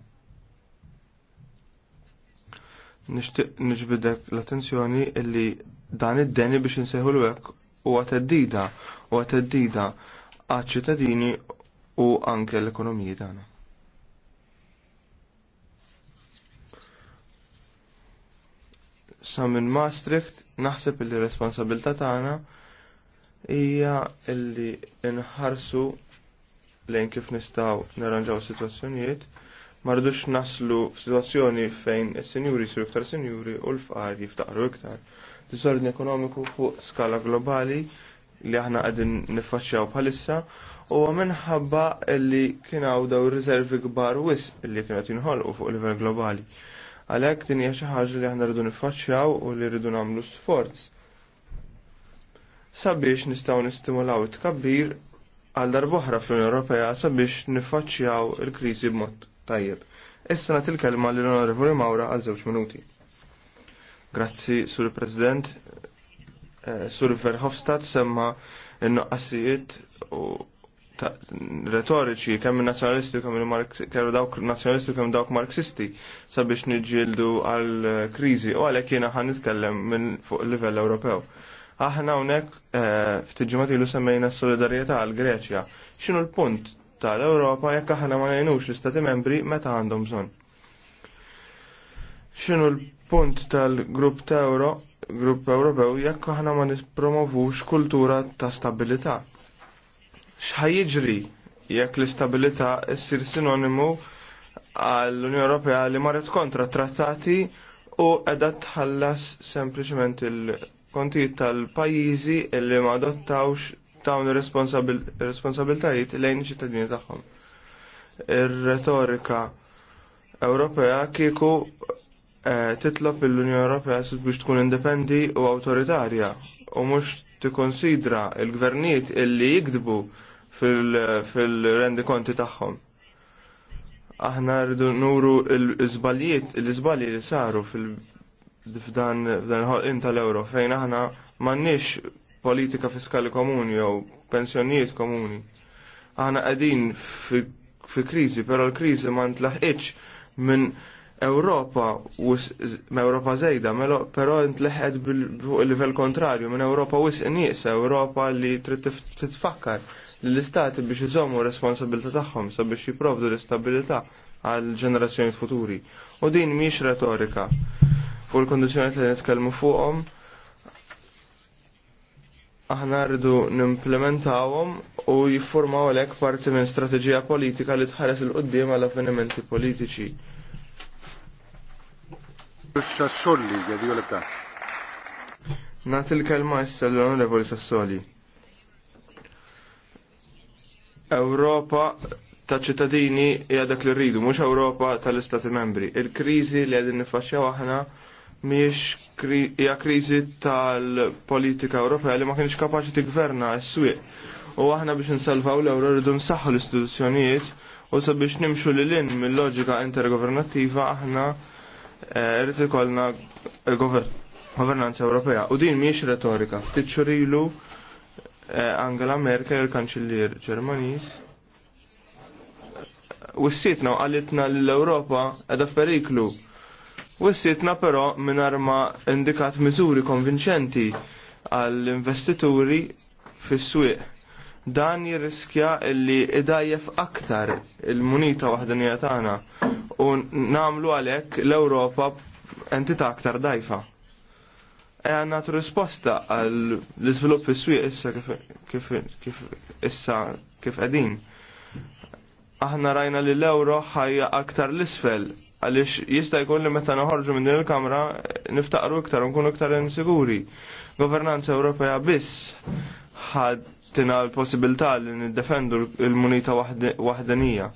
Nixtieq niġbidek l-attenzjoni illi dan id-deni biex nsejħu l-wek u għateddida u għateddida għad-ċittadini u anke l-ekonomiji tagħna. sa minn Maastricht naħseb li responsabilta tagħna hija illi nħarsu lejn kif nistaw naranġaw situazzjonijiet, marduċ naslu f'sitwazzjoni fejn is-senjuri jsiru iktar senjuri u l-fqar jiftaqru iktar. Disordni ekonomiku fuq skala globali li aħna qegħdin niffaċċjaw bħalissa huwa minħabba li kien hawn daw riservi kbar wis li kienu qed jinħolqu fuq livell globali. Għalhekk din hija xi ħaġa li aħna rridu niffaċċjaw u li rridu nagħmlu sforz sabiex nistgħu nistimulaw it-tkabbir għal darboħra fl-Unjoni Ewropea sabiex niffaċċjaw il-kriżi b'mod tajjeb. Issa nagħti l-kelma lil Onorevoli Mawra għal żewġ minuti. Grazzi, Sur President. Eh, Sur Verhofstadt semma n-noqqasijiet u retoriċi kemm nazzjonalisti kemm dawk nazzjonalisti kemm dawk marxisti sabiex niġġieldu għal kriżi u għalhekk jiena ħan nitkellem minn fuq il livell Ewropew. Aħna hawnhekk eh, ftiġimgħat ilu semmejna s-solidarjetà għal Greċja. X'inhu l-punt tal-Ewropa jekk aħna ma ngħinux l-Istati membri meta għandhom bżonn. X'inhu l-punt tal-Grupp ta' Euro, Grupp Ewropew jekk aħna ma nippromovux kultura ta' stabilità. jiġri jekk l-istabilità ssir sinonimu għall-Unjoni Ewropea li marret kontra trattati u edha tħallas sempliċement il- kontijiet tal-pajjiżi li ma adottawx dawn ir-responsabiltajiet lejn iċ-ċittadini tagħhom. Ir-retorika Ewropea kieku eh, titlob l-Unjoni Ewropea biex tkun indipendi u awtoritarja u mhux tikkonsidra l-gvernijiet illi jikdbu fil-rendi konti tagħhom. Aħna rridu nuru l-iżbaljiet, l-iżbalji li saru fil f'dan ħolqin tal-euro fejn aħna m'għandniex politika fiskali komuni jew pensjonijiet komuni. Aħna qegħdin fi kriżi, però l-kriżi ma ntlaħqitx minn Ewropa u Ewropa żejda, però ntleħqet fuq il-livell kontrarju minn Ewropa wis nieqsa Ewropa li trid titfakkar l-istati biex iżommu responsabilità tagħhom sabiex jipprovdu l-istabilità għal ġenerazzjoni futuri. U din mhix retorika fuq il-kondizjoni li nitkellmu fuqhom aħna rridu nimplementawhom u jiffurmaw għalhekk parti minn strateġija politika li tħares il qudiem għal avvenimenti politiċi. Sassolli, l Nat il-kelma issa l-onorevoli Sassoli. Ewropa ta' ċittadini hija dak li rridu, mhux Ewropa tal-Istati Membri. Il-kriżi li qegħdin nifaxxjaw aħna miex hija kriżi tal-politika Ewropea li ma kienx kapaċi t-gverna s-swieq. U aħna biex nsalvaw l euro rridu nsaħħu l-istituzzjonijiet u sabiex nimxu l-in mill-loġika intergovernattiva aħna eh, rrid ikollna governanza Ewropea. U din miex retorika. Ftit xurilu eh, Angela Merkel, il-kanċillier Ġermaniż, eh, wissietna u għallitna l-Europa edha f'periklu. periklu is-sietna però minar ma indikat miżuri konvinċenti għall-investituri fis-swieq. Dan jirriskja illi idajjef aktar il-munita waħdinija tagħna u namlu għalhekk l-Ewropa entità aktar dajfa. E għannat risposta għall-iżvilupp fis-swieq issa kif, kif, issa kif qegħdin. Aħna rajna li l-euro ħajja aktar l-isfel għaliex jista' jkun li meta noħorġu minn din il-Kamra niftaqru iktar u iktar insiguri. Governanza Ewropea biss ħadtina l-possibilità li niddefendu l-munita waħdanija.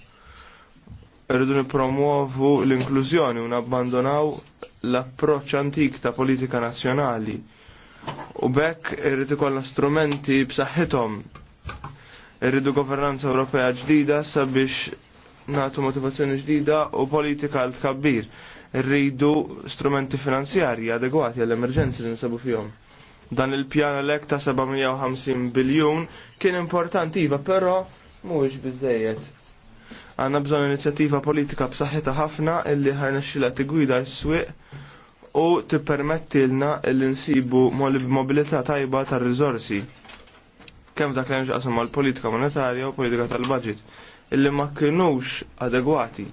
Irridu nipromuovu l-inklużjoni u nabbandonaw l-approċċ antik ta' politika nazzjonali. U bekk irrid ikollna strumenti b'saħħithom. Irridu governanza Ewropea ġdida sabiex natu motivazzjoni ġdida u politika għal tkabbir. Rridu strumenti finanzjarji adegwati għall emerġenzi li nsabu fihom. Dan il-pjan lek ta' 750 biljun kien importanti iva, però mhuwiex biżejjed. Għanna bżon inizjattiva politika b'saħħitha ħafna illi ħarnexxilha tigwida s-swieq u tippermettilna l insibu mobilità tajba tar-riżorsi. Kemm dak li nxaqsam għall politika monetarja u politika tal-budget illi ma kienux adegwati.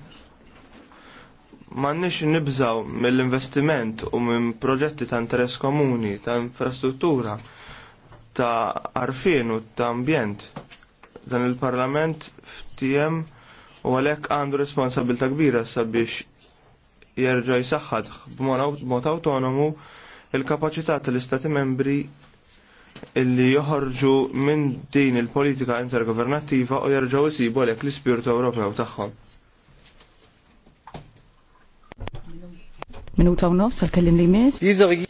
Mannix nibżaw mill-investiment u minn proġetti ta' interess komuni, ta' infrastruttura, ta' arfien u ta' ambjent. Dan il-Parlament ftijem u għalek għandu responsabilta kbira sabiex jerġa' jisaħħad b'mod autonomu il-kapacità tal-Istati membri illi joħorġu minn din il-politika intergovernattiva u jerġgħu jsibu għalhekk l-ispirtu Ewropew tagħhom. Minuta u nofs għal-kellim li mis.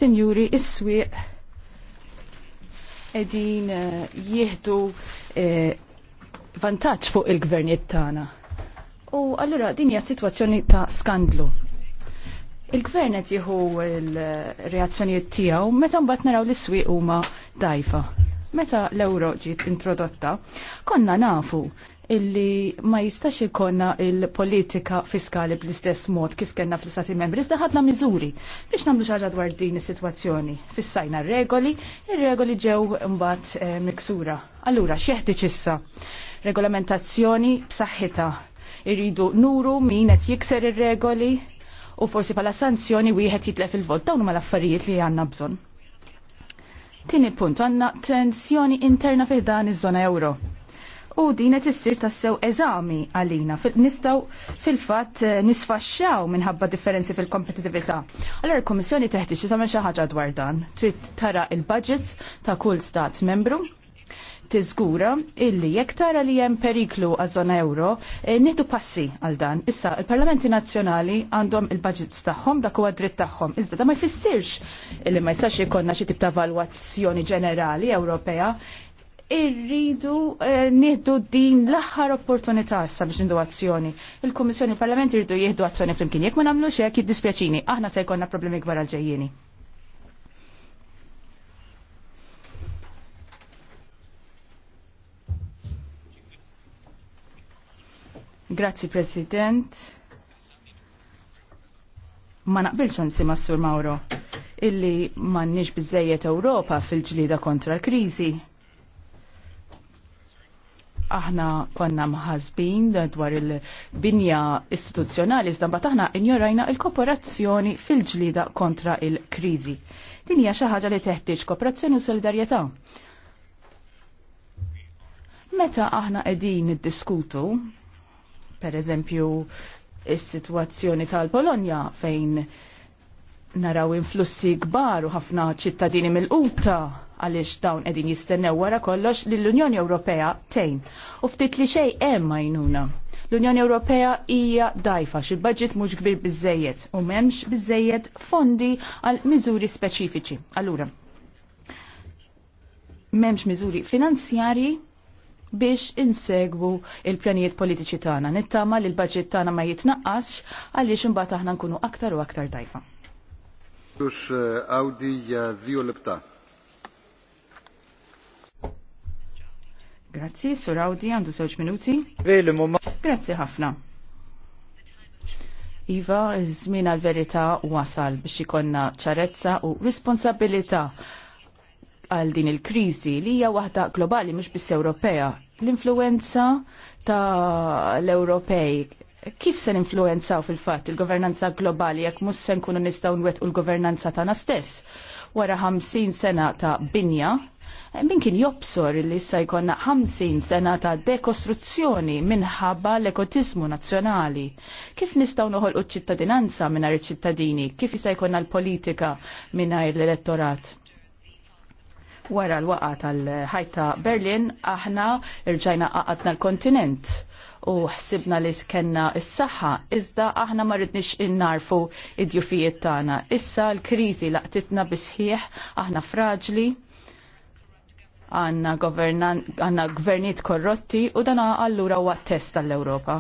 Sinjuri, is-swieq edin eh, jihdu eh, vantaġġ fuq il-gvernijiet tagħna. U allura din hija sitwazzjoni ta' skandlu Il-gvern qed jieħu l-reazzjonijiet tiegħu meta mbagħad naraw li swieq huma dajfa. Meta l-ewro ġiet introdotta, konna nafu illi ma jistax ikonna il-politika fiskali bl-istess mod kif kena fl-istati membri, iżda ħadna miżuri biex namlu xaġa dwar din is-sitwazzjoni. Fissajna regoli, ir-regoli ġew mbagħad eh, miksura. Allura x'jeħdiġ issa? Regolamentazzjoni b'saħħitha. Iridu nuru min qed jikser ir-regoli, u forsi pala sanzjoni wieħed jitlef il-vot dawn huma l-affarijiet li għandna bżonn. Tieni punt għandna tensjoni interna fi dan iż-żona euro. U din qed issir tassew eżami għalina nistgħu fil-fatt eh, nisfaxxaw minħabba differenzi fil-kompetitività. Allora l kummissjoni teħtieġ tagħmel xi ħaġa dwar dan. Trid tara il-budgets ta' kull stat membru tiżgura illi jekk tara li hemm periklu għaż-żona euro, eh, nitu passi għal dan. Issa il-Parlamenti Nazzjonali għandhom il-budgets tagħhom dak huwa dritt tagħhom. Iżda da ma jfissirx illi ma jistax ikollna xi tip ta' valwazzjoni ġenerali Ewropea irridu eh, nieħdu din l-aħħar opportunità issa biex nindu azzjoni. Il-Kummissjoni il Parlament irridu jieħdu azzjoni flimkien. Jekk ma nagħmlux hekk jiddispjaċini, aħna se jkollna problemi kbar għal ġejjieni. Grazzi President. Ma naqbilx ansi ma' Sur Mauro illi m'għandniex biżejjed Ewropa fil-ġlida kontra l-kriżi. Aħna konna mħazbin dwar il-binja istituzzjonali iżda mbagħad aħna injorajna il-kooperazzjoni fil-ġlida kontra l kriżi Din hija xi ħaġa li teħtieġ kooperazzjoni u solidarjetà. Meta aħna qegħdin niddiskutu Per eżempju, is-sitwazzjoni tal-Polonja fejn naraw influssi kbar u ħafna ċittadini mill uta għaliex dawn qegħdin jistennew wara kollox li l-Unjoni Ewropea tejn. U ftit li xejn hemm għajnuna. L-Unjoni Ewropea hija dajfa xi budget mhux kbir biżejjed u m'hemmx biżejjed fondi għal miżuri speċifiċi. Allura, m'hemmx miżuri finanzjarji biex insegwu il-pjanijiet politiċi tagħna. Nittama li l-budget tagħna ma jitnaqqas għaliex imbagħad aħna nkunu aktar u aktar dajfa. Tux eh, Audi Dio Libta. Grazzi, Sur Audi għandu sewġ minuti. Grazzi ħafna. Iva, żmien għal-verità wasal biex ikonna ċarezza u responsabilità għal din il-kriżi li hija waħda globali mhux biss Ewropea. L-influenza ta' l-Ewropej Kif se influenzaw fil-fatt il-governanza globali jekk mhux se nkunu nistgħu nwettqu l-governanza tagħna stess? Wara 50 sena ta' binja, min kien jobsor li issa jkollna 50 sena ta' dekostruzzjoni minħabba l ekotismu nazzjonali. Kif nistgħu noħolqu ċ-ċittadinanza mingħajr iċ-ċittadini? Kif issa jkollna l-politika mingħajr l-elettorat? Wara l-waqa tal-ħajta Berlin, aħna irġajna qaqadna l-kontinent u ħsibna li skenna s-saħħa, iżda aħna ma rridniex innarfu id-djufijiet tagħna. Issa l-kriżi laqtitna bisħieħ, aħna fraġli, għanna għanna gvernijiet korrotti u dana allura huwa test tal-Ewropa.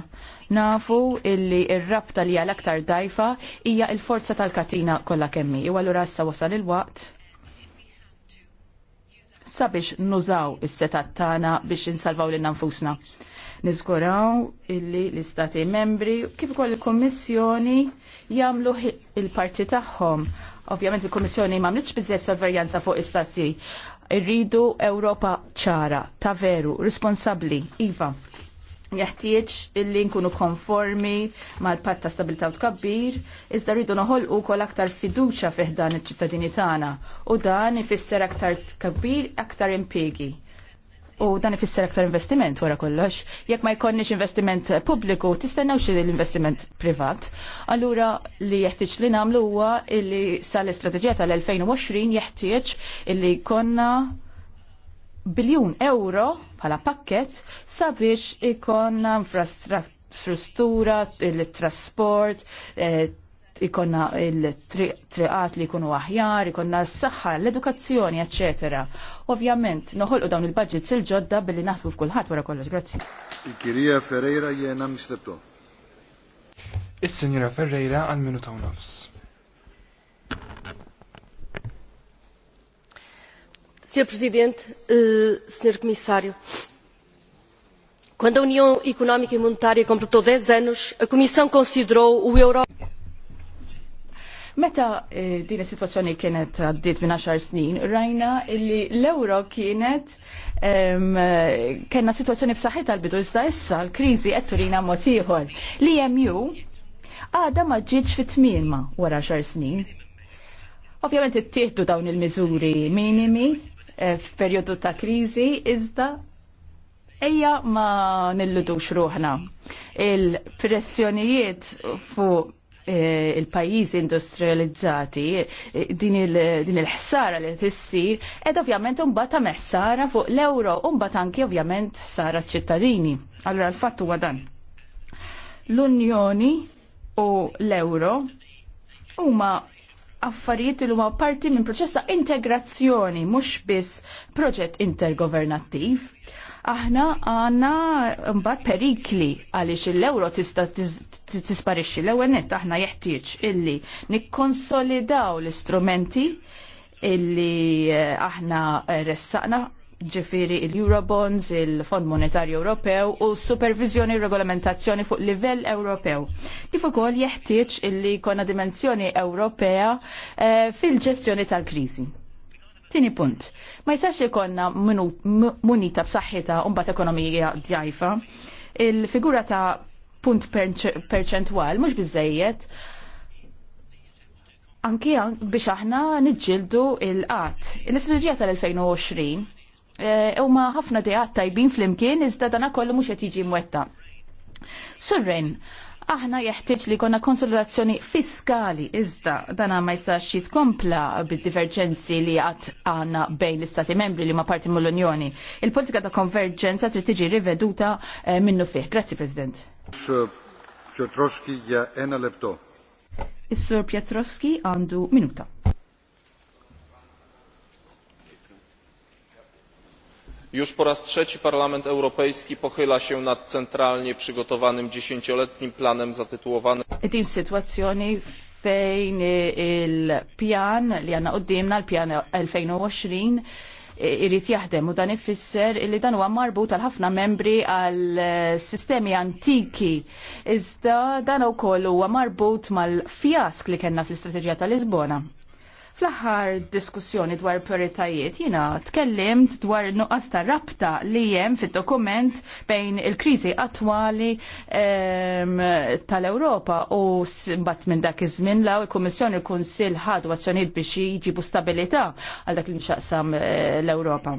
Nafu illi il rabta li għal aktar dajfa hija l-forza tal-katina kollha kemmi. U allura issa wasal il-waqt sabiex nużaw is-setat tagħna biex insalvaw lil nfusna. Niżguraw illi l-istati membri kif ukoll il-Kummissjoni jagħmlu il-parti tagħhom. Ovvjament il-Kummissjoni m'għamlitx biżżejjed sorverjanza fuq istati. Irridu Ewropa ċara, ta' veru, responsabbli, iva jeħtieġ illi nkunu konformi mal-patt ta' stabilità u tkabbir, iżda rridu u wkoll aktar fiduċja fih dan iċ-ċittadini tagħna u dan ifisser aktar tkabbir, aktar impiegi. U dan ifisser aktar investiment wara kollox. Jekk ma jkollniex investiment pubbliku, tistennew xi l-investiment privat. Allura li jeħtieġ li nagħmlu huwa illi sal-istrateġija tal-2020 jeħtieġ illi konna biljun euro bħala pakket sabiex ikonna infrastruttura, il-trasport, eh, ikonna il-triqat li jkunu aħjar, ikonna s-saxħa, l-edukazzjoni, etc. Ovvjament, noħolqu dawn il-budget il-ġodda billi naħsbu f'kulħadd wara kollox, grazzi. Il-kirija Ferreira jena mistebtu. Is-Sinjura Ferreira għal minuta u nofs. Sr. Presidente, eh, Signor Commissario, quando a União Económica e Monetária completou 10 anos, a Comissão considerou o euro. Meta eh, din is-sitwazzjoni kienet għaddiet minn 10 snin, rajna li l-euro kienet eh, kena sitwazzjoni b'saħħitha għal bidu iżda issa l-kriżi qed turina mod ieħor. L-EMU għada ma ġietx fit-tmielma wara 10 snin. Ovvjament ittieħdu dawn il-miżuri minimi Eh, f'perjodu ta' kriżi iżda ejja ma nilludux ruħna. Il-pressjonijiet fuq eh, il-pajjiżi industrializzati eh, din il-ħsara li tissir ed ovvjament mbagħad ta' meħsara fuq l-euro u mbagħad anki ovvjament ħsara ċittadini. Allora l-fatt huwa dan. L-Unjoni u l-euro huma affarijiet li huma parti minn proċess ta' integrazzjoni mhux biss proġett intergovernattiv. Aħna għandna mbagħad perikli għaliex l-euro tista' tisparixxi l-ewwel nett aħna jeħtieġ illi nikkonsolidaw l-istrumenti illi eh, aħna ressaqna ġifiri il-Eurobonds, il-Fond Monetarju Ewropew u supervizjoni regolamentazzjoni fuq livell Ewropew. Kif ukoll jeħtieġ illi jkollna dimensjoni Ewropea eh, fil-ġestjoni tal-kriżi. Tini punt. Ma jistax ikonna munita b'saħħitha u mbagħad ekonomija djajfa. Il-figura ta' punt perċentwal mhux biżejjed anki biex aħna niġġildu il-qat. l istraġija tal-2020 Eh, ma ħafna dejat tajbin flimkien iżda dana kollu mhux qed jiġi mwetta. Surren, aħna jeħtieġ li konna konsolidazzjoni fiskali iżda dana ma jistax jitkompla bid divergenzi li għat għanna bejn l-istati membri li ma parti mill-Unjoni. Il-politika ta' konverġenza trid tiġi riveduta eh, minnu fih. Grazzi, President. Piotrowski ja ena lepto. Is-Sur Piotrowski għandu minuta. już po raz trzeci parlament europejski pochyla się nad centralnie przygotowanym dziesięcioletnim planem zatytułowanym Din sytuazzjoni fejn il-pjan li għanna qoddimna l-pjan 2020 irrit jaħdem u dan ifisser li dan huwa marbut għal ħafna membri għal sistemi antiki iżda dan ukoll huwa marbut mal-fjask li kellna fl-istrateġija tal-Lisbona Fl-aħħar diskussjoni dwar prioritajiet jiena tkellimt dwar nuqqas ta' rabta li hemm fid-dokument bejn il-kriżi attwali ehm, tal-Ewropa u mbagħad minn dak iż-żmien law il-Kummissjoni l-Kunsill ħadu azzjonijiet biex jiġibu stabilità għal dak li mxaqsam eh, l-Ewropa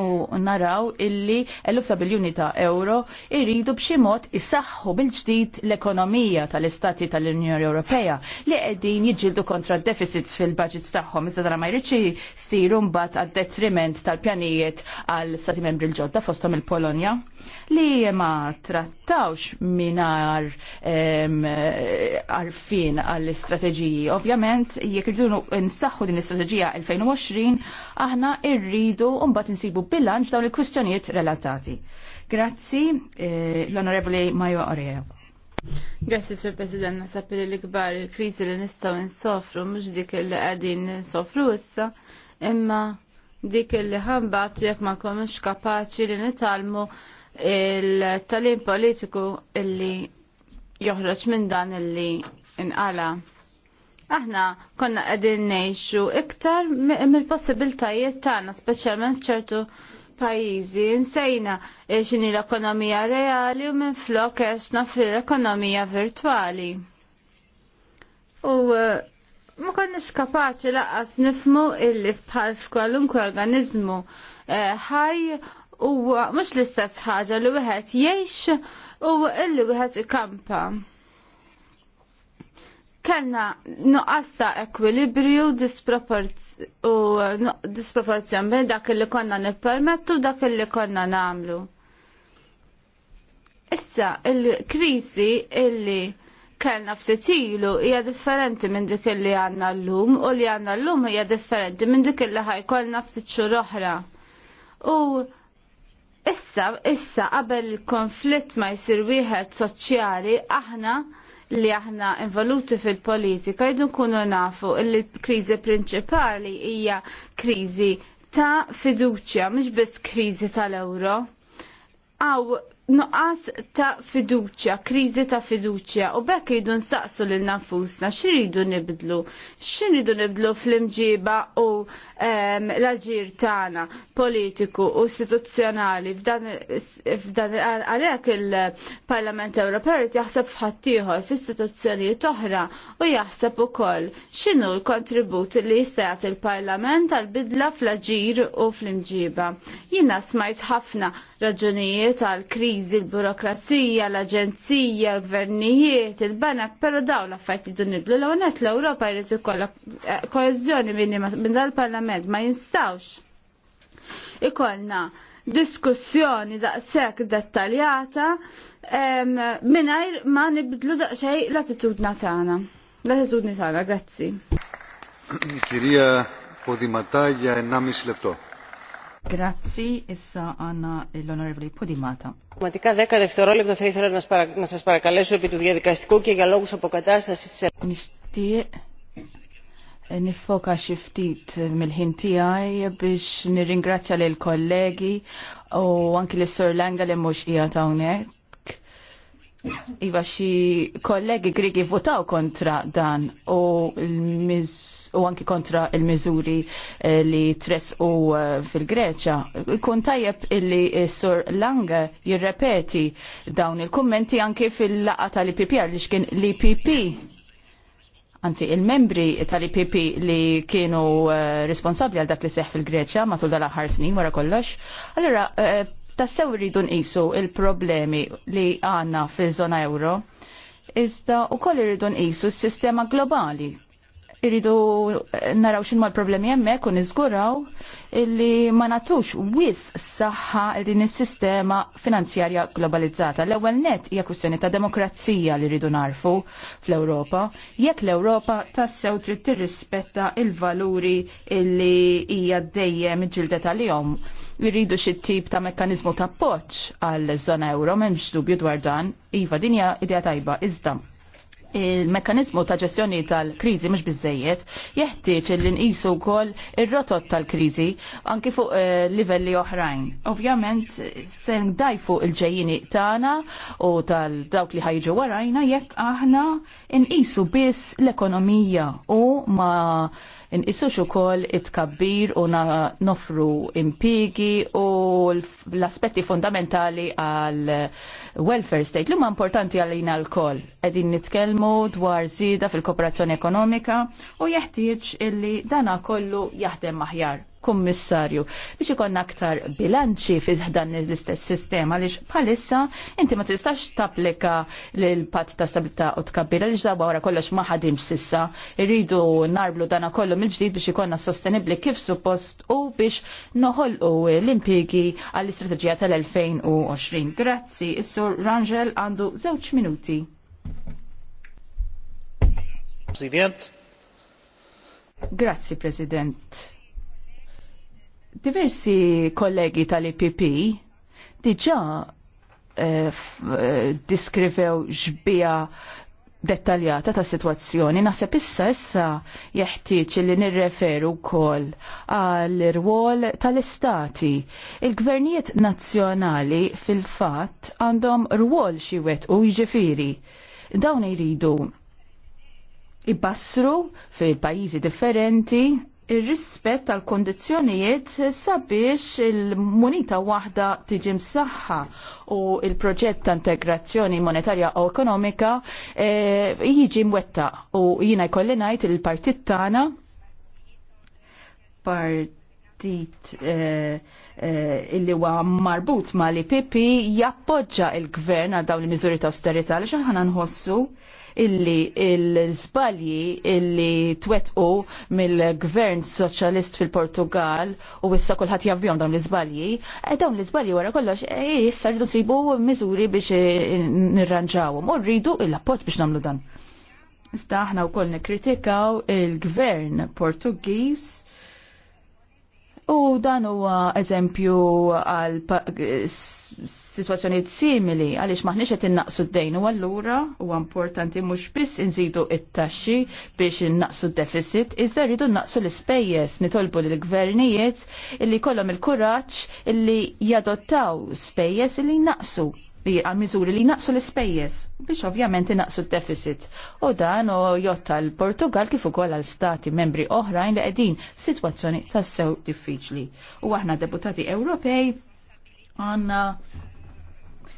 u naraw illi l ta' biljuni ta' euro irridu b'xi mod isaħħu bil-ġdid l-ekonomija tal-Istati tal-Unjoni Ewropea li qegħdin jiġġieldu kontra deficits fil-budgets tagħhom iżda dara ma jridx isiru mbagħad għad-detriment tal-pjanijiet għall stati membri l-ġodda fosthom il-Polonja li ma trattawx minar għarfin għall-istrateġiji. Ovvjament, jekk irridu nsaħħu din l-istrateġija 2020, aħna irridu mbagħad insibu bilanċ dawn il-kwistjonijiet relatati. Grazzi, eh, l-Onorevoli Majo Orejev. Grazzi, Sur President, nasab li l-ikbar krizi li nistaw nsofru mux dik li għadin insofru issa, imma dik li ħanbatu jek ma konux kapaċi li nitalmu il-talim politiku illi joħroġ minn dan illi inqala. Aħna konna qegħdin ngħixu iktar mill-possibiltajiet tagħna, speċjalment f'ċertu pajjiżi nsejna eh, x'inhi l-ekonomija reali u minn flok għexna eh, fil-ekonomija virtwali. U eh, ma konniex kapaċi laqas nifmu illi bħal f'kwalunkwe organizmu ħaj U mhux l-istess ħaġa li wieħed jgħix u illi wieħed ikampa. Kellna nuqqas ta' ekwilibrju u disproporzjon bejn dak li konna nippermettu u dak li konna nagħmlu. Issa, il-kriżi illi kellna ftit ilu hija differenti minn dik li għandna llum u li għandna llum hija differenti minn dik li ħajkollna ftit xhur oħra. U Issa, issa, qabel konflitt ma jisir wieħed soċjali, aħna li aħna involuti fil-politika jdu nkunu nafu li l-kriżi prinċipali hija kriżi ta' fiduċja, mhux biss kriżi tal-euro. Aw nuqqas ta' fiduċja, kriżi ta' fiduċja, u bekk jridu nsaqsu lil nafusna x'iridu nibdlu, x'iridu nibdlu fl-imġiba u l-ġir tagħna politiku u istituzzjonali f'dan għalhekk il-Parlament Ewropew jaħseb fħattijħor f'istituzzjonijiet oħra u jaħseb ukoll x'inhu l-kontribut li jistajat il-Parlament għal bidla fl-ġir u fl-imġiba. Jiena smajt ħafna raġunijiet għal kriżi l-burokrazija, l-aġenzija, l-gvernijiet, il-banak, però daw l-affarijiet li dun l-għonet l-Ewropa jrid ikollha eh, koeżjoni minima minn dal-Parlament tal ma jinstawx. Ikolna diskussjoni daqshekk dettaljata mingħajr ma nibdlu daqsxejn l-attitudna tagħna. L-attitudni tagħna, grazzi. Kirija Podimata ja namis lepto. Grazzi, issa għanna l-Onorevoli Podimata. Ματικά 10 δευτερόλεπτα θα ήθελα να, σπαρα... να σας παρακαλέσω επί του διαδικαστικού και για λόγους αποκατάστασης της... Νηστεί nifoka xi ftit mill-ħin tiegħi biex nirringrazzja lill kollegi u anki lis sur Langa li mhux qiegħed hawnhekk. Iva xi kollegi Grigi votaw kontra dan u u anki kontra il-miżuri eh, li u eh, fil-Greċja. Kun tajjeb illi Sur Lange jirrepeti dawn il-kummenti anki fil laqgħa tal-IPP għal li xkien l-IPP anzi il-membri tal-IPP li kienu eh, responsabli għal dak li seħ fil-Greċja matul dal-aħħar snin wara kollox. Allora, eh, tassew rridu nqisu il-problemi li għanna fil-żona euro, iżda u koll irridu nqisu s-sistema globali irridu naraw ma l-problemi hemmhekk u niżguraw illi ma nagħtux wis saħħa għal din is-sistema finanzjarja globalizzata. L-ewwel net hija kwistjoni ta' demokrazija li rridu narfu fl-Ewropa. Jekk l-Ewropa tassew trid tirrispetta il-valuri illi hija dejjem ġildet għalihom irridu xi tip ta' mekkaniżmu ta' poċ għal żona euro m'hemmx dubju dwar dan, iva din hija idea tajba iżda il-mekanizmu ta' ġestjoni tal-krizi mhux biżejjed, jeħtieġ li nqisu wkoll ir-rotot tal-krizi anki fuq eh, livelli oħrajn. Ovvjament se ndajfu il-ġejjini tagħna u tal-dawk li ħajġu warajna jekk aħna nqisu biss l-ekonomija u ma nqisux ukoll it-kabbir u nofru impigi u l-aspetti fundamentali għal welfare state l-huma importanti għalina l-koll. Qegħdin nitkellmu dwar zida fil-kooperazzjoni ekonomika u jeħtieġ illi dana kollu jaħdem maħjar kummissarju biex ikonna aktar bilanċi fi dan l-istess sistema għaliex bħalissa inti ma tistax tapplika l pat ta' stabilità u tkabbira li darba wara kollox ma ħadimx sissa irridu narblu dana kollu mill-ġdid biex ikonna sostenibli kif suppost u biex noħolqu l impiegi għall istrategija tal-2020. Grazzi, is-sur Rangel għandu żewġ minuti. Grazie, Grazzi, President. Diversi kollegi tal-IPP diġa eh, eh, diskrivew ġbija dettaljata ta' situazzjoni naħseb issa issa jeħtieġ li nirreferu wkoll għal rwol tal-istati. Il-gvernijiet nazzjonali fil-fatt għandhom rwol xi u jiġifieri. Dawn jridu ibassru fil-pajjiżi differenti ir-rispett tal-kondizzjonijiet sabiex il-munita waħda tiġi msaħħa u il-proġett ta' integrazzjoni monetarja u ekonomika e, jiġi mwetta u jina jkolli ngħid il-partit tagħna partit e, e illi huwa marbut ma' li pipi jappoġġa il-gvern għal dawn il-miżuri ta' austerità li xaħna nħossu illi l zbalji illi twettqu mill-gvern soċjalist fil-Portugal u issa kulħadd jafbihom dawn l zbalji eh, dawn l zbalji wara kollox eh, issa rridu sibu miżuri biex eh, nirranġawhom u rridu l-appoġġ biex nagħmlu dan. Iżda aħna wkoll nikkritikaw il-gvern Portugiż U dan huwa eżempju għal situazzjonijiet simili għaliex maħniex qed innaqsu d-dejn u allura huwa importanti mhux biss inżidu it-taxxi biex innaqsu d-deficit, iżda rridu naqsu l-ispejjeż nitolbu lil gvernijiet illi kollhom il-kuraġġ illi jadottaw spejjeż illi naqsu li għal miżuri li naqsu l-ispejjeż biex ovvjament inaqsu d-deficit. U dan u jotta l-Portugal kif ukoll għal stati membri oħrajn li qegħdin sitwazzjoni tassew diffiċli. U aħna deputati Ewropej għandna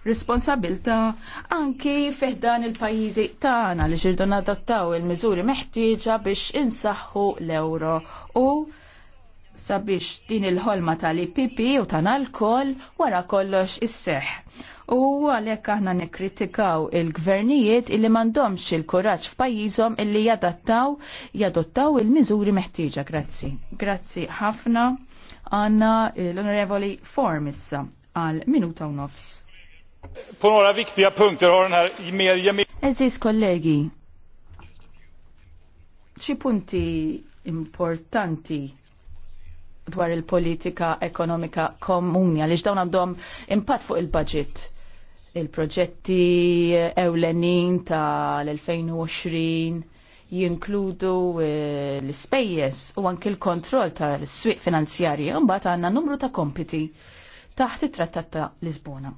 responsabilta anki fiħdan il-pajizi tagħna li ġirdu nadattaw il-miżuri meħtieġa biex insaħħu l-euro u sabiex din il-ħolma tal-IPP u tan alkoll wara kollox is-seħ u għalhekk aħna nikkritikaw il-gvernijiet illi m'għandhomx il-kuraġġ f'pajjiżhom illi jadattaw jadottaw il-miżuri meħtieġa. Grazzi. Grazzi ħafna għandna l-Onorevoli Formissa għal minuta u nofs. På några viktiga punkter har den här kollegi, xi punti importanti dwar il-politika ekonomika komuni għaliex dawn għandhom impatt fuq il-budget il-proġetti ewlenin ta' l-2020 jinkludu eh, l-spejjes u anki l-kontroll ta' l-swiq finanzjarji imbagħad għandna numru ta' kompiti taħt it-Trattat ta' Lisbona.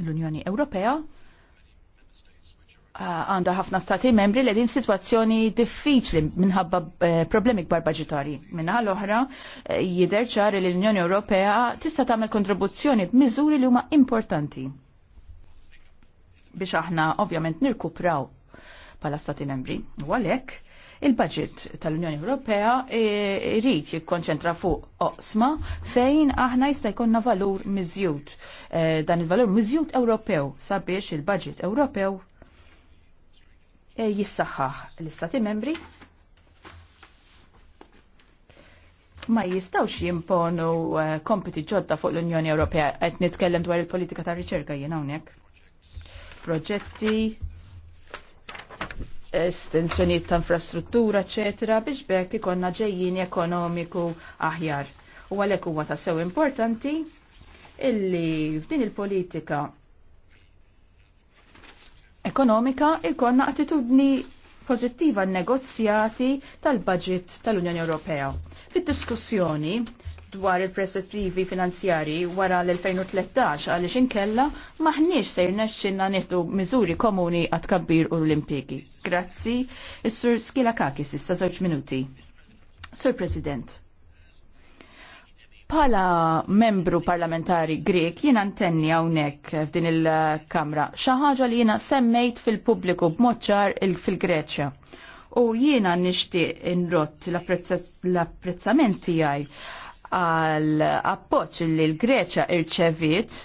L-Unjoni Ewropea għanda ħafna stati membri li din situazzjoni diffiċli minħabba eh, problemi kbar budgetari. Minna l-oħra eh, jiderċar li l-Unjoni Ewropea tista' tagħmel kontribuzzjoni b'miżuri li huma importanti biex aħna ovvjament nirkupraw pala stati membri. U għalhekk il-budget tal-Unjoni Ewropea eh, irid jikkonċentra fuq oqsma fejn aħna jista' jkollna valur miżjud. Dan il-valur miżjud Ewropew sabiex il-budget Ewropew Eh, jissaħħaħ l-istati membri ma jistawx jimponu eh, kompiti ġodda fuq l-Unjoni Ewropea qed nitkellem dwar il-politika ta' riċerka jien hawnhekk. Proġetti, estensjonijiet ta' infrastruttura, eċetera, biex bekk ikonna ġejjin ekonomiku aħjar. U għalhekk huwa ta' sew importanti illi f'din il-politika ekonomika ikonna attitudni pozittiva negozjati tal-budget tal-Unjoni Ewropea. Fit-diskussjoni dwar il-perspettivi finanzjari wara l-2013 għaliex inkella maħniex se jirnexxinna nieħdu miżuri komuni għat kabbir u l-impjegi. Grazzi, is-Sur Skila Kakis, issa żewġ minuti. Sur President, Pala membru parlamentari Grek jiena ntenni hawnhekk f'din il-Kamra xi ħaġa li jiena semmejt fil-pubbliku b'mod ċar fil-Greċja. U jiena nixtieq inrott l-apprezzament tiegħi għal appoġġ li l-Greċja irċevit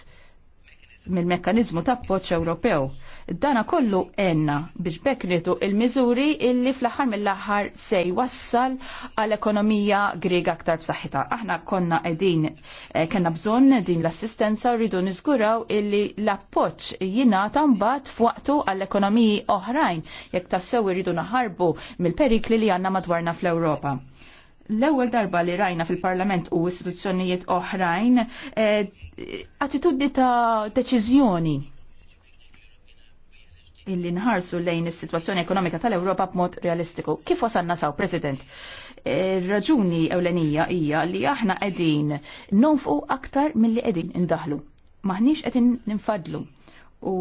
mill-mekkaniżmu ta' appoġġ Ewropew Dana kollu enna biex bekk il-miżuri illi fl-aħħar mill-aħħar se jwassal għal ekonomija Griega aktar b'saħħitha. Aħna konna qegħdin eh, kena bżonn din l-assistenza rridu niżguraw illi l-appoġġ jingħata mbagħad fuqtu għall ekonomiji oħrajn jekk tassew rridu naħarbu mill-perikli li għandna madwarna fl-Ewropa l-ewwel darba li rajna fil-Parlament u istituzzjonijiet oħrajn eh, attitudni ta' deċiżjoni illi nħarsu lejn is-sitwazzjoni ekonomika tal-Ewropa b'mod realistiku. Kif wasanna saw, President? E, raġuni ewlenija hija li aħna qegħdin nonfqu aktar milli qegħdin indaħlu. Maħniex qegħdin ninfadlu. U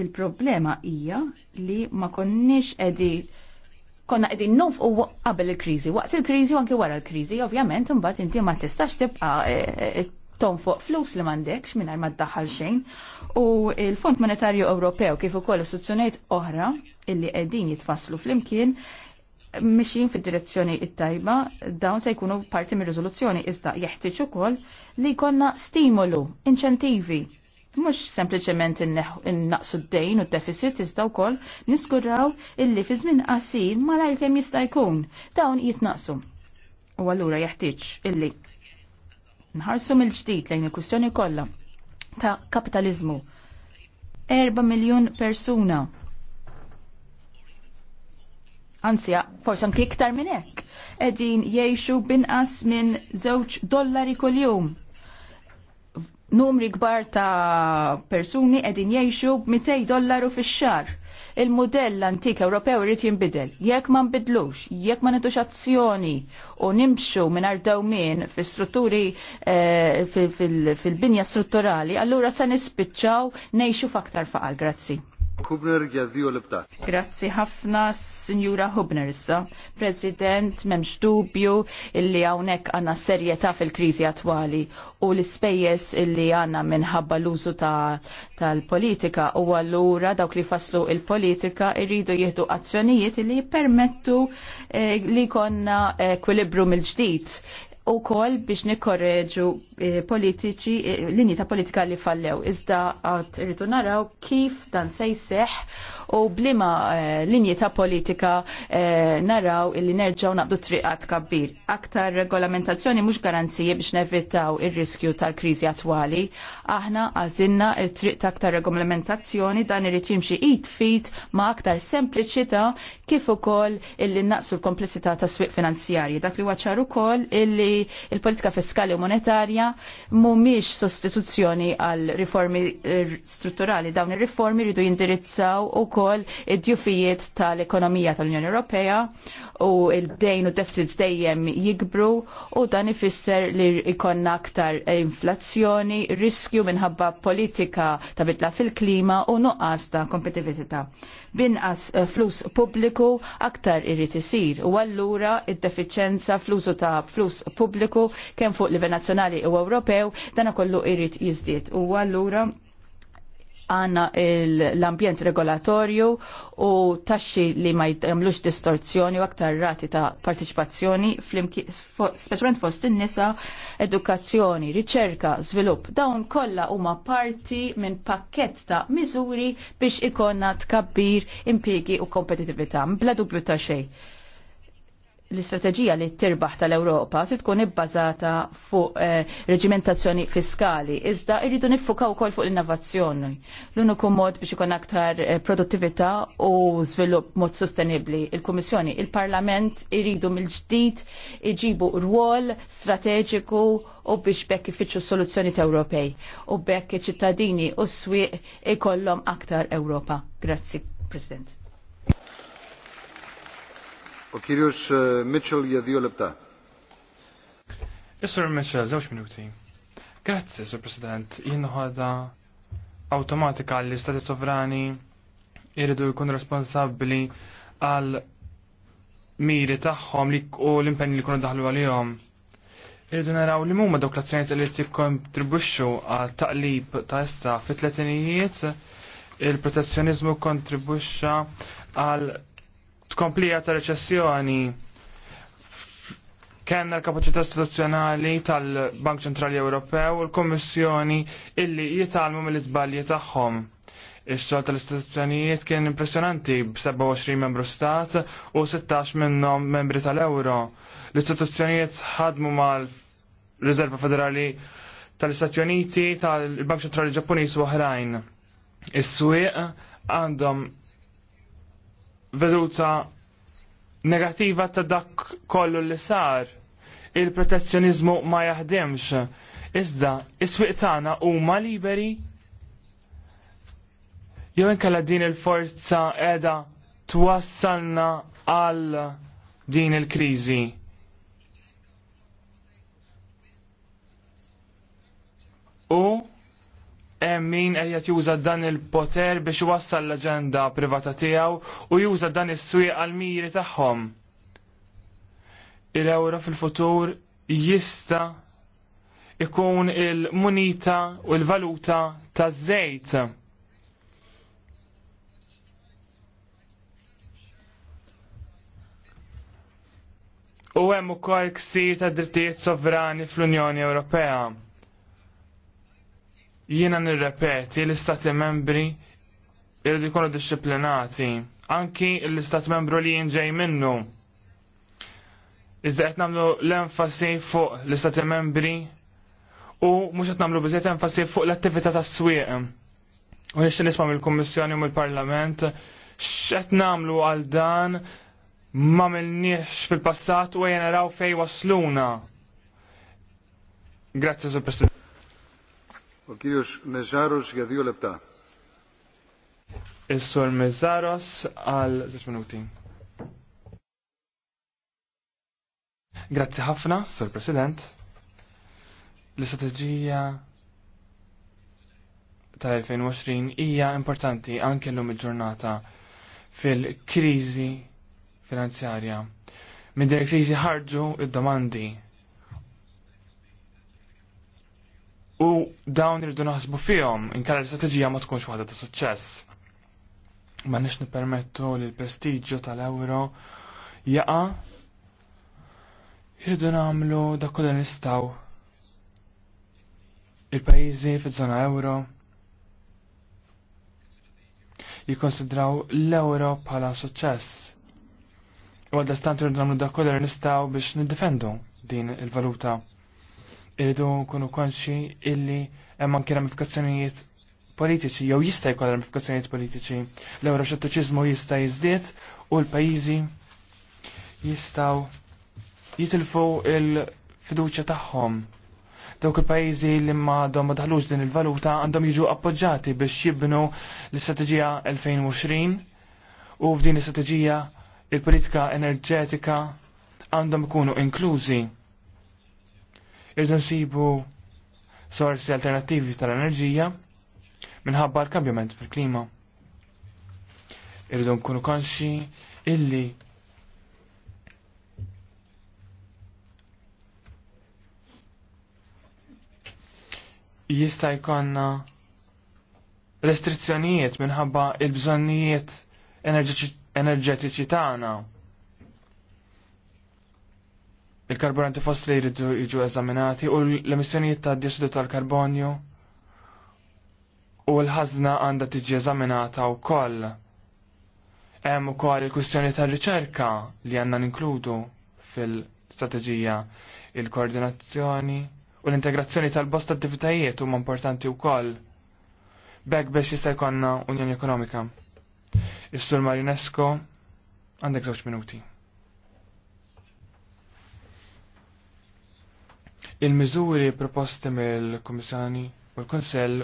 il-problema hija li ma konniex qegħdin konna qegħdin nonfqu qabel il-kriżi, waqt il-kriżi u anke wara l-kriżi, ovvjament imbagħad inti ma tistax tibqa' e, e, tonfoq flus li m'għandekx mingħajr ma daħal xejn u l-Fond Monetarju Ewropew kif ukoll istituzzjonijiet oħra illi qegħdin jitfasslu flimkien mixin fid-direzzjoni it-tajba, dawn se jkunu parti mir riżoluzzjoni iżda jeħtieġ ukoll li jkollna stimolu, inċentivi. Mhux sempliċement innaqsu d-dejn u d-deficit iżda wkoll niskurraw illi fi żmien qasir malajr kemm jista' jkun dawn jitnaqsu. U allura jeħtieġ illi nħarsu mill-ġdid lejn il-kwistjoni kollha ta' kapitalizmu. 4 miljon persuna. Anzi, forse anki iktar minn hekk. Qegħdin jgħixu binqas minn żewġ dollari kuljum. Numri kbar ta' persuni qegħdin jgħixu b'200 dollaru fix xahar il-modell antik Ewropew irid jinbidel. Jekk ma nbidlux, jekk ma nitux azzjoni u nimxu mingħajr dawmien fil-strutturi eh, fil-binja strutturali, allura se nispiċċaw ngħixu f'aktar faqal. Grazzi. Hubner Grazzi ħafna, Signora Hubner issa. President, memx dubju illi għawnek għanna serjeta fil-krizi attwali u l-spejjes illi għanna minħabba l-użu tal-politika ta u għallura dawk li faslu il-politika irridu jihdu azzjonijiet illi jippermettu eh, li konna ekwilibru eh, mill-ġdid u kol biex nikorreġu eh, politiċi, eh, linji ta' politika li fallew. Iżda għad rridu naraw kif dan se jseħħ u blima eh, linji ta' politika eh, naraw illi nerġaw naqdu triqat kabbir. Aktar regolamentazzjoni mhux garanzija biex nevitaw ir-riskju tal-kriżi attwali. Aħna għażilna triq ta' aktar regolamentazzjoni dan irid jimxi id fit ma' aktar sempliċità kif ukoll illi naqsu l-komplessità ta' swieq finanzjarji. Dak li waċar ukoll illi il-politika fiskali u monetarja mhumiex sostituzzjoni għal riformi eh, strutturali. Dawn ir-riformi rridu jindirizzaw ukoll ukoll id-djufijiet tal-ekonomija tal-Unjoni Ewropea u il-dejn u deficits dejjem jikbru u dan ifisser li ikonna aktar inflazzjoni, riskju minħabba politika ta' bitla fil-klima u nuqqas ta' kompetitività. Binqas eh, flus pubbliku aktar irrid isir u allura id-defiċenza flusu ta' flus pubbliku kemm fuq livell nazzjonali u Ewropew dan kollu irrid jiżdied u allura għanna l-ambjent regolatorju u taxxi li ma jtamlux distorzjoni u aktar rati ta' partiċipazzjoni, specialment fost in-nisa, edukazzjoni, riċerka, svilupp. Dawn kollha huma parti minn pakkett ta' miżuri biex ikonna tkabbir impjiegi u kompetitività. Bla dubju ta' xejn l-istrateġija li tirbaħ tal-Ewropa trid tkun ibbażata fuq eh, reġimentazzjoni fiskali, iżda irridu niffukaw ukoll fuq l-innovazzjoni. L-uniku mod biex ikun aktar eh, produttività u żvilupp mod sostenibbli. Il-Kummissjoni, il-Parlament jridu mill-ġdid iġibu rwol strateġiku u biex bekk ifittxu soluzzjoni Ewropej u bekk iċ-ċittadini u s-swieq ikollhom aktar Ewropa. Grazzi, President. E, Mitchell για δύο λεπτά. Mitchell, żewġ minuti. Grazzi, Sur President. Jien ħada awtomatika li stati sovrani jiridu jkun responsabbli għal miri tagħhom li u l-impenni li jkunu daħlu għalihom. Irridu naraw li huma dawk l-azzjonijiet li tikkontribwixxu għal taqlib ta' issa fit-tletinijiet il-protezzjonizmu kontribwixxa għal tkomplija ta' reċessjoni kenna l-kapacità istituzzjonali tal-Bank Ċentrali Ewropew u l-Kommissjoni illi jitalmu mill-iżbalji tagħhom. Ix-xogħol tal-istituzzjonijiet kien impressjonanti b-27 membru stat u 16 minnhom membri tal-Euro. L-istituzzjonijiet ħadmu mal-Riserva Federali tal-Istati Uniti, tal-Bank Ċentrali Ġappuniż u oħrajn. Is-swieq għandhom veduta negativa ta' dak kollu li sar. Il-protezzjonizmu ma jaħdimx. Iżda, is-swieq tagħna huma liberi jew inkella din il-forza qiegħda twassalna għal din il-kriżi. U min qed juża dan il-poter biex wassal l-aġenda privata tiegħu u juża dan is-swieq għal miri tagħhom. Il-ewra fil-futur jista ikun il-munita u l-valuta taż-żejt. U hemm ukoll ksir ta' drittijiet sovrani fl-Unjoni Ewropea. Jiena nirrepeti l-istati membri irridu jkunu disciplinati Anki l-istat membru li jinġej minnu. Iżda qed nagħmlu l-enfasi fuq l-istati membri u mhux qed nagħmlu biżejjed enfasi fuq l-attività tas-swieq. U nixtieq nisma' mill-Kummissjoni u mill-Parlament x'qed nagħmlu għal dan ma milniex fil-passat u jeneraw fej wasluna. Grazie, Sir President. Ο κύριος Μεζάρος για δύο λεπτά. Εσόρ Grazie ħafna, Sir President. L-istrateġija tal-2020 hija importanti anke l-lum il-ġurnata fil-kriżi finanzjarja. Minn din il-kriżi ħarġu id-domandi u dawn irridu naħsbu fihom inkella l-istrateġija ma tkunx waħda ta' suċċess. Ma nix nippermettu li l-prestiġġju tal-euro jaqa' irridu nagħmlu dak kollha nistgħu il-pajjiżi fiż-żona euro jikkonsidraw l-euro bħala suċċess. U għadda stant irridu nagħmlu dak kollha nistgħu biex niddefendu din il-valuta irridu nkunu konxi illi hemm anke ramifikazzjonijiet politiċi jew jista' jkun ramifikazzjonijiet politiċi. L-euroxettiċiżmu jista' jiżdied u l-pajjiżi jistgħu jitilfu il-fiduċja tagħhom. Dawk il-pajjiżi li m'għadhom ma daħlux din il-valuta għandhom jiġu appoġġjati biex jibnu l-istrateġija 2020 u f'din l-istrateġija il-politika enerġetika għandhom ikunu inklużi Irridu nsibu sorsi alternattivi tal-enerġija minħabba l-kambjament fil-klima. Irridu nkunu konxi illi jista' jkollna restrizzjonijiet minħabba il-bżonnijiet enerġetiċi tagħna il-karburanti fossili jridu jiġu eżaminati u l-emissjonijiet ta' dioxidu tal-karbonju u l-ħazna għandha tiġi eżaminata wkoll. Hemm ukoll il-kwistjoni tar-riċerka li għandna ninkludu fil-strateġija il-koordinazzjoni u l-integrazzjoni tal bost attivitajiet huma importanti wkoll. Bek biex jista' jkollna Unjoni Ekonomika. Is-Sur Marinesco għandek żewġ minuti. Il-miżuri proposti mill-Kummissjoni u l-Kunsell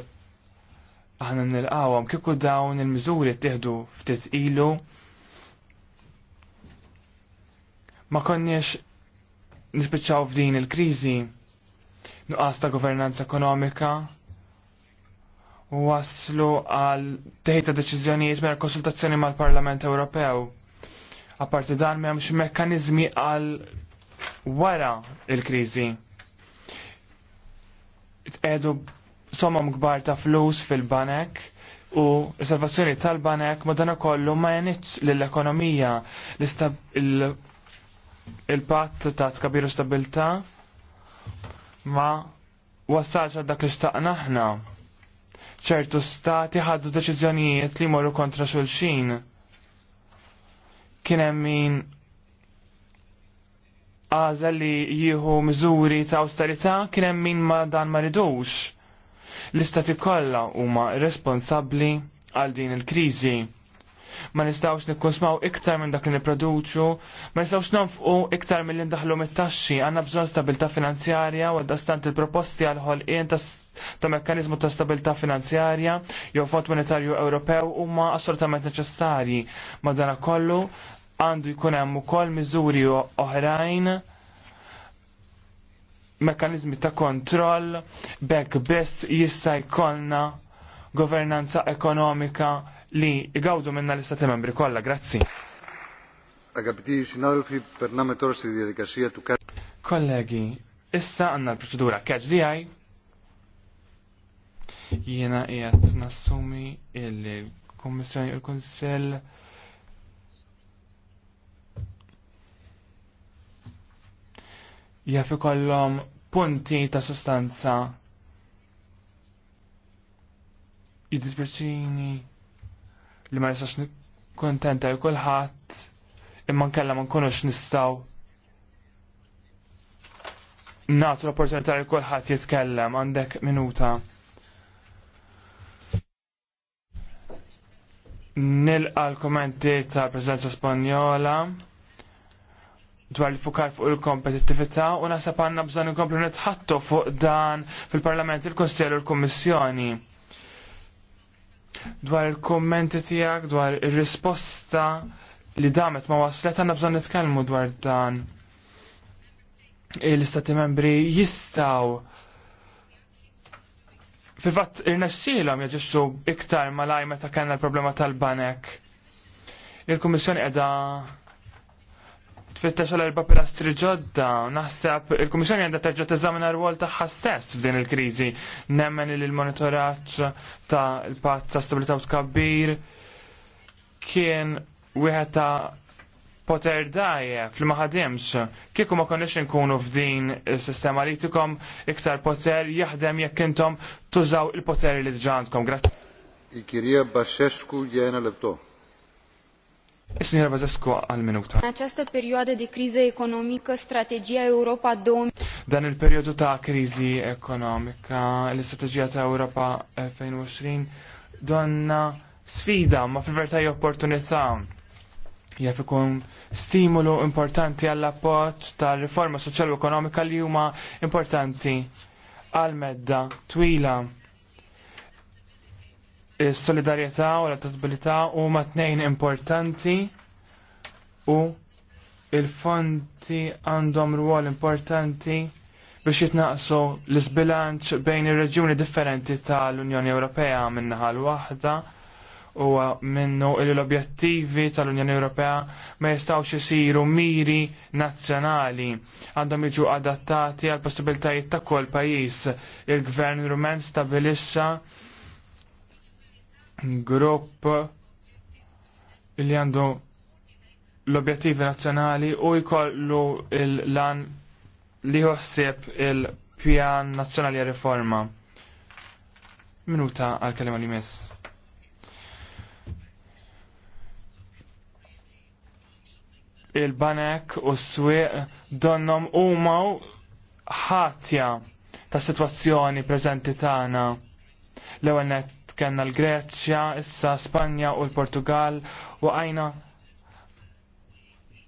aħna nil-għawam Kiku dawn il-miżuri ttieħdu ftit ilu ma konniex nispiċċaw f'din il-kriżi nuqqas ta' governanza ekonomika u waslu għal teħita deċiżjonijiet mera konsultazzjoni mal-Parlament Ewropew. Apparti dan m'hemmx mekkaniżmi għal wara il-kriżi tqedu somom kbar ta' flus fil-banek u salvazzjoni tal-banek dana kollu ma jenitx l-ekonomija il-patt ta' tkabiru stabilta ma wassalx għal dak li xtaqna aħna. ċertu stati ħaddu deċiżjonijiet li moru kontra xulxin. Kien hemm min għażel li jieħu miżuri ta' austerità kien hemm min ma dan ma ridux. L-istati kollha huma responsabbli għal din il-kriżi. Ma nistgħux nikkonsmaw iktar minn dak li nipproduċu, ma nistgħux nonfqu iktar mill ndaħlu mit-taxxi, għandna bżonn stabilta' finanzjarja u dastant il-proposti għal ħolqien ta' ta' mekkanizmu ta' stabilità finanzjarja jew Fond Monetarju Ewropew huma assolutament neċessarji. dana kollu għandu jkun hemm ukoll miżuri oħrajn mekkaniżmi ta' kontroll bekk biss jista' jkollna governanza ekonomika li jgawdu minna l-istati membri kollha. Grazzi. Kollegi, issa għanna l-proċedura catch di qiegħed nassumi il-Kommissjoni il-Konsell il kummissjoni il kunsell il jaf ikollhom punti ta' sostanza jiddispjaċini li ma nistax kontenta li kulħadd imma nkella ma nkunux nistgħu nagħtu l-opportunità li kulħadd jitkellem għandek minuta. Nilqa l-kommenti tal-Presidenza Spanjola dwar li fukar fuq il-kompetittività u nasab għanna bżon inkomplu nitħattu fuq dan fil-Parlament il-Kostell u l-Kommissjoni. Dwar il-kommenti tijak, dwar il-risposta li damet ma waslet għanna bżon nitkelmu dwar dan. il istati membri jistaw fil-fat il-nessilom jaġissu iktar malaj meta kena l-problema tal-banek. Il-Kommissjoni edha tfittex għal erba' pilastri ġodda, naħseb il-Kummissjoni għandha terġa' teżamina r-rwol tagħha stess f'din il-kriżi, nemmen il monitoraġġ ta' l-patt ta' stabilità u tkabbir kien wieħed ta' poter dajje fil-maħadimx, kieku ma konniex nkunu f'din il-sistema li tikom iktar poter jaħdem jekk intom tużaw il-poter li ġandkom. Grazie. Il-kirija Basescu jena lebto. Signora Bazescu, għal minuta. Această perioadă de criză economică, strategia Europa 2000... Dan il-periodu ta' krizi ekonomika, l strategia ta' Europa 2020, donna sfida ma' fil-verta opportunità. Jaf ikun stimulu importanti għall appoġġ ta' riforma soċjal-ekonomika li huma importanti għal medda twila il-solidarieta u l-attabilità u matnejn importanti u il fonti għandhom ruol importanti biex jitnaqsu l-sbilanċ bejn ir-reġjuni differenti tal-Unjoni Ewropea minna għal waħda u minnu l-objettivi tal-Unjoni Ewropea ma jistawx isiru miri nazzjonali għandhom jiġu adattati għal possibiltajiet ta' kol pajjiż. Il-Gvern Rumen stabilissa grupp li għandu l-objettivi nazzjonali u jkollu l-lan li joħsib il-pjan nazzjonali riforma. Minuta għal-kelima li mis. il-banek u s-swieq donnom umaw ħatja ta' situazzjoni prezenti tagħna l-ewwel kellna l-Greċja, issa Spanja u l-Portugal u għajna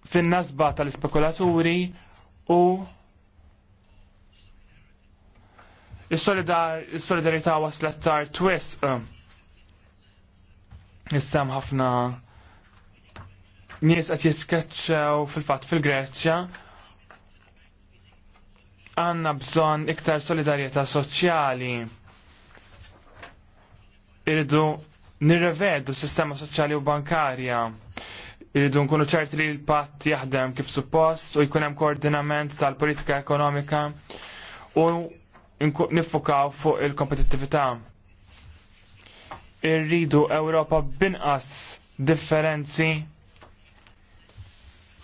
fin-nasba tal-ispekulaturi u Is-solidarità waslet tar twist. Issam ħafna nies qed jitkeċċew fil-fatt fil-Greċja. Għandna bżonn iktar solidarjetà soċjali irridu nirrevedu s-sistema soċjali u bankarja. Irridu nkunu ċerti li l-patt jaħdem kif suppost u jkun hemm koordinament tal-politika ekonomika u nifukaw fuq il-kompetittività. Irridu Ewropa binqas differenzi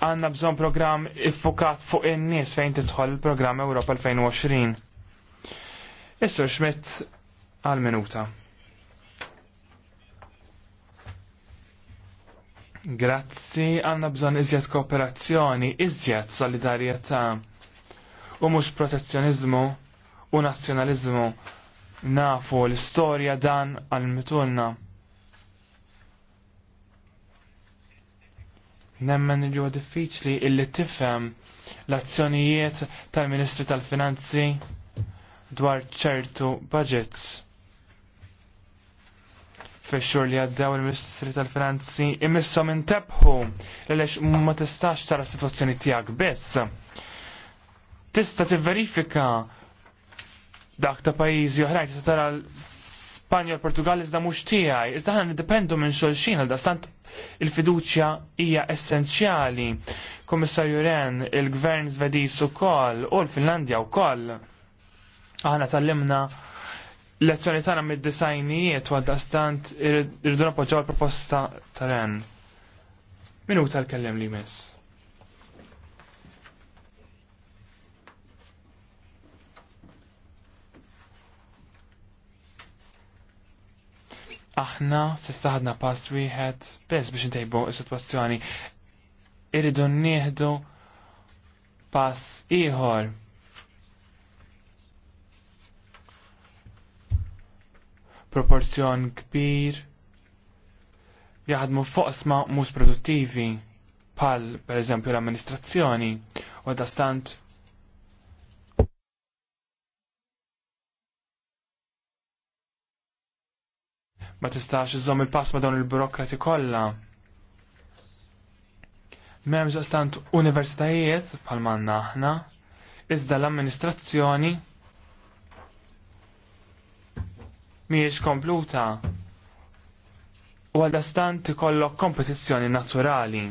għanna bżon program iffukat fuq in-nies fejn tidħol il-programm Ewropa 2020. Issu Schmidt għal-minuta. Grazzi, għanna bżon iżjed kooperazzjoni, iżjed solidarjetà u mhux protezzjonizmu u nazjonalizmu nafu l-istorja dan għal-mitulna. Nemmen li huwa diffiċli illi tifhem l-azzjonijiet tal-Ministri tal-Finanzi dwar ċertu budgets fix-xhur li għaddew il-Ministri tal-Finanzi imissom intebħu għaliex ma tistax tara s-sitwazzjoni tiegħek biss. Tista' tivverifika dak ta' pajjiżi oħrajn tista' tara Spanja u Portugal iżda mhux tiegħi, iżda aħna niddependu minn xulxin għal dastant il-fiduċja hija essenzjali. Komissarju Ren, il-Gvern Svediż ukoll u l-Finlandja wkoll aħna tallimna lezzjoni tagħna mid-disajnijiet wa dastant irridu nappoġġaw il-proposta Ren. Min Minuta l-kellem li miss. Aħna s'issa ħadna pass wieħed biss biex intejbu is-sitwazzjoni. Irridu nieħdu pass ieħor proporzjon kbir jaħdmu foqsma mhux produttivi pal per eżempju l-amministrazzjoni u dastant ma tistax iżomm il-pass ma dawn il-burokrati kollha. Mem stant universitajiet bħal manna aħna, iżda l-amministrazzjoni mhijiex kompluta u għaldastant ikollok kompetizzjoni naturali.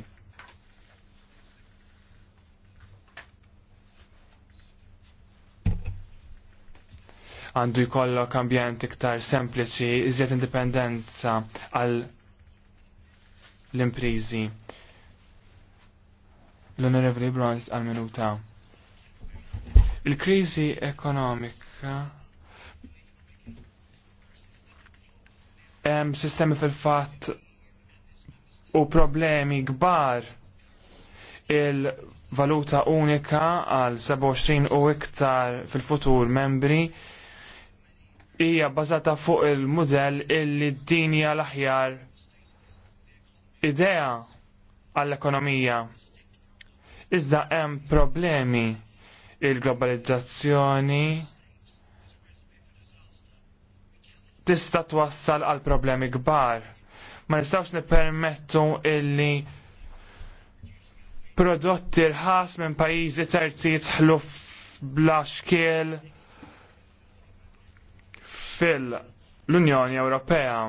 Għandu jkollok ambjent iktar sempliċi, iżjed indipendenza għal l-imprizi. L-Onorevoli Bronz għal minuta. Il-krizi ekonomika sistemi fil-fatt u problemi kbar il-valuta unika għal 27 u iktar fil-futur membri hija bbażata fuq il-mudell illi d-dinja l-aħjar idea għall-ekonomija. Iżda hemm problemi il-globalizzazzjoni tista' twassal għal problemi kbar. Ma nistgħux nippermettu illi prodotti rħas minn pajjiżi terzi jitħlu bla xkiel fil unjoni Ewropea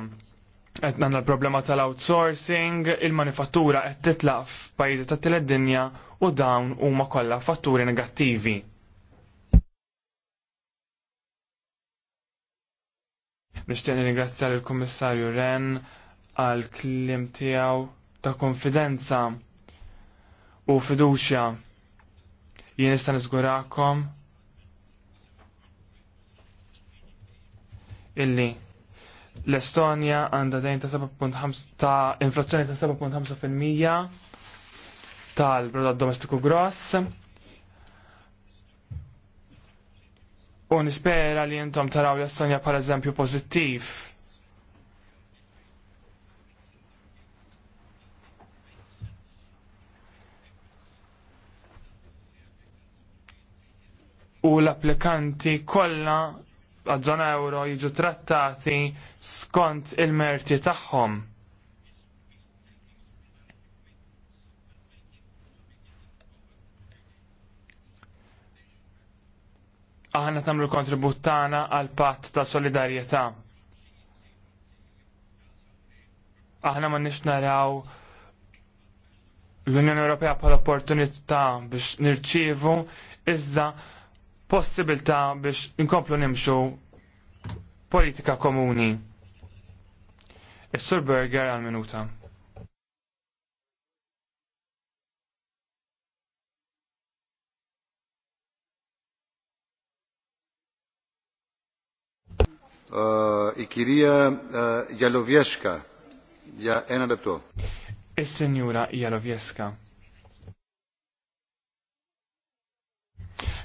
nanna l problema tal-outsourcing, il-manifattura qed titlaq f'pajjiżi tat-tielet dinja u dawn huma kollha fatturi negattivi. Nixtieq ringrazzjar il-Kummissarju Ren għal kliem tiegħu ta' konfidenza u fiduċja. Jien nista' niżgurakom illi l-Estonja għandha dejn ta' 7.5 ta' inflazzjoni ta' 7.5% tal-prodott domestiku gross. U nispera li jintom taraw l-Estonja pal eżempju pozittiv. U l-applikanti kollha għad-żona euro jiġu trattati skont il-merti tagħhom. aħna tamlu kontribut tagħna għal patt ta' solidarjetà. Aħna ma nix naraw l-Unjoni Ewropea bħala opportunità biex nirċievu iżda possibilità biex inkomplu nimxu politika komuni. Is-Sur Berger għal-minuta. η κυρία Γιαλοβιέσκα για ένα λεπτό.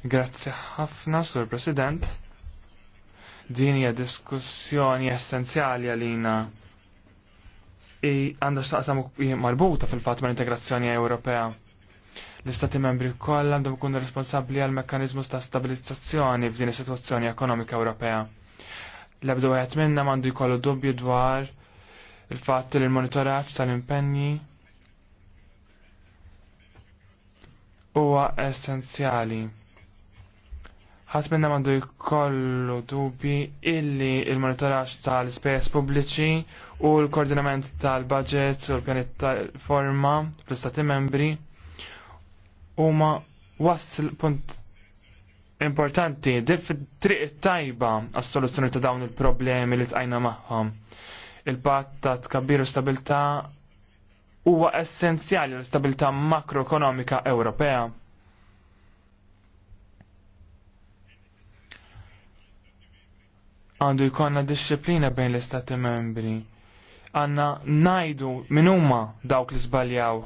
Grazie ħafna, Sur President. Din hija diskussjoni essenzjali għalina għandha xtaqsam marbuta fil-fatt mal-integrazzjoni Ewropea l-istati membri kollha għandhom ikunu responsabbli għal mekkaniżmu ta' stabilizzazzjoni f'din is-sitwazzjoni ekonomika Ewropea l abdu għet minna mandu jkollu dubju dwar il-fatt li l-monitoraċ tal-impenji huwa essenzjali. Ħadd minna mandu jkollu dubji illi il-monitoraċ tal-ispejjeż pubbliċi u l-koordinament tal-budget u l-pjanit tal-forma fl-istati membri huma wasl punt importanti dif triq tajba għas soluzzjoni ta' dawn il-problemi li tqajna magħhom. Il-patt ta' tkabbir u stabilità huwa essenzjali l stabilità makroekonomika Ewropea. Għandu jkollna disċiplina bejn l-Istati membri. Għanna najdu minn huma dawk li żbaljaw.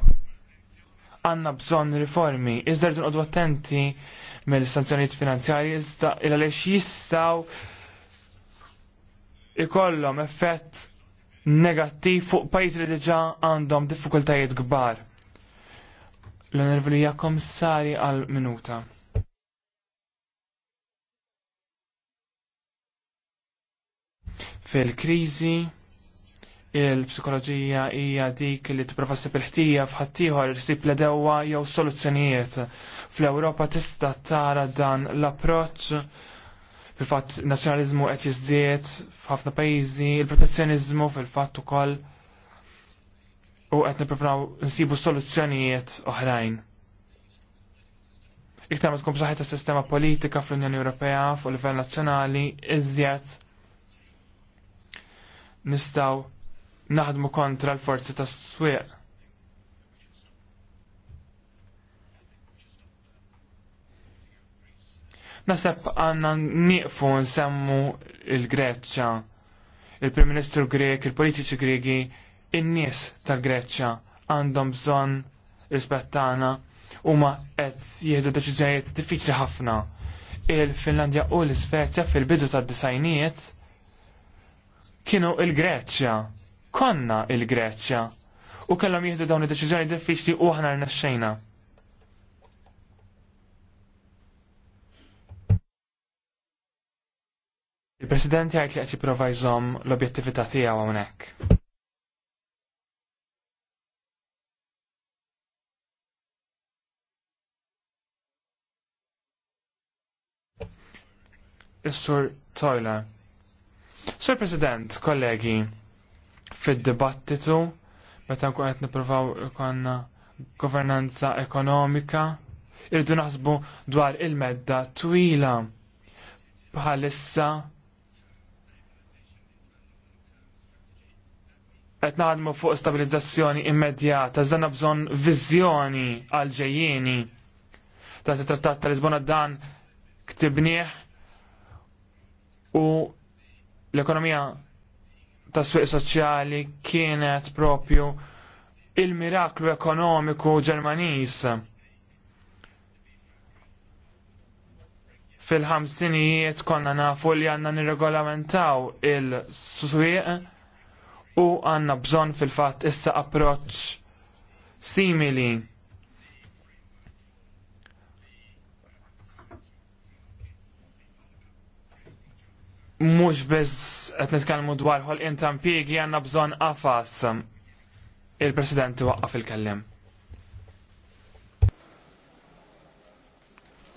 Għanna bżonn riformi, iżda rridu attenti mill-sanzjonijiet finanzjarji iżda il għaliex jistgħu ikollhom effett negattiv fuq pajjiżi li diġà għandhom diffikultajiet kbar. L-onervili jakom sari għal minuta. Fil-krizi, il-psikoloġija hija dik li tipprova ssib il-ħtija sib issib dewa jew soluzzjonijiet fl-Ewropa tista' tara dan l-approċċ fil-fatt nazzjonaliżmu qed jiżdied f'ħafna pajjiżi, il-protezzjoniżmu fil-fatt ukoll u qed nippruvaw nsibu soluzzjonijiet oħrajn. Iktar ma tkun b'saħħet sistema politika fl-Unjoni Ewropea fuq livell nazzjonali iżjed nistgħu naħdmu kontra l-forzi tas-swieq Nasab għanna nieqfu nsemmu il-Greċċa, il-Prim Ministru Grek, il-politiċi Gregi, in-nies tal-Greċċa għandhom bżonn rispettana u ma qed jieħdu deċiżjonijiet diffiċli ħafna. Il-Finlandja u l-Svezja fil-bidu tad-disajnijiet kienu il-Greċċa, konna il-Greċċa u kellhom jieħdu dawn id-deċiżjoni diffiċli u aħna rnexxejna. Il-President jgħid li qed jipprova jżomm l-objettività tiegħu hawnhekk. Is-Sur Toyla. Sur President, kollegi, fid-dibattitu meta nkun qed nippruvaw ikonna governanza ekonomika, irridu naħsbu dwar il-medda twila bħalissa qed naħdmu fuq stabilizzazzjoni immedjata, żdanna bżonn viżjoni għal ġejjieni. Ta' trattat ta' Lisbona dan ktibnieh u l-ekonomija ta' sfiq soċjali kienet propju il-miraklu ekonomiku ġermanis. Fil-ħamsinijiet konna nafu li għanna nirregolamentaw il-swieq u għanna bżon fil-fat issa approċ simili mux biz għet nitkalmu dwar ħol intampiegi għanna bżon għafas il-president waqqaf il-kellem.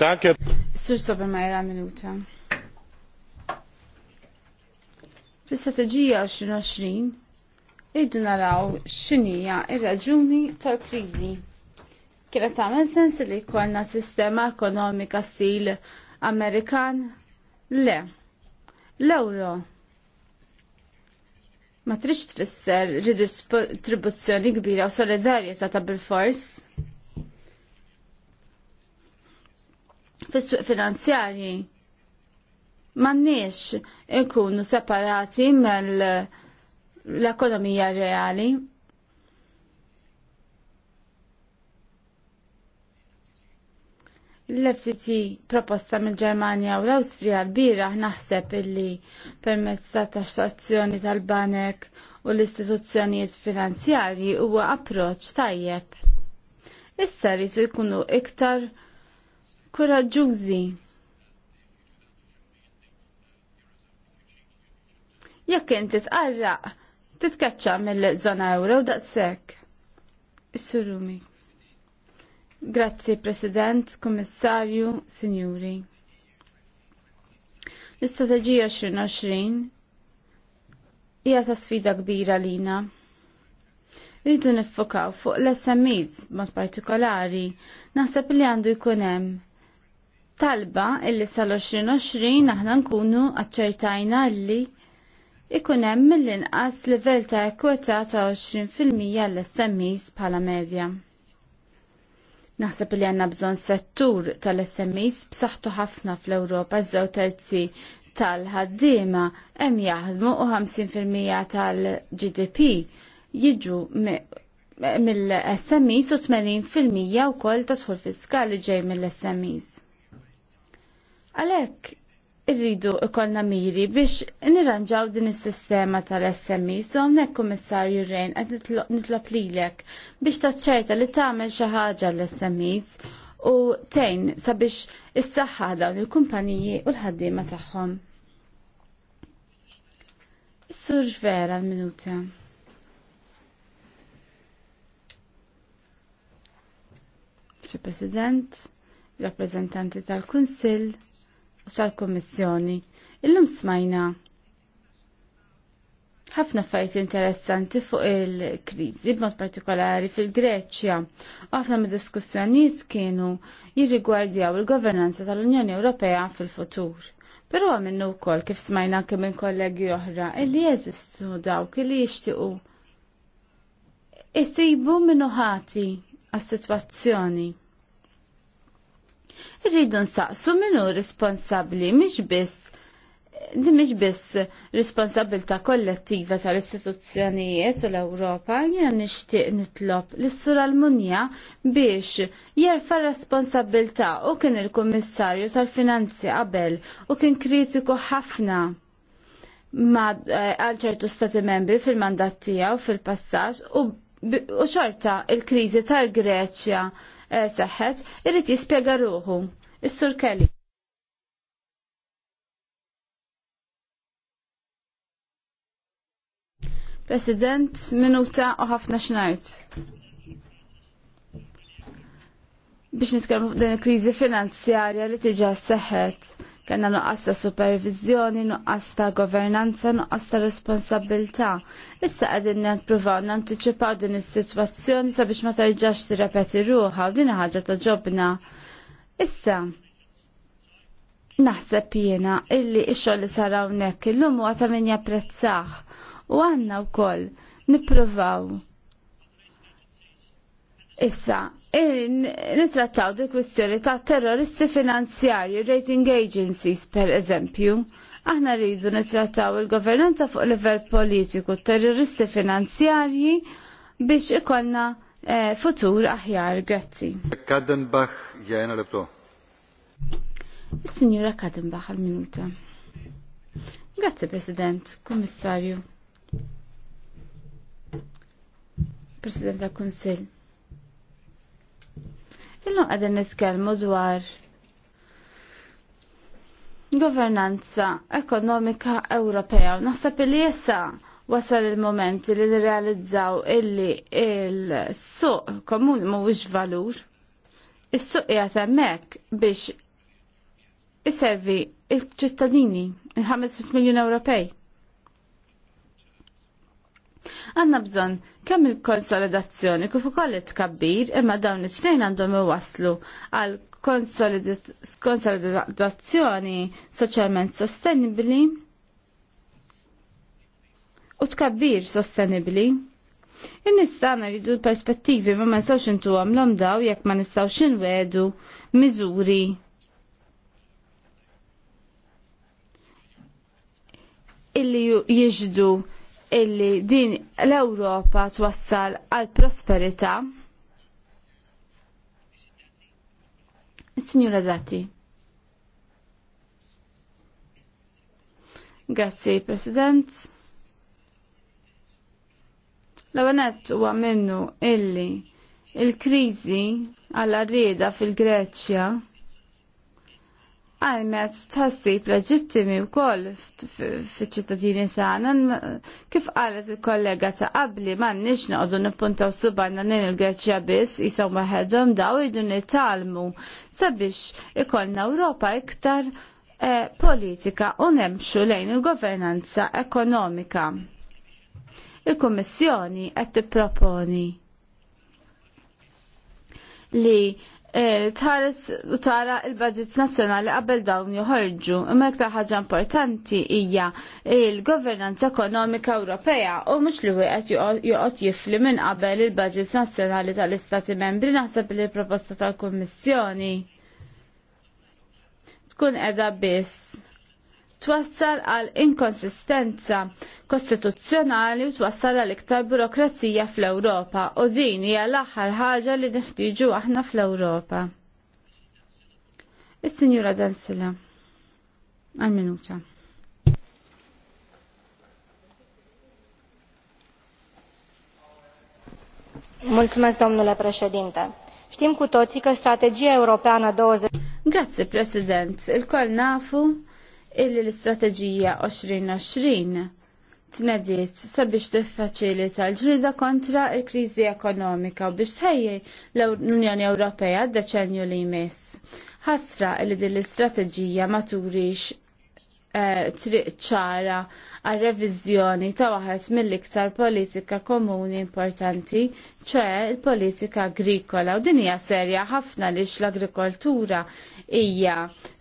Danke. Sur sober ma jela minuta. fl strategija 2020 iddu naraw x'inhija il raġuni tal-kriżi. Kienet tagħmel sens li jkollna sistema ekonomika stil Amerikan? Le. L-euro ma trix tfisser ridistribuzzjoni kbira u solidarjetà ta' bil-fors. Fis-suq finanzjarji m'għandniex inkunu separati mill- l-ekonomija reali. l fcc proposta mill-Ġermanja u l-Awstrija l-bira naħseb illi permezz ta' taxazzjoni tal-banek u l-istituzzjonijiet finanzjarji huwa approċċ tajjeb. Issa rizu jkunu iktar kuraġġużi. Jekk inti tqarraq titkaċċa mill-żona euro daqshekk. Is-surumi. Grazzi President, Kummissarju, Signuri. L-istrateġija 2020 hija ta' sfida kbira lina. Rridu niffokaw fuq l-SMEs mod partikolari, naħseb li għandu jkun hemm. Talba illi sal-2020 aħna nkunu aċċertajna li ikun hemm mill-inqas livell ta' kwota ta' 20% għall-SMEs bħala medja. Naħseb li għanna bżon settur tal-SMEs b'saħħtu ħafna fl-Ewropa żew terzi tal-ħaddiema hemm jaħdmu u 50% tal-GDP jiġu mill-SMEs u 80% wkoll ta' dħul fiskali ġej mill-SMEs. Għalhekk irridu ikollna miri biex nirranġaw din is-sistema tal-SMI, e. so hawnhekk kummissarju Rejn qed nitlob lilek biex taċċerta li tagħmel xi ħaġa l-SMIs u tejn sabiex is-saħħa dawn il-kumpaniji u l-ħaddiema tagħhom. Sur vera l-minuta. Sir President, rappresentanti tal-Kunsill, sal kummissjoni Illum smajna ħafna affarijiet interessanti fuq il-kriżi b'mod partikolari fil-Greċja u ħafna mid diskussjonijiet kienu jirrigwardjaw il-governanza tal-Unjoni Ewropea fil-futur. Però għamennu wkoll kif smajna kemm minn kollegi oħra illi jeżistu dawk li jixtiequ isibu minnuħati għas-sitwazzjoni. Irridu nsaqsu minnu responsabli, mhix biss di mhix biss responsabilta kollettiva tal-istituzzjonijiet u l-Ewropa, jiena nixtieq nitlop l l-munja biex jerfa' responsabilta u kien il-Kummissarju tal-Finanzi qabel u kien kritiku ħafna ma eh, għal ċertu stati membri fil-mandat tiegħu fil-passaġġ u xorta il-kriżi tal-Greċja Eh, seħħet, irrid jispjega ruħu. Is-Sur Kelly. President, minuta u ħafna xnajt. Biex niskarmu fuq din il-kriżi finanzjarja li tiġa seħħet kena nuqqas ta' supervizjoni, nuqqas ta' governanza, nuqqas ta' responsabilta. Issa għedin nipruvaw nanticipaw din is-sitwazzjoni sabiex ma terġax tirrepeti ruħa u din ħaġa ta' ġobna. Issa, naħseb jiena illi ix-xogħol li saraw nek illum huwa ta' min japprezzah u għandna wkoll nippruvaw Issa, nitrattaw di kwistjoni ta' terroristi finanzjarji, rating agencies per eżempju. Aħna rridu nitrattaw il-governanza fuq livell politiku, terroristi finanzjarji biex ikonna eh, futur aħjar. Grazzi. Kadenbach, jajna lepto. Signora Kadenbach, għal-minuta. Grazzi, President, Kommissarju. President tal-Konsil. Illum qegħdin niskelmu dwar governanza ekonomika Ewropea. Naħseb li jessa wasal il-moment li nirrealizzaw illi il-suq komuni mhuwiex valur. Is-suq qiegħed hemmhekk biex iservi il-ċittadini, il-5 miljun Ewropej. Għanna bżon kemm il-konsolidazzjoni kif ukoll it-tkabbir imma dawn it-tnejn għandhom iwaslu għal konsolidazzjoni soċjalment sostenibbli u tkabbir sostenibbli. In-nistana rridu l-perspettivi ma ma nistawx intu għamlom daw jekk ma nistawx inwedu miżuri. Illi jiġdu illi din l-Ewropa twassal għal prosperità. Signora Dati. Grazzi, President. L-għanet huwa minnu illi il-krizi għall-arrieda fil-Greċja għal mezz tħassib leġittimi wkoll fiċ-ċittadini tagħna kif qalet il-kollega ta' qabli m'għandniex noqogħdu nippuntaw subanna lejn il-Greċja biss qishom waħedhom daw idu nitalmu sabiex ikollna Ewropa iktar e, politika u nemxu lejn il-governanza ekonomika. Il-Kommissjoni qed tipproponi li E, tħares u tara il-budget nazzjonali qabel dawn joħorġu. Imma iktar ħaġa importanti hija il-governanza ekonomika Ewropea u mhux li wieqed joqgħod jifli minn qabel il-budget nazzjonali tal-Istati Membri naħseb li proposta tal-Kummissjoni tkun qiegħda biss twassal għal inkonsistenza kostituzzjonali u twassal għal iktar burokrazija fl-Ewropa u din hija l-aħħar ħaġa li neħtieġu aħna fl-Ewropa. Is-Sinjura Dansila, għal-minuta. Mulțumesc, domnule președinte. Știm cu toții că strategia europeană 20... Grazie, President. Il-kol nafu illi l-istrateġija 2020 tnediet sabiex tiffaċilita l-ġrida kontra l-kriżi ekonomika u biex tħejjej l-Unjoni Ewropea d-deċenju li jmiss. Ħasra li din l-istrateġija maturix eh, triq ċara għal reviżjoni ta' waħed mill-iktar politika komuni importanti, ċe il politika agrikola. U din hija serja ħafna lix l-agrikoltura hija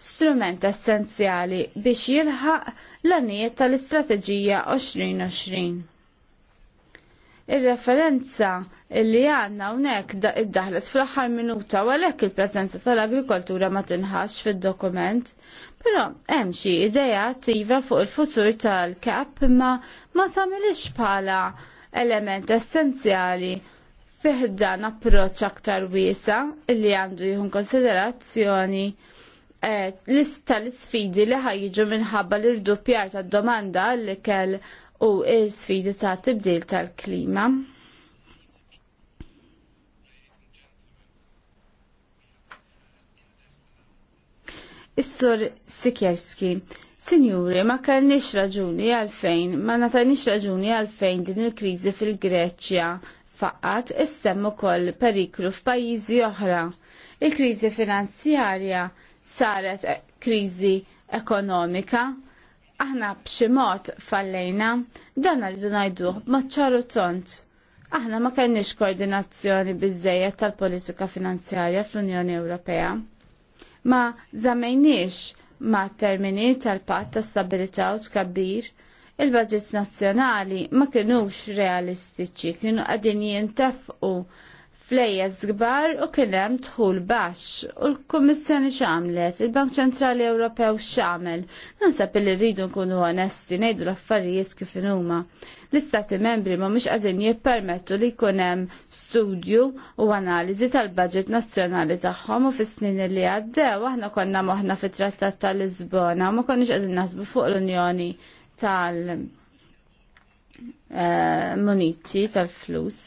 strument essenzjali biex jilħaq l-għaniet tal-istrateġija 2020. Ir-referenza li għanna unek id-daħlet fl ħar minuta u għalek il-prezenza tal-agrikoltura ma tinħax fil-dokument Però hemm xi idea attiva fuq il-futur tal-kap ma ma tagħmilx bħala element essenzjali fih dan approċċ aktar wiesa li għandu jieħu konsiderazzjoni eh, tal-sfidi li ħajġu minħabba l-irdupjar tad domanda li kell u l sfidi ta' tibdil tal-klima. Is-sur Sikerski, Sinjuri, ma kellniex raġuni għalfejn, ma natanix raġuni għalfejn din il-kriżi fil-Greċja faqqat issemmu ukoll periklu f'pajjiżi oħra. Il-kriżi finanzjarja saret e-, kriżi ekonomika, aħna b'xi mod fallejna, dan rridu ngħiduh b'maċċaru tont. Aħna ma kellniex koordinazzjoni biżejjed tal-politika finanzjarja fl-Unjoni Ewropea ma zamejniex ma termini tal-patt ta' stabilità u tkabbir il-budgets nazzjonali ma kienux realistiċi, kienu għadin jintefqu flejjes zgbar u kien hemm dħul baxx u l-Kummissjoni x'għamlet, il-Bank Ċentrali Ewropew x'għamel. Nansab li rridu nkunu onesti ngħidu l-affarijiet kif huma. L-Istati membri mhumiex għazin jippermettu li jkun hemm studju u analiżi tal-budget nazzjonali tagħhom u fis-snin li għaddew aħna konna moħħna fit-Trattat tal-Lisbona u ma konniex qegħdin naħsbu fuq l-Unjoni tal- eh, muniti tal-flus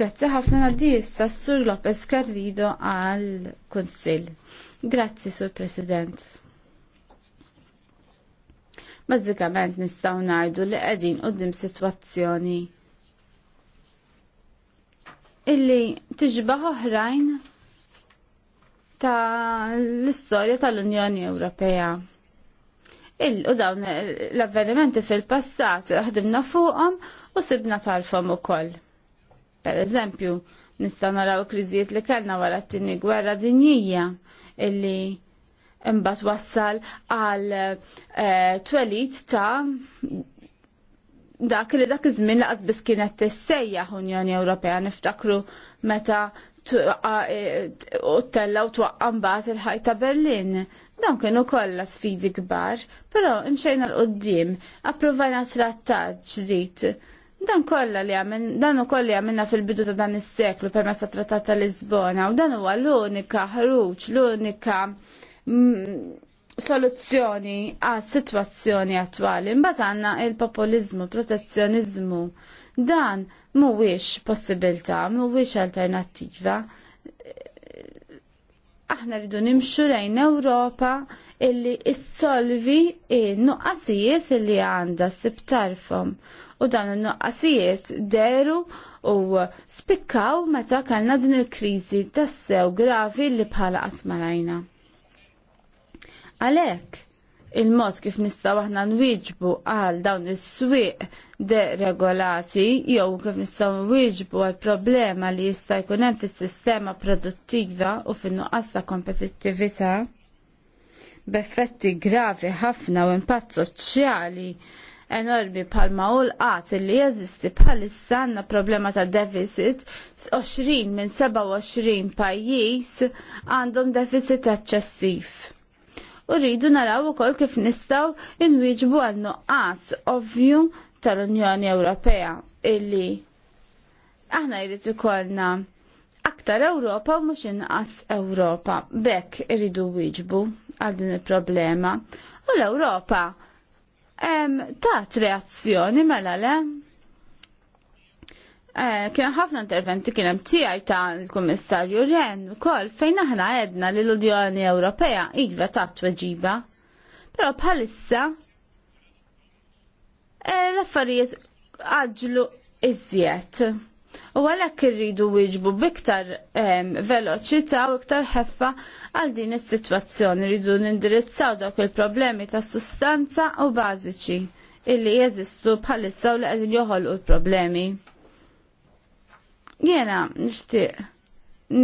Grazzi ħafna għaddis issa Sur Lopez Carrido għal Kunsill. Grazzi Sur President. Bazzikament nistaw najdu li qegħdin dim sitwazzjoni illi tiġbaħ oħrajn ta' l-istorja tal-Unjoni Ewropea. U dawn l-avvenimenti fil-passat ħdimna fuqhom u sibna tarfhom ukoll. Per eżempju, nistaw naraw kriżijiet li kellna wara t-tini gwerra dinjija illi imbat wassal għal eh, twelit ta' dak li dak iż-żmien laqas biss kienet tissejjaħ Unjoni Ewropea niftakru meta eh, tella u twaqqa mbagħad il ħajta ta' Berlin. Dawn kienu kollha sfidi kbar, però imxejna l qudiem approvajna trattat ġdid Dan kolla li għamen, dan u koll li għamilna fil-bidu ta' dan is-seklu permezz ta' Trattat ta' Lisbona u dan huwa l-unika ħruġ, l-unika mm, soluzzjoni għad situazzjoni attwali. Mbagħad għandna il-populizmu, protezzjonizmu. Dan mhuwiex possibilità, mhuwiex alternattiva aħna rridu nimxu lejn Ewropa illi issolvi il-nuqqasijiet illi għanda sibtarfom. U dan il-nuqqasijiet deru u spikkaw meta kellna din il-krizi tassew gravi li bħala qatt marajna. Għalek, il-mod kif nistgħu aħna nwieġbu għal dawn is-swieq deregolati jew kif nistgħu nwieġbu għal problema li jista' jkun hemm fis-sistema produttiva u fin-nuqqas ta' kompetittività b'effetti gravi ħafna u impatt soċjali enormi bħalma u l-qat li jeżisti bħalissa għandna problema ta' deficit 20 minn 27 pajjiż għandhom deficit eċċessiv u rridu naraw ukoll kif nistgħu nwieġbu għal nuqqas ovvju tal-Unjoni Ewropea illi aħna jrid ikollna aktar Ewropa u mhux inqas Ewropa. Bekk irridu wieġbu għal din il-problema. U l-Ewropa tat reazzjoni mela le? Eh, kien ħafna interventi kien hemm tiegħi tal-Kummissarju Ren ukoll fejn aħna għedna li l-Unjoni Ewropea iva tat tweġiba. Però bħalissa eh, l-affarijiet għaġlu iżjed. U għalhekk irridu wieġbu biktar ehm, veloċità u iktar ħeffa għal din is-sitwazzjoni rridu nindirizzaw dawk il-problemi ta' sustanza u bażiċi illi jeżistu bħalissa u li qegħdin joħolqu l-problemi. Jena nixtieq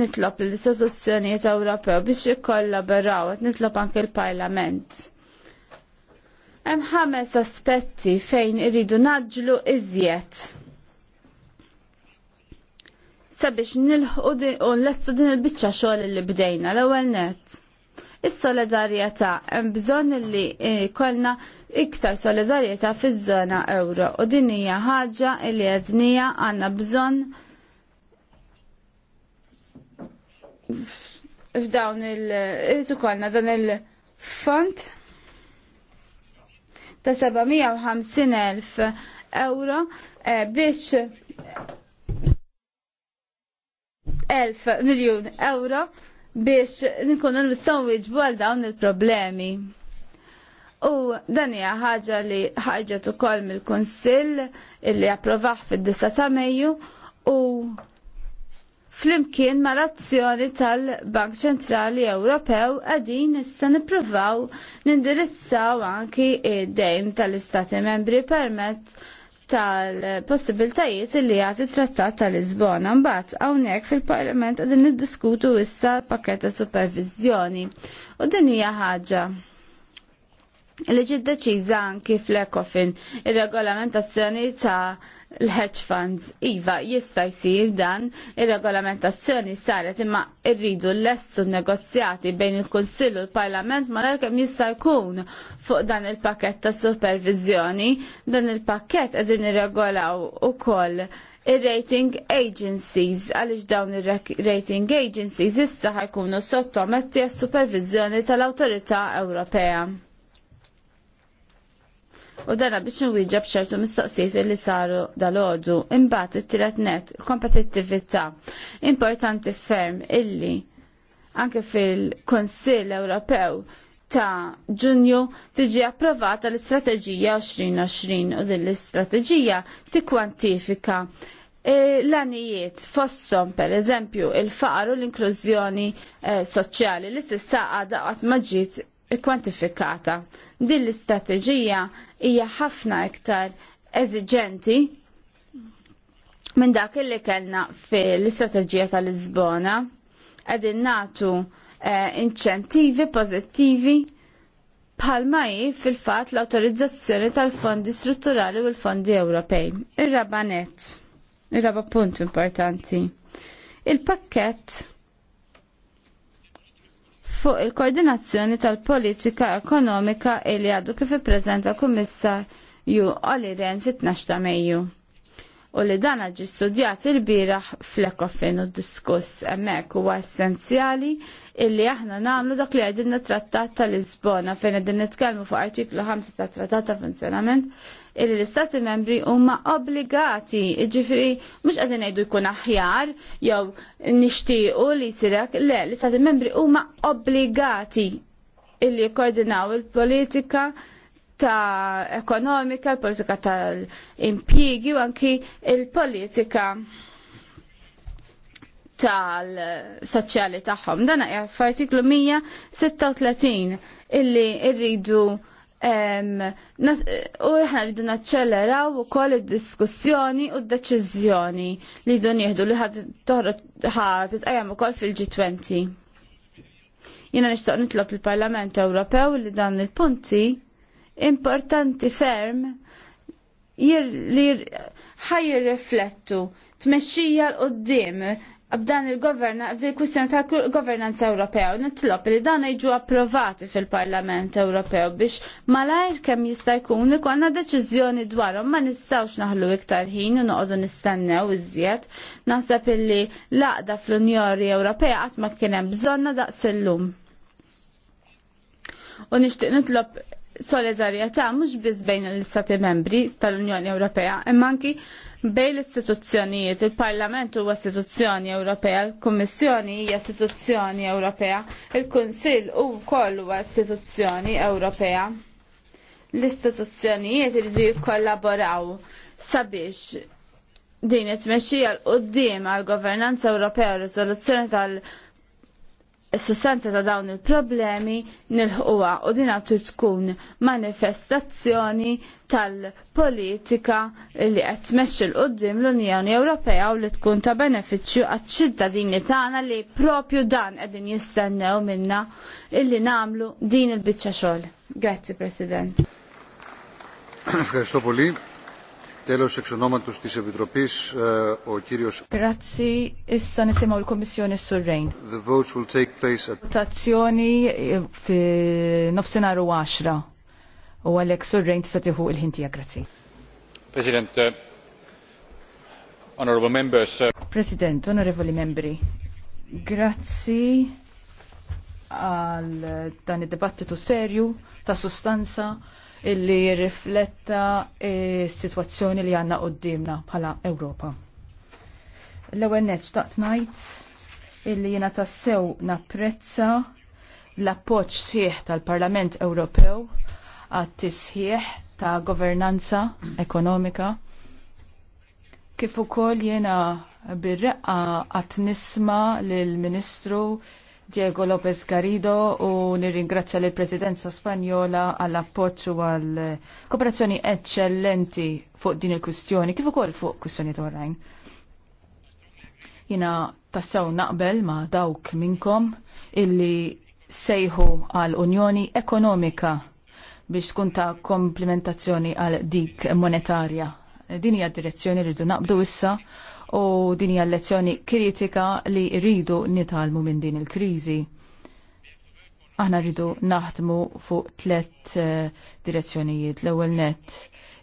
nitlob l-istituzzjonijiet Ewropew biex jikkollaboraw qed nitlob anke l-Parlament. Hemm ħames aspetti fejn iridu naġġlu iżjed. Sabiex nilħu u nlestu din il-biċċa xogħol li bdejna l-ewwel nett. Is-solidarjetà hemm bżonn li kollna iktar solidarjetà fiż-żona euro u din hija ħaġa li għednija għandna bżonn f'dawn il-irritu kolna dan il-font ta' 750.000 euro eh, biex 1000 miljon euro biex nkunu nistgħu wieġbu għal dawn il-problemi. U dan hija ħaġa li ħarġet ukoll mill-Kunsill illi approvaħ fid disa ta' Mejju u flimkien mal-azzjoni tal-Bank Ċentrali Ewropew għadin issa nippruvaw nindirizzaw anki id-dejn tal-Istati Membri permezz tal-possibiltajiet li jagħti trattat tal-Lisbona. Mbagħad hawnhekk fil-Parlament qegħdin niddiskutu issa l-pakket ta' supervizjoni. U din hija ħaġa li ġid deċiża anki fl-ECOFIN ir-regolamentazzjoni ta' l-hedge funds. Iva, jista' jsir dan, ir-regolamentazzjoni saret imma rridu l-essu negozjati bejn il-Kunsill u l-Parlament ma kemm jista' jkun fuq dan il-pakket ta' supervizjoni, dan il-pakket qegħdin irregolaw ukoll ir-rating agencies għaliex dawn ir-rating agencies issa ħajkunu sottometti għas-supervizjoni tal-Awtorità Ewropea. U dana biex nwieġab ċertu mistoqsijiet li saru dal-ħodu. Imbagħad it-tielet net, kompetittività. Importanti ferm illi anke fil-Konsill Ewropew ta' ġunju tiġi approvata l-istrateġija 2020 u din l-istrateġija tikkwantifika eh, l-għanijiet fossom per eżempju il-faqar u l-inklużjoni eh, soċjali li s'issa għada għat maġġiet kwantifikata. Din l-istrateġija hija ħafna iktar eżiġenti minn dak li kellna fil-istrateġija tal-Lisbona. Qegħdin nagħtu eh, inċentivi pożittivi Palma hi fil-fat l-autorizzazzjoni tal-fondi strutturali u l-fondi Ewropej. Ir-raba net, ir-raba punt importanti. Il-pakket fuq il-koordinazzjoni tal-politika ekonomika li għadu kif ippreżenta kummissarju Oliren fit-12 ta' Mejju. U li dan ġi studjat il-biraħ fl-ekofin u diskuss hemmhekk huwa essenzjali illi aħna nagħmlu dak li għedin trattat tal-Lisbona fejn qegħdin nitkellmu fuq artiklu 5 tat Trattat ta' Funzjonament illi l-istati membri huma obbligati, ġifri mhux qegħdin ngħidu jkun aħjar jew nixtiequ li jsirek, le l-istati membri huma obbligati illi jkoordinaw il-politika ta' ekonomika, il-politika tal impjiegi u anki il-politika tal-soċjali tagħhom. Dan hija f'artiklu 136 illi rridu il u ħna rridu naċċeleraw u koll id-diskussjoni u d-deċizjoni li rridu nieħdu li ħad titqajam ukoll fil-G20. Jiena nishtuq nitlob il-Parlament Ewropew li dan il-punti importanti ferm li ħajir riflettu tmexxija l-qoddim F'dan il-kwistjoni ta' governanza Ewropea, nitlob li dan jiġu approvati fil-Parlament Ewropew biex malajr kemm jista' jkun ikollna deċiżjoni dwarhom ma nistgħux naħlu iktar ħin u noqogħdu nistennew iżjed. Naħseb illi laqda fl-Unjoni Ewropea qatt ma kien hemm bżonna daqs illum. U nixtieq nitlob solidarjetà mhux biss bejn l-istati membri tal-Unjoni Ewropea, imma anki bejn l-istituzzjonijiet, il-Parlament huwa istituzzjoni Ewropea, il-Kummissjoni hija istituzzjoni Ewropea, il-Kunsill ukoll huwa istituzzjoni Ewropea. L-istituzzjonijiet iridu jikkollaboraw sabiex din it-tmexxija l-qudiem għal-Governanza Ewropea u r-riżoluzzjoni tal- s-sustanza ta' dawn il-problemi nil-ħuwa u din tkun manifestazzjoni tal-politika li qed tmexxi l qudiem l-Unjoni Ewropea u li tkun ta' benefiċċju għaċ-ċittadini tagħna li propju dan qegħdin jistennew minna illi nagħmlu din il-biċċa xogħol. Grazzi President. Τέλος, Grazie, issa nisimaw il-Kommissjoni Surrejn. The votes will take place at... Votazzjoni eh, fi nofsenaru 10. U għalek Surrejn tista tiħu il-ħintija, grazie. President, eh, honorable members... Eh. President, onorevoli membri, grazzi għal dan id-dibattitu serju ta' sustanza illi jirrifletta eh, s-sitwazzjoni li għanna qoddimna bħala Ewropa. L-ewwel net xtaqt ngħid illi jiena tassew napprezza l-appoġġ sħiħ tal-Parlament Ewropew għat-tisħiħ ta' governanza ekonomika kif ukoll jiena bir-reqqa qatt nisma' lill-Ministru Diego López Garrido u nirringrazzja lill presidenza Spanjola għall appoġġ u għall kooperazzjoni eċċellenti fuq din il-kwistjoni, kif ukoll fuq kwistjoni torrajn. Jina tassew naqbel ma' dawk minnkom illi sejħu għal Unjoni Ekonomika biex tkun ta' komplementazzjoni għal dik monetarja. Din hija direzzjoni rridu naqbdu issa u din hija lezzjoni kritika li rridu nitalmu minn din il-kriżi. Aħna rridu naħdmu fuq tlet eh, direzzjonijiet. L-ewwel net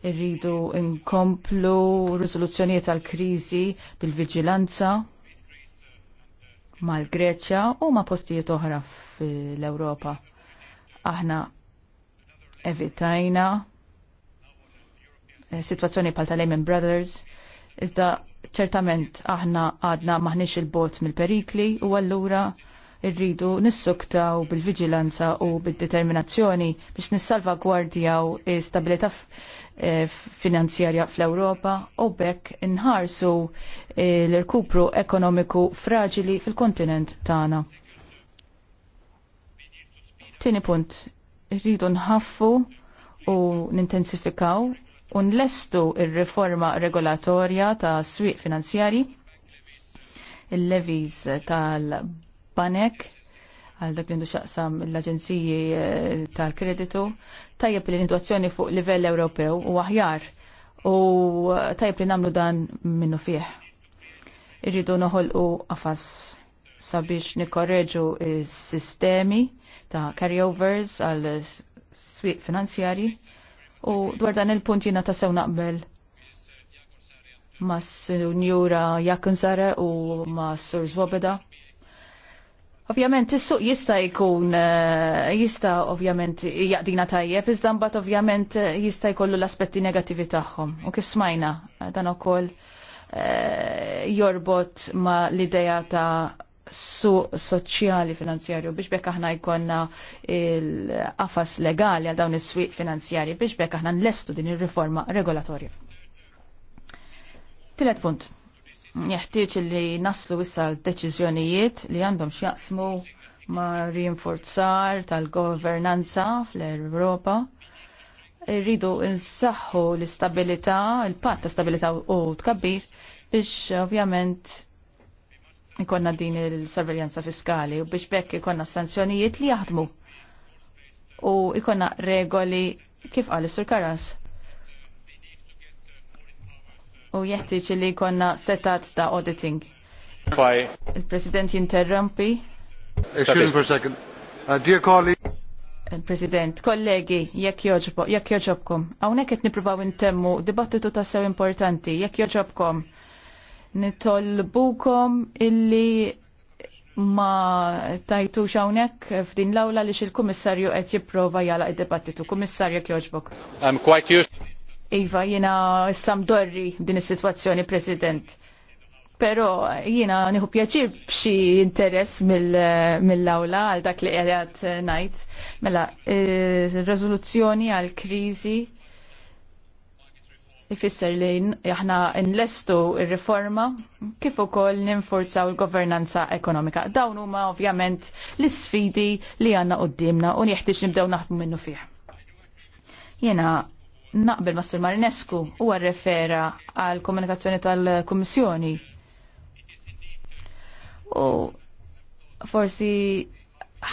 irridu nkomplu riżoluzzjonijiet tal-kriżi bil-viġilanza mal-Greċja u ma' postijiet oħra fl-Ewropa. Aħna evitajna eh, situazzjoni pal tal Brothers, iżda ċertament aħna għadna maħniex il-bot mill-perikli u allura irridu nissuktaw bil-vigilanza u bil-determinazzjoni biex nissalvagwardjaw stabilita eh, finanzjarja fl-Europa u bekk inħarsu l-irkupru ekonomiku fraġili fil-kontinent tagħna. Tieni punt, irridu nħaffu u nintensifikaw unlestu il-riforma regolatorja ta' swieq finanzjari, il-levis tal-banek, għal dak li xaqsam l-aġenziji eh, tal-kreditu, tajjeb l-intuazzjoni fuq livell Ewropew u aħjar u tajjeb li namlu dan minnu fih. Irridu noħolqu għafas sabiex nikorreġu s-sistemi ta' carryovers għal swieq finanzjari u dwar dan il-punt jina ta' sew naqbel mas s-njura Jakunsare u mas sur Zwobeda. Ovvjament, is-suq jista' jkun eh, jista' ovvjament jaqdina tajjeb, iżda mbagħad ovvjament eh, jista' jkollu l-aspetti negattivi tagħhom. U kif smajna eh, dan ukoll jorbot ma l-idea ta' su soċjali finanzjarju biex bekk aħna jkonna il-qafas legali għal dawn is-swieq finanzjarji biex bekk aħna nlestu din ir-riforma regolatorja. Tilet punt. Jeħtieġ li naslu issa deċiżjonijiet li għandhom x'jaqsmu ma' rinforzar tal-governanza fl-Europa Irridu nsaħħu l-istabilità, il-patt ta' stabilità u tkabbir biex ovvjament ikonna din il-sorveljanza fiskali u biex bekk ikonna sanzjonijiet li jaħdmu u ikonna regoli kif għal sur Karas. U jeħtieġ li jkollna setat ta' auditing. Il-President jinterrompi. Uh, Il-President, kollegi, jekk joġobkom, jekk jogħġobkom. hawnhekk qed nippruvaw intemmu dibattitu ta' sew importanti, jekk joġobkom nitolbukom illi ma tajtu xawnek f'din l-awla li xil-komissarju qed jipprova jala id-debattitu. Komissarju kjoġbok. I'm quite used. Iva, jina sam dorri din is-sitwazzjoni, President. Pero jina niħu pjaċir b'xi interess mill-awla għal dak li għedat najt. Mela, eh, rezoluzzjoni għal krizi ifisser li aħna nlestu ir-riforma kif ukoll ninforzaw il-governanza ekonomika. Dawn huma ovvjament l-isfidi li għandna qudiemna u nieħtieġ nibdew naħdmu minnu fih. Jena naqbel Mastur Marinescu huwa rrefera għal komunikazzjoni tal-Kummissjoni. U forsi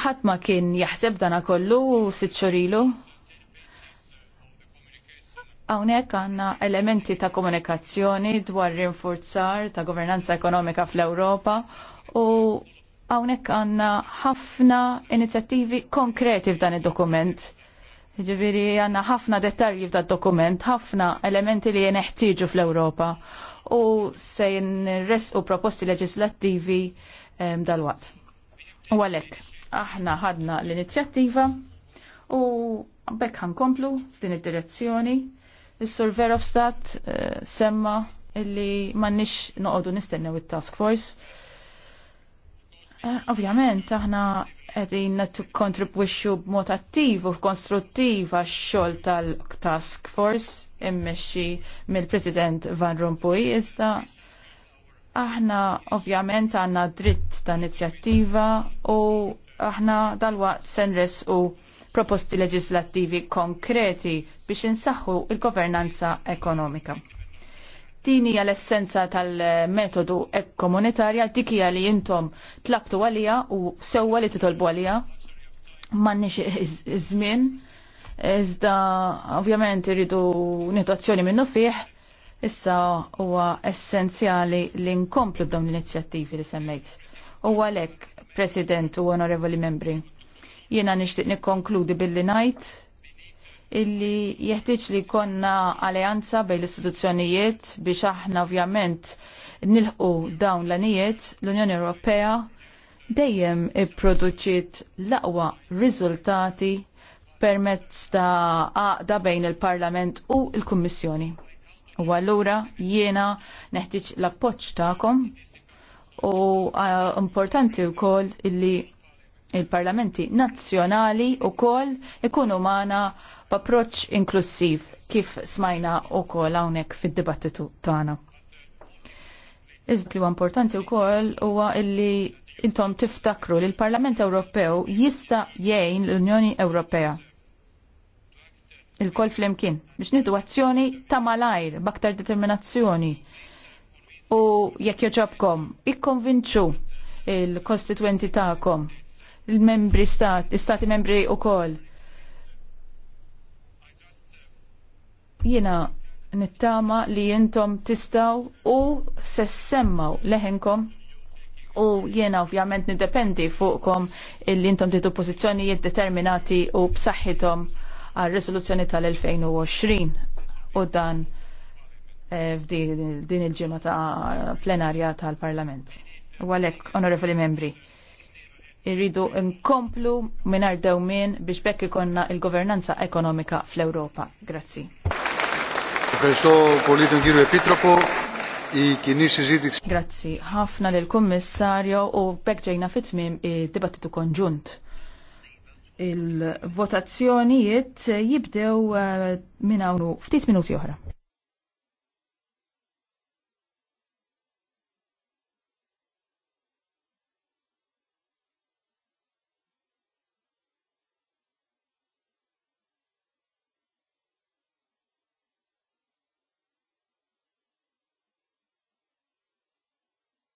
ħadd ma kien jaħseb dana kollu u sitt xorilu Hawnhekk għandna elementi ta' komunikazzjoni dwar rinforzar ta' governanza ekonomika fl-Ewropa u hawnhekk għandna ħafna inizjattivi konkreti f'dan id-dokument. Ġifieri għandna ħafna dettalji f'dan dokument, ħafna elementi li jeneħtieġu fl-Ewropa u se u proposti leġislattivi ehm, dal wat U għalek, aħna ħadna l-inizjattiva u bekk ħankomplu din id-direzzjoni. Is-Sur uh, semma illi m'għandniex noqogħdu nistennew it-task force. Eh, ovvjament aħna qegħdin kontribwixxu b'mod attiv u konstruttiv għax-xogħol tal-task force immexxi mill-President Van Rompuy iżda aħna ovvjament għandna dritt ta' inizjattiva u aħna dalwaqt senres u proposti leġislattivi konkreti biex insaħħu il-governanza ekonomika. Din hija l-essenza tal-metodu komunitarja dik hija li intom tlabtu għalija u sewwa li titolbu għalija m'għandniex iż-żmien iżda ovvjament iridu nitwazzjoni minnu fih issa huwa essenzjali li nkomplu dawn l-inizjattivi li semmejt. U għalhekk, President u onorevoli membri, Jiena nixtieq nikkonkludi billi ngħid illi jeħtieġ li konna alleanza bejn l-istituzzjonijiet biex aħna ovvjament nilħqu dawn l-anijiet l-Unjoni Ewropea dejjem ipproduċiet l-aqwa riżultati permezz ta' għaqda bejn il-Parlament u l kummissjoni U allura jiena neħtieġ l-appoġġ tagħkom u uh, importanti wkoll illi il-parlamenti nazzjonali u kol ikunu mana b'approċċ inklusiv kif smajna u kol hawnhekk fid-dibattitu tagħna. Iżda li importanti importanti wkoll huwa illi intom tiftakru li l-Parlament Ewropew jista jgħin l-Unjoni Ewropea. Il-kol flimkien biex nieħdu azzjoni ta' malajr b'aktar determinazzjoni. U jekk joġobkom, ikkonvinċu il-kostituenti tagħkom l membri stat, Stati membri u kol. Jena nittama li jintom tistaw u sessemmaw leħenkom u jena ovvjament nidependi fuqkom li jintom titu pozizjoni determinati u b'saħħithom għal risoluzzjoni tal-2020 u dan eh, f'din il-ġimgħa ta' plenarja tal-Parlament. U għalhekk, onorevoli membri irridu nkomplu minar dewmin biex bekk ikonna il-governanza ekonomika fl-Europa. Grazzi. Grazzi ħafna lil kummissarju u bekk ġejna fit-tmim id-dibattitu konġunt. Il-votazzjonijiet jibdew eh, minn hawn ftit minuti oħra.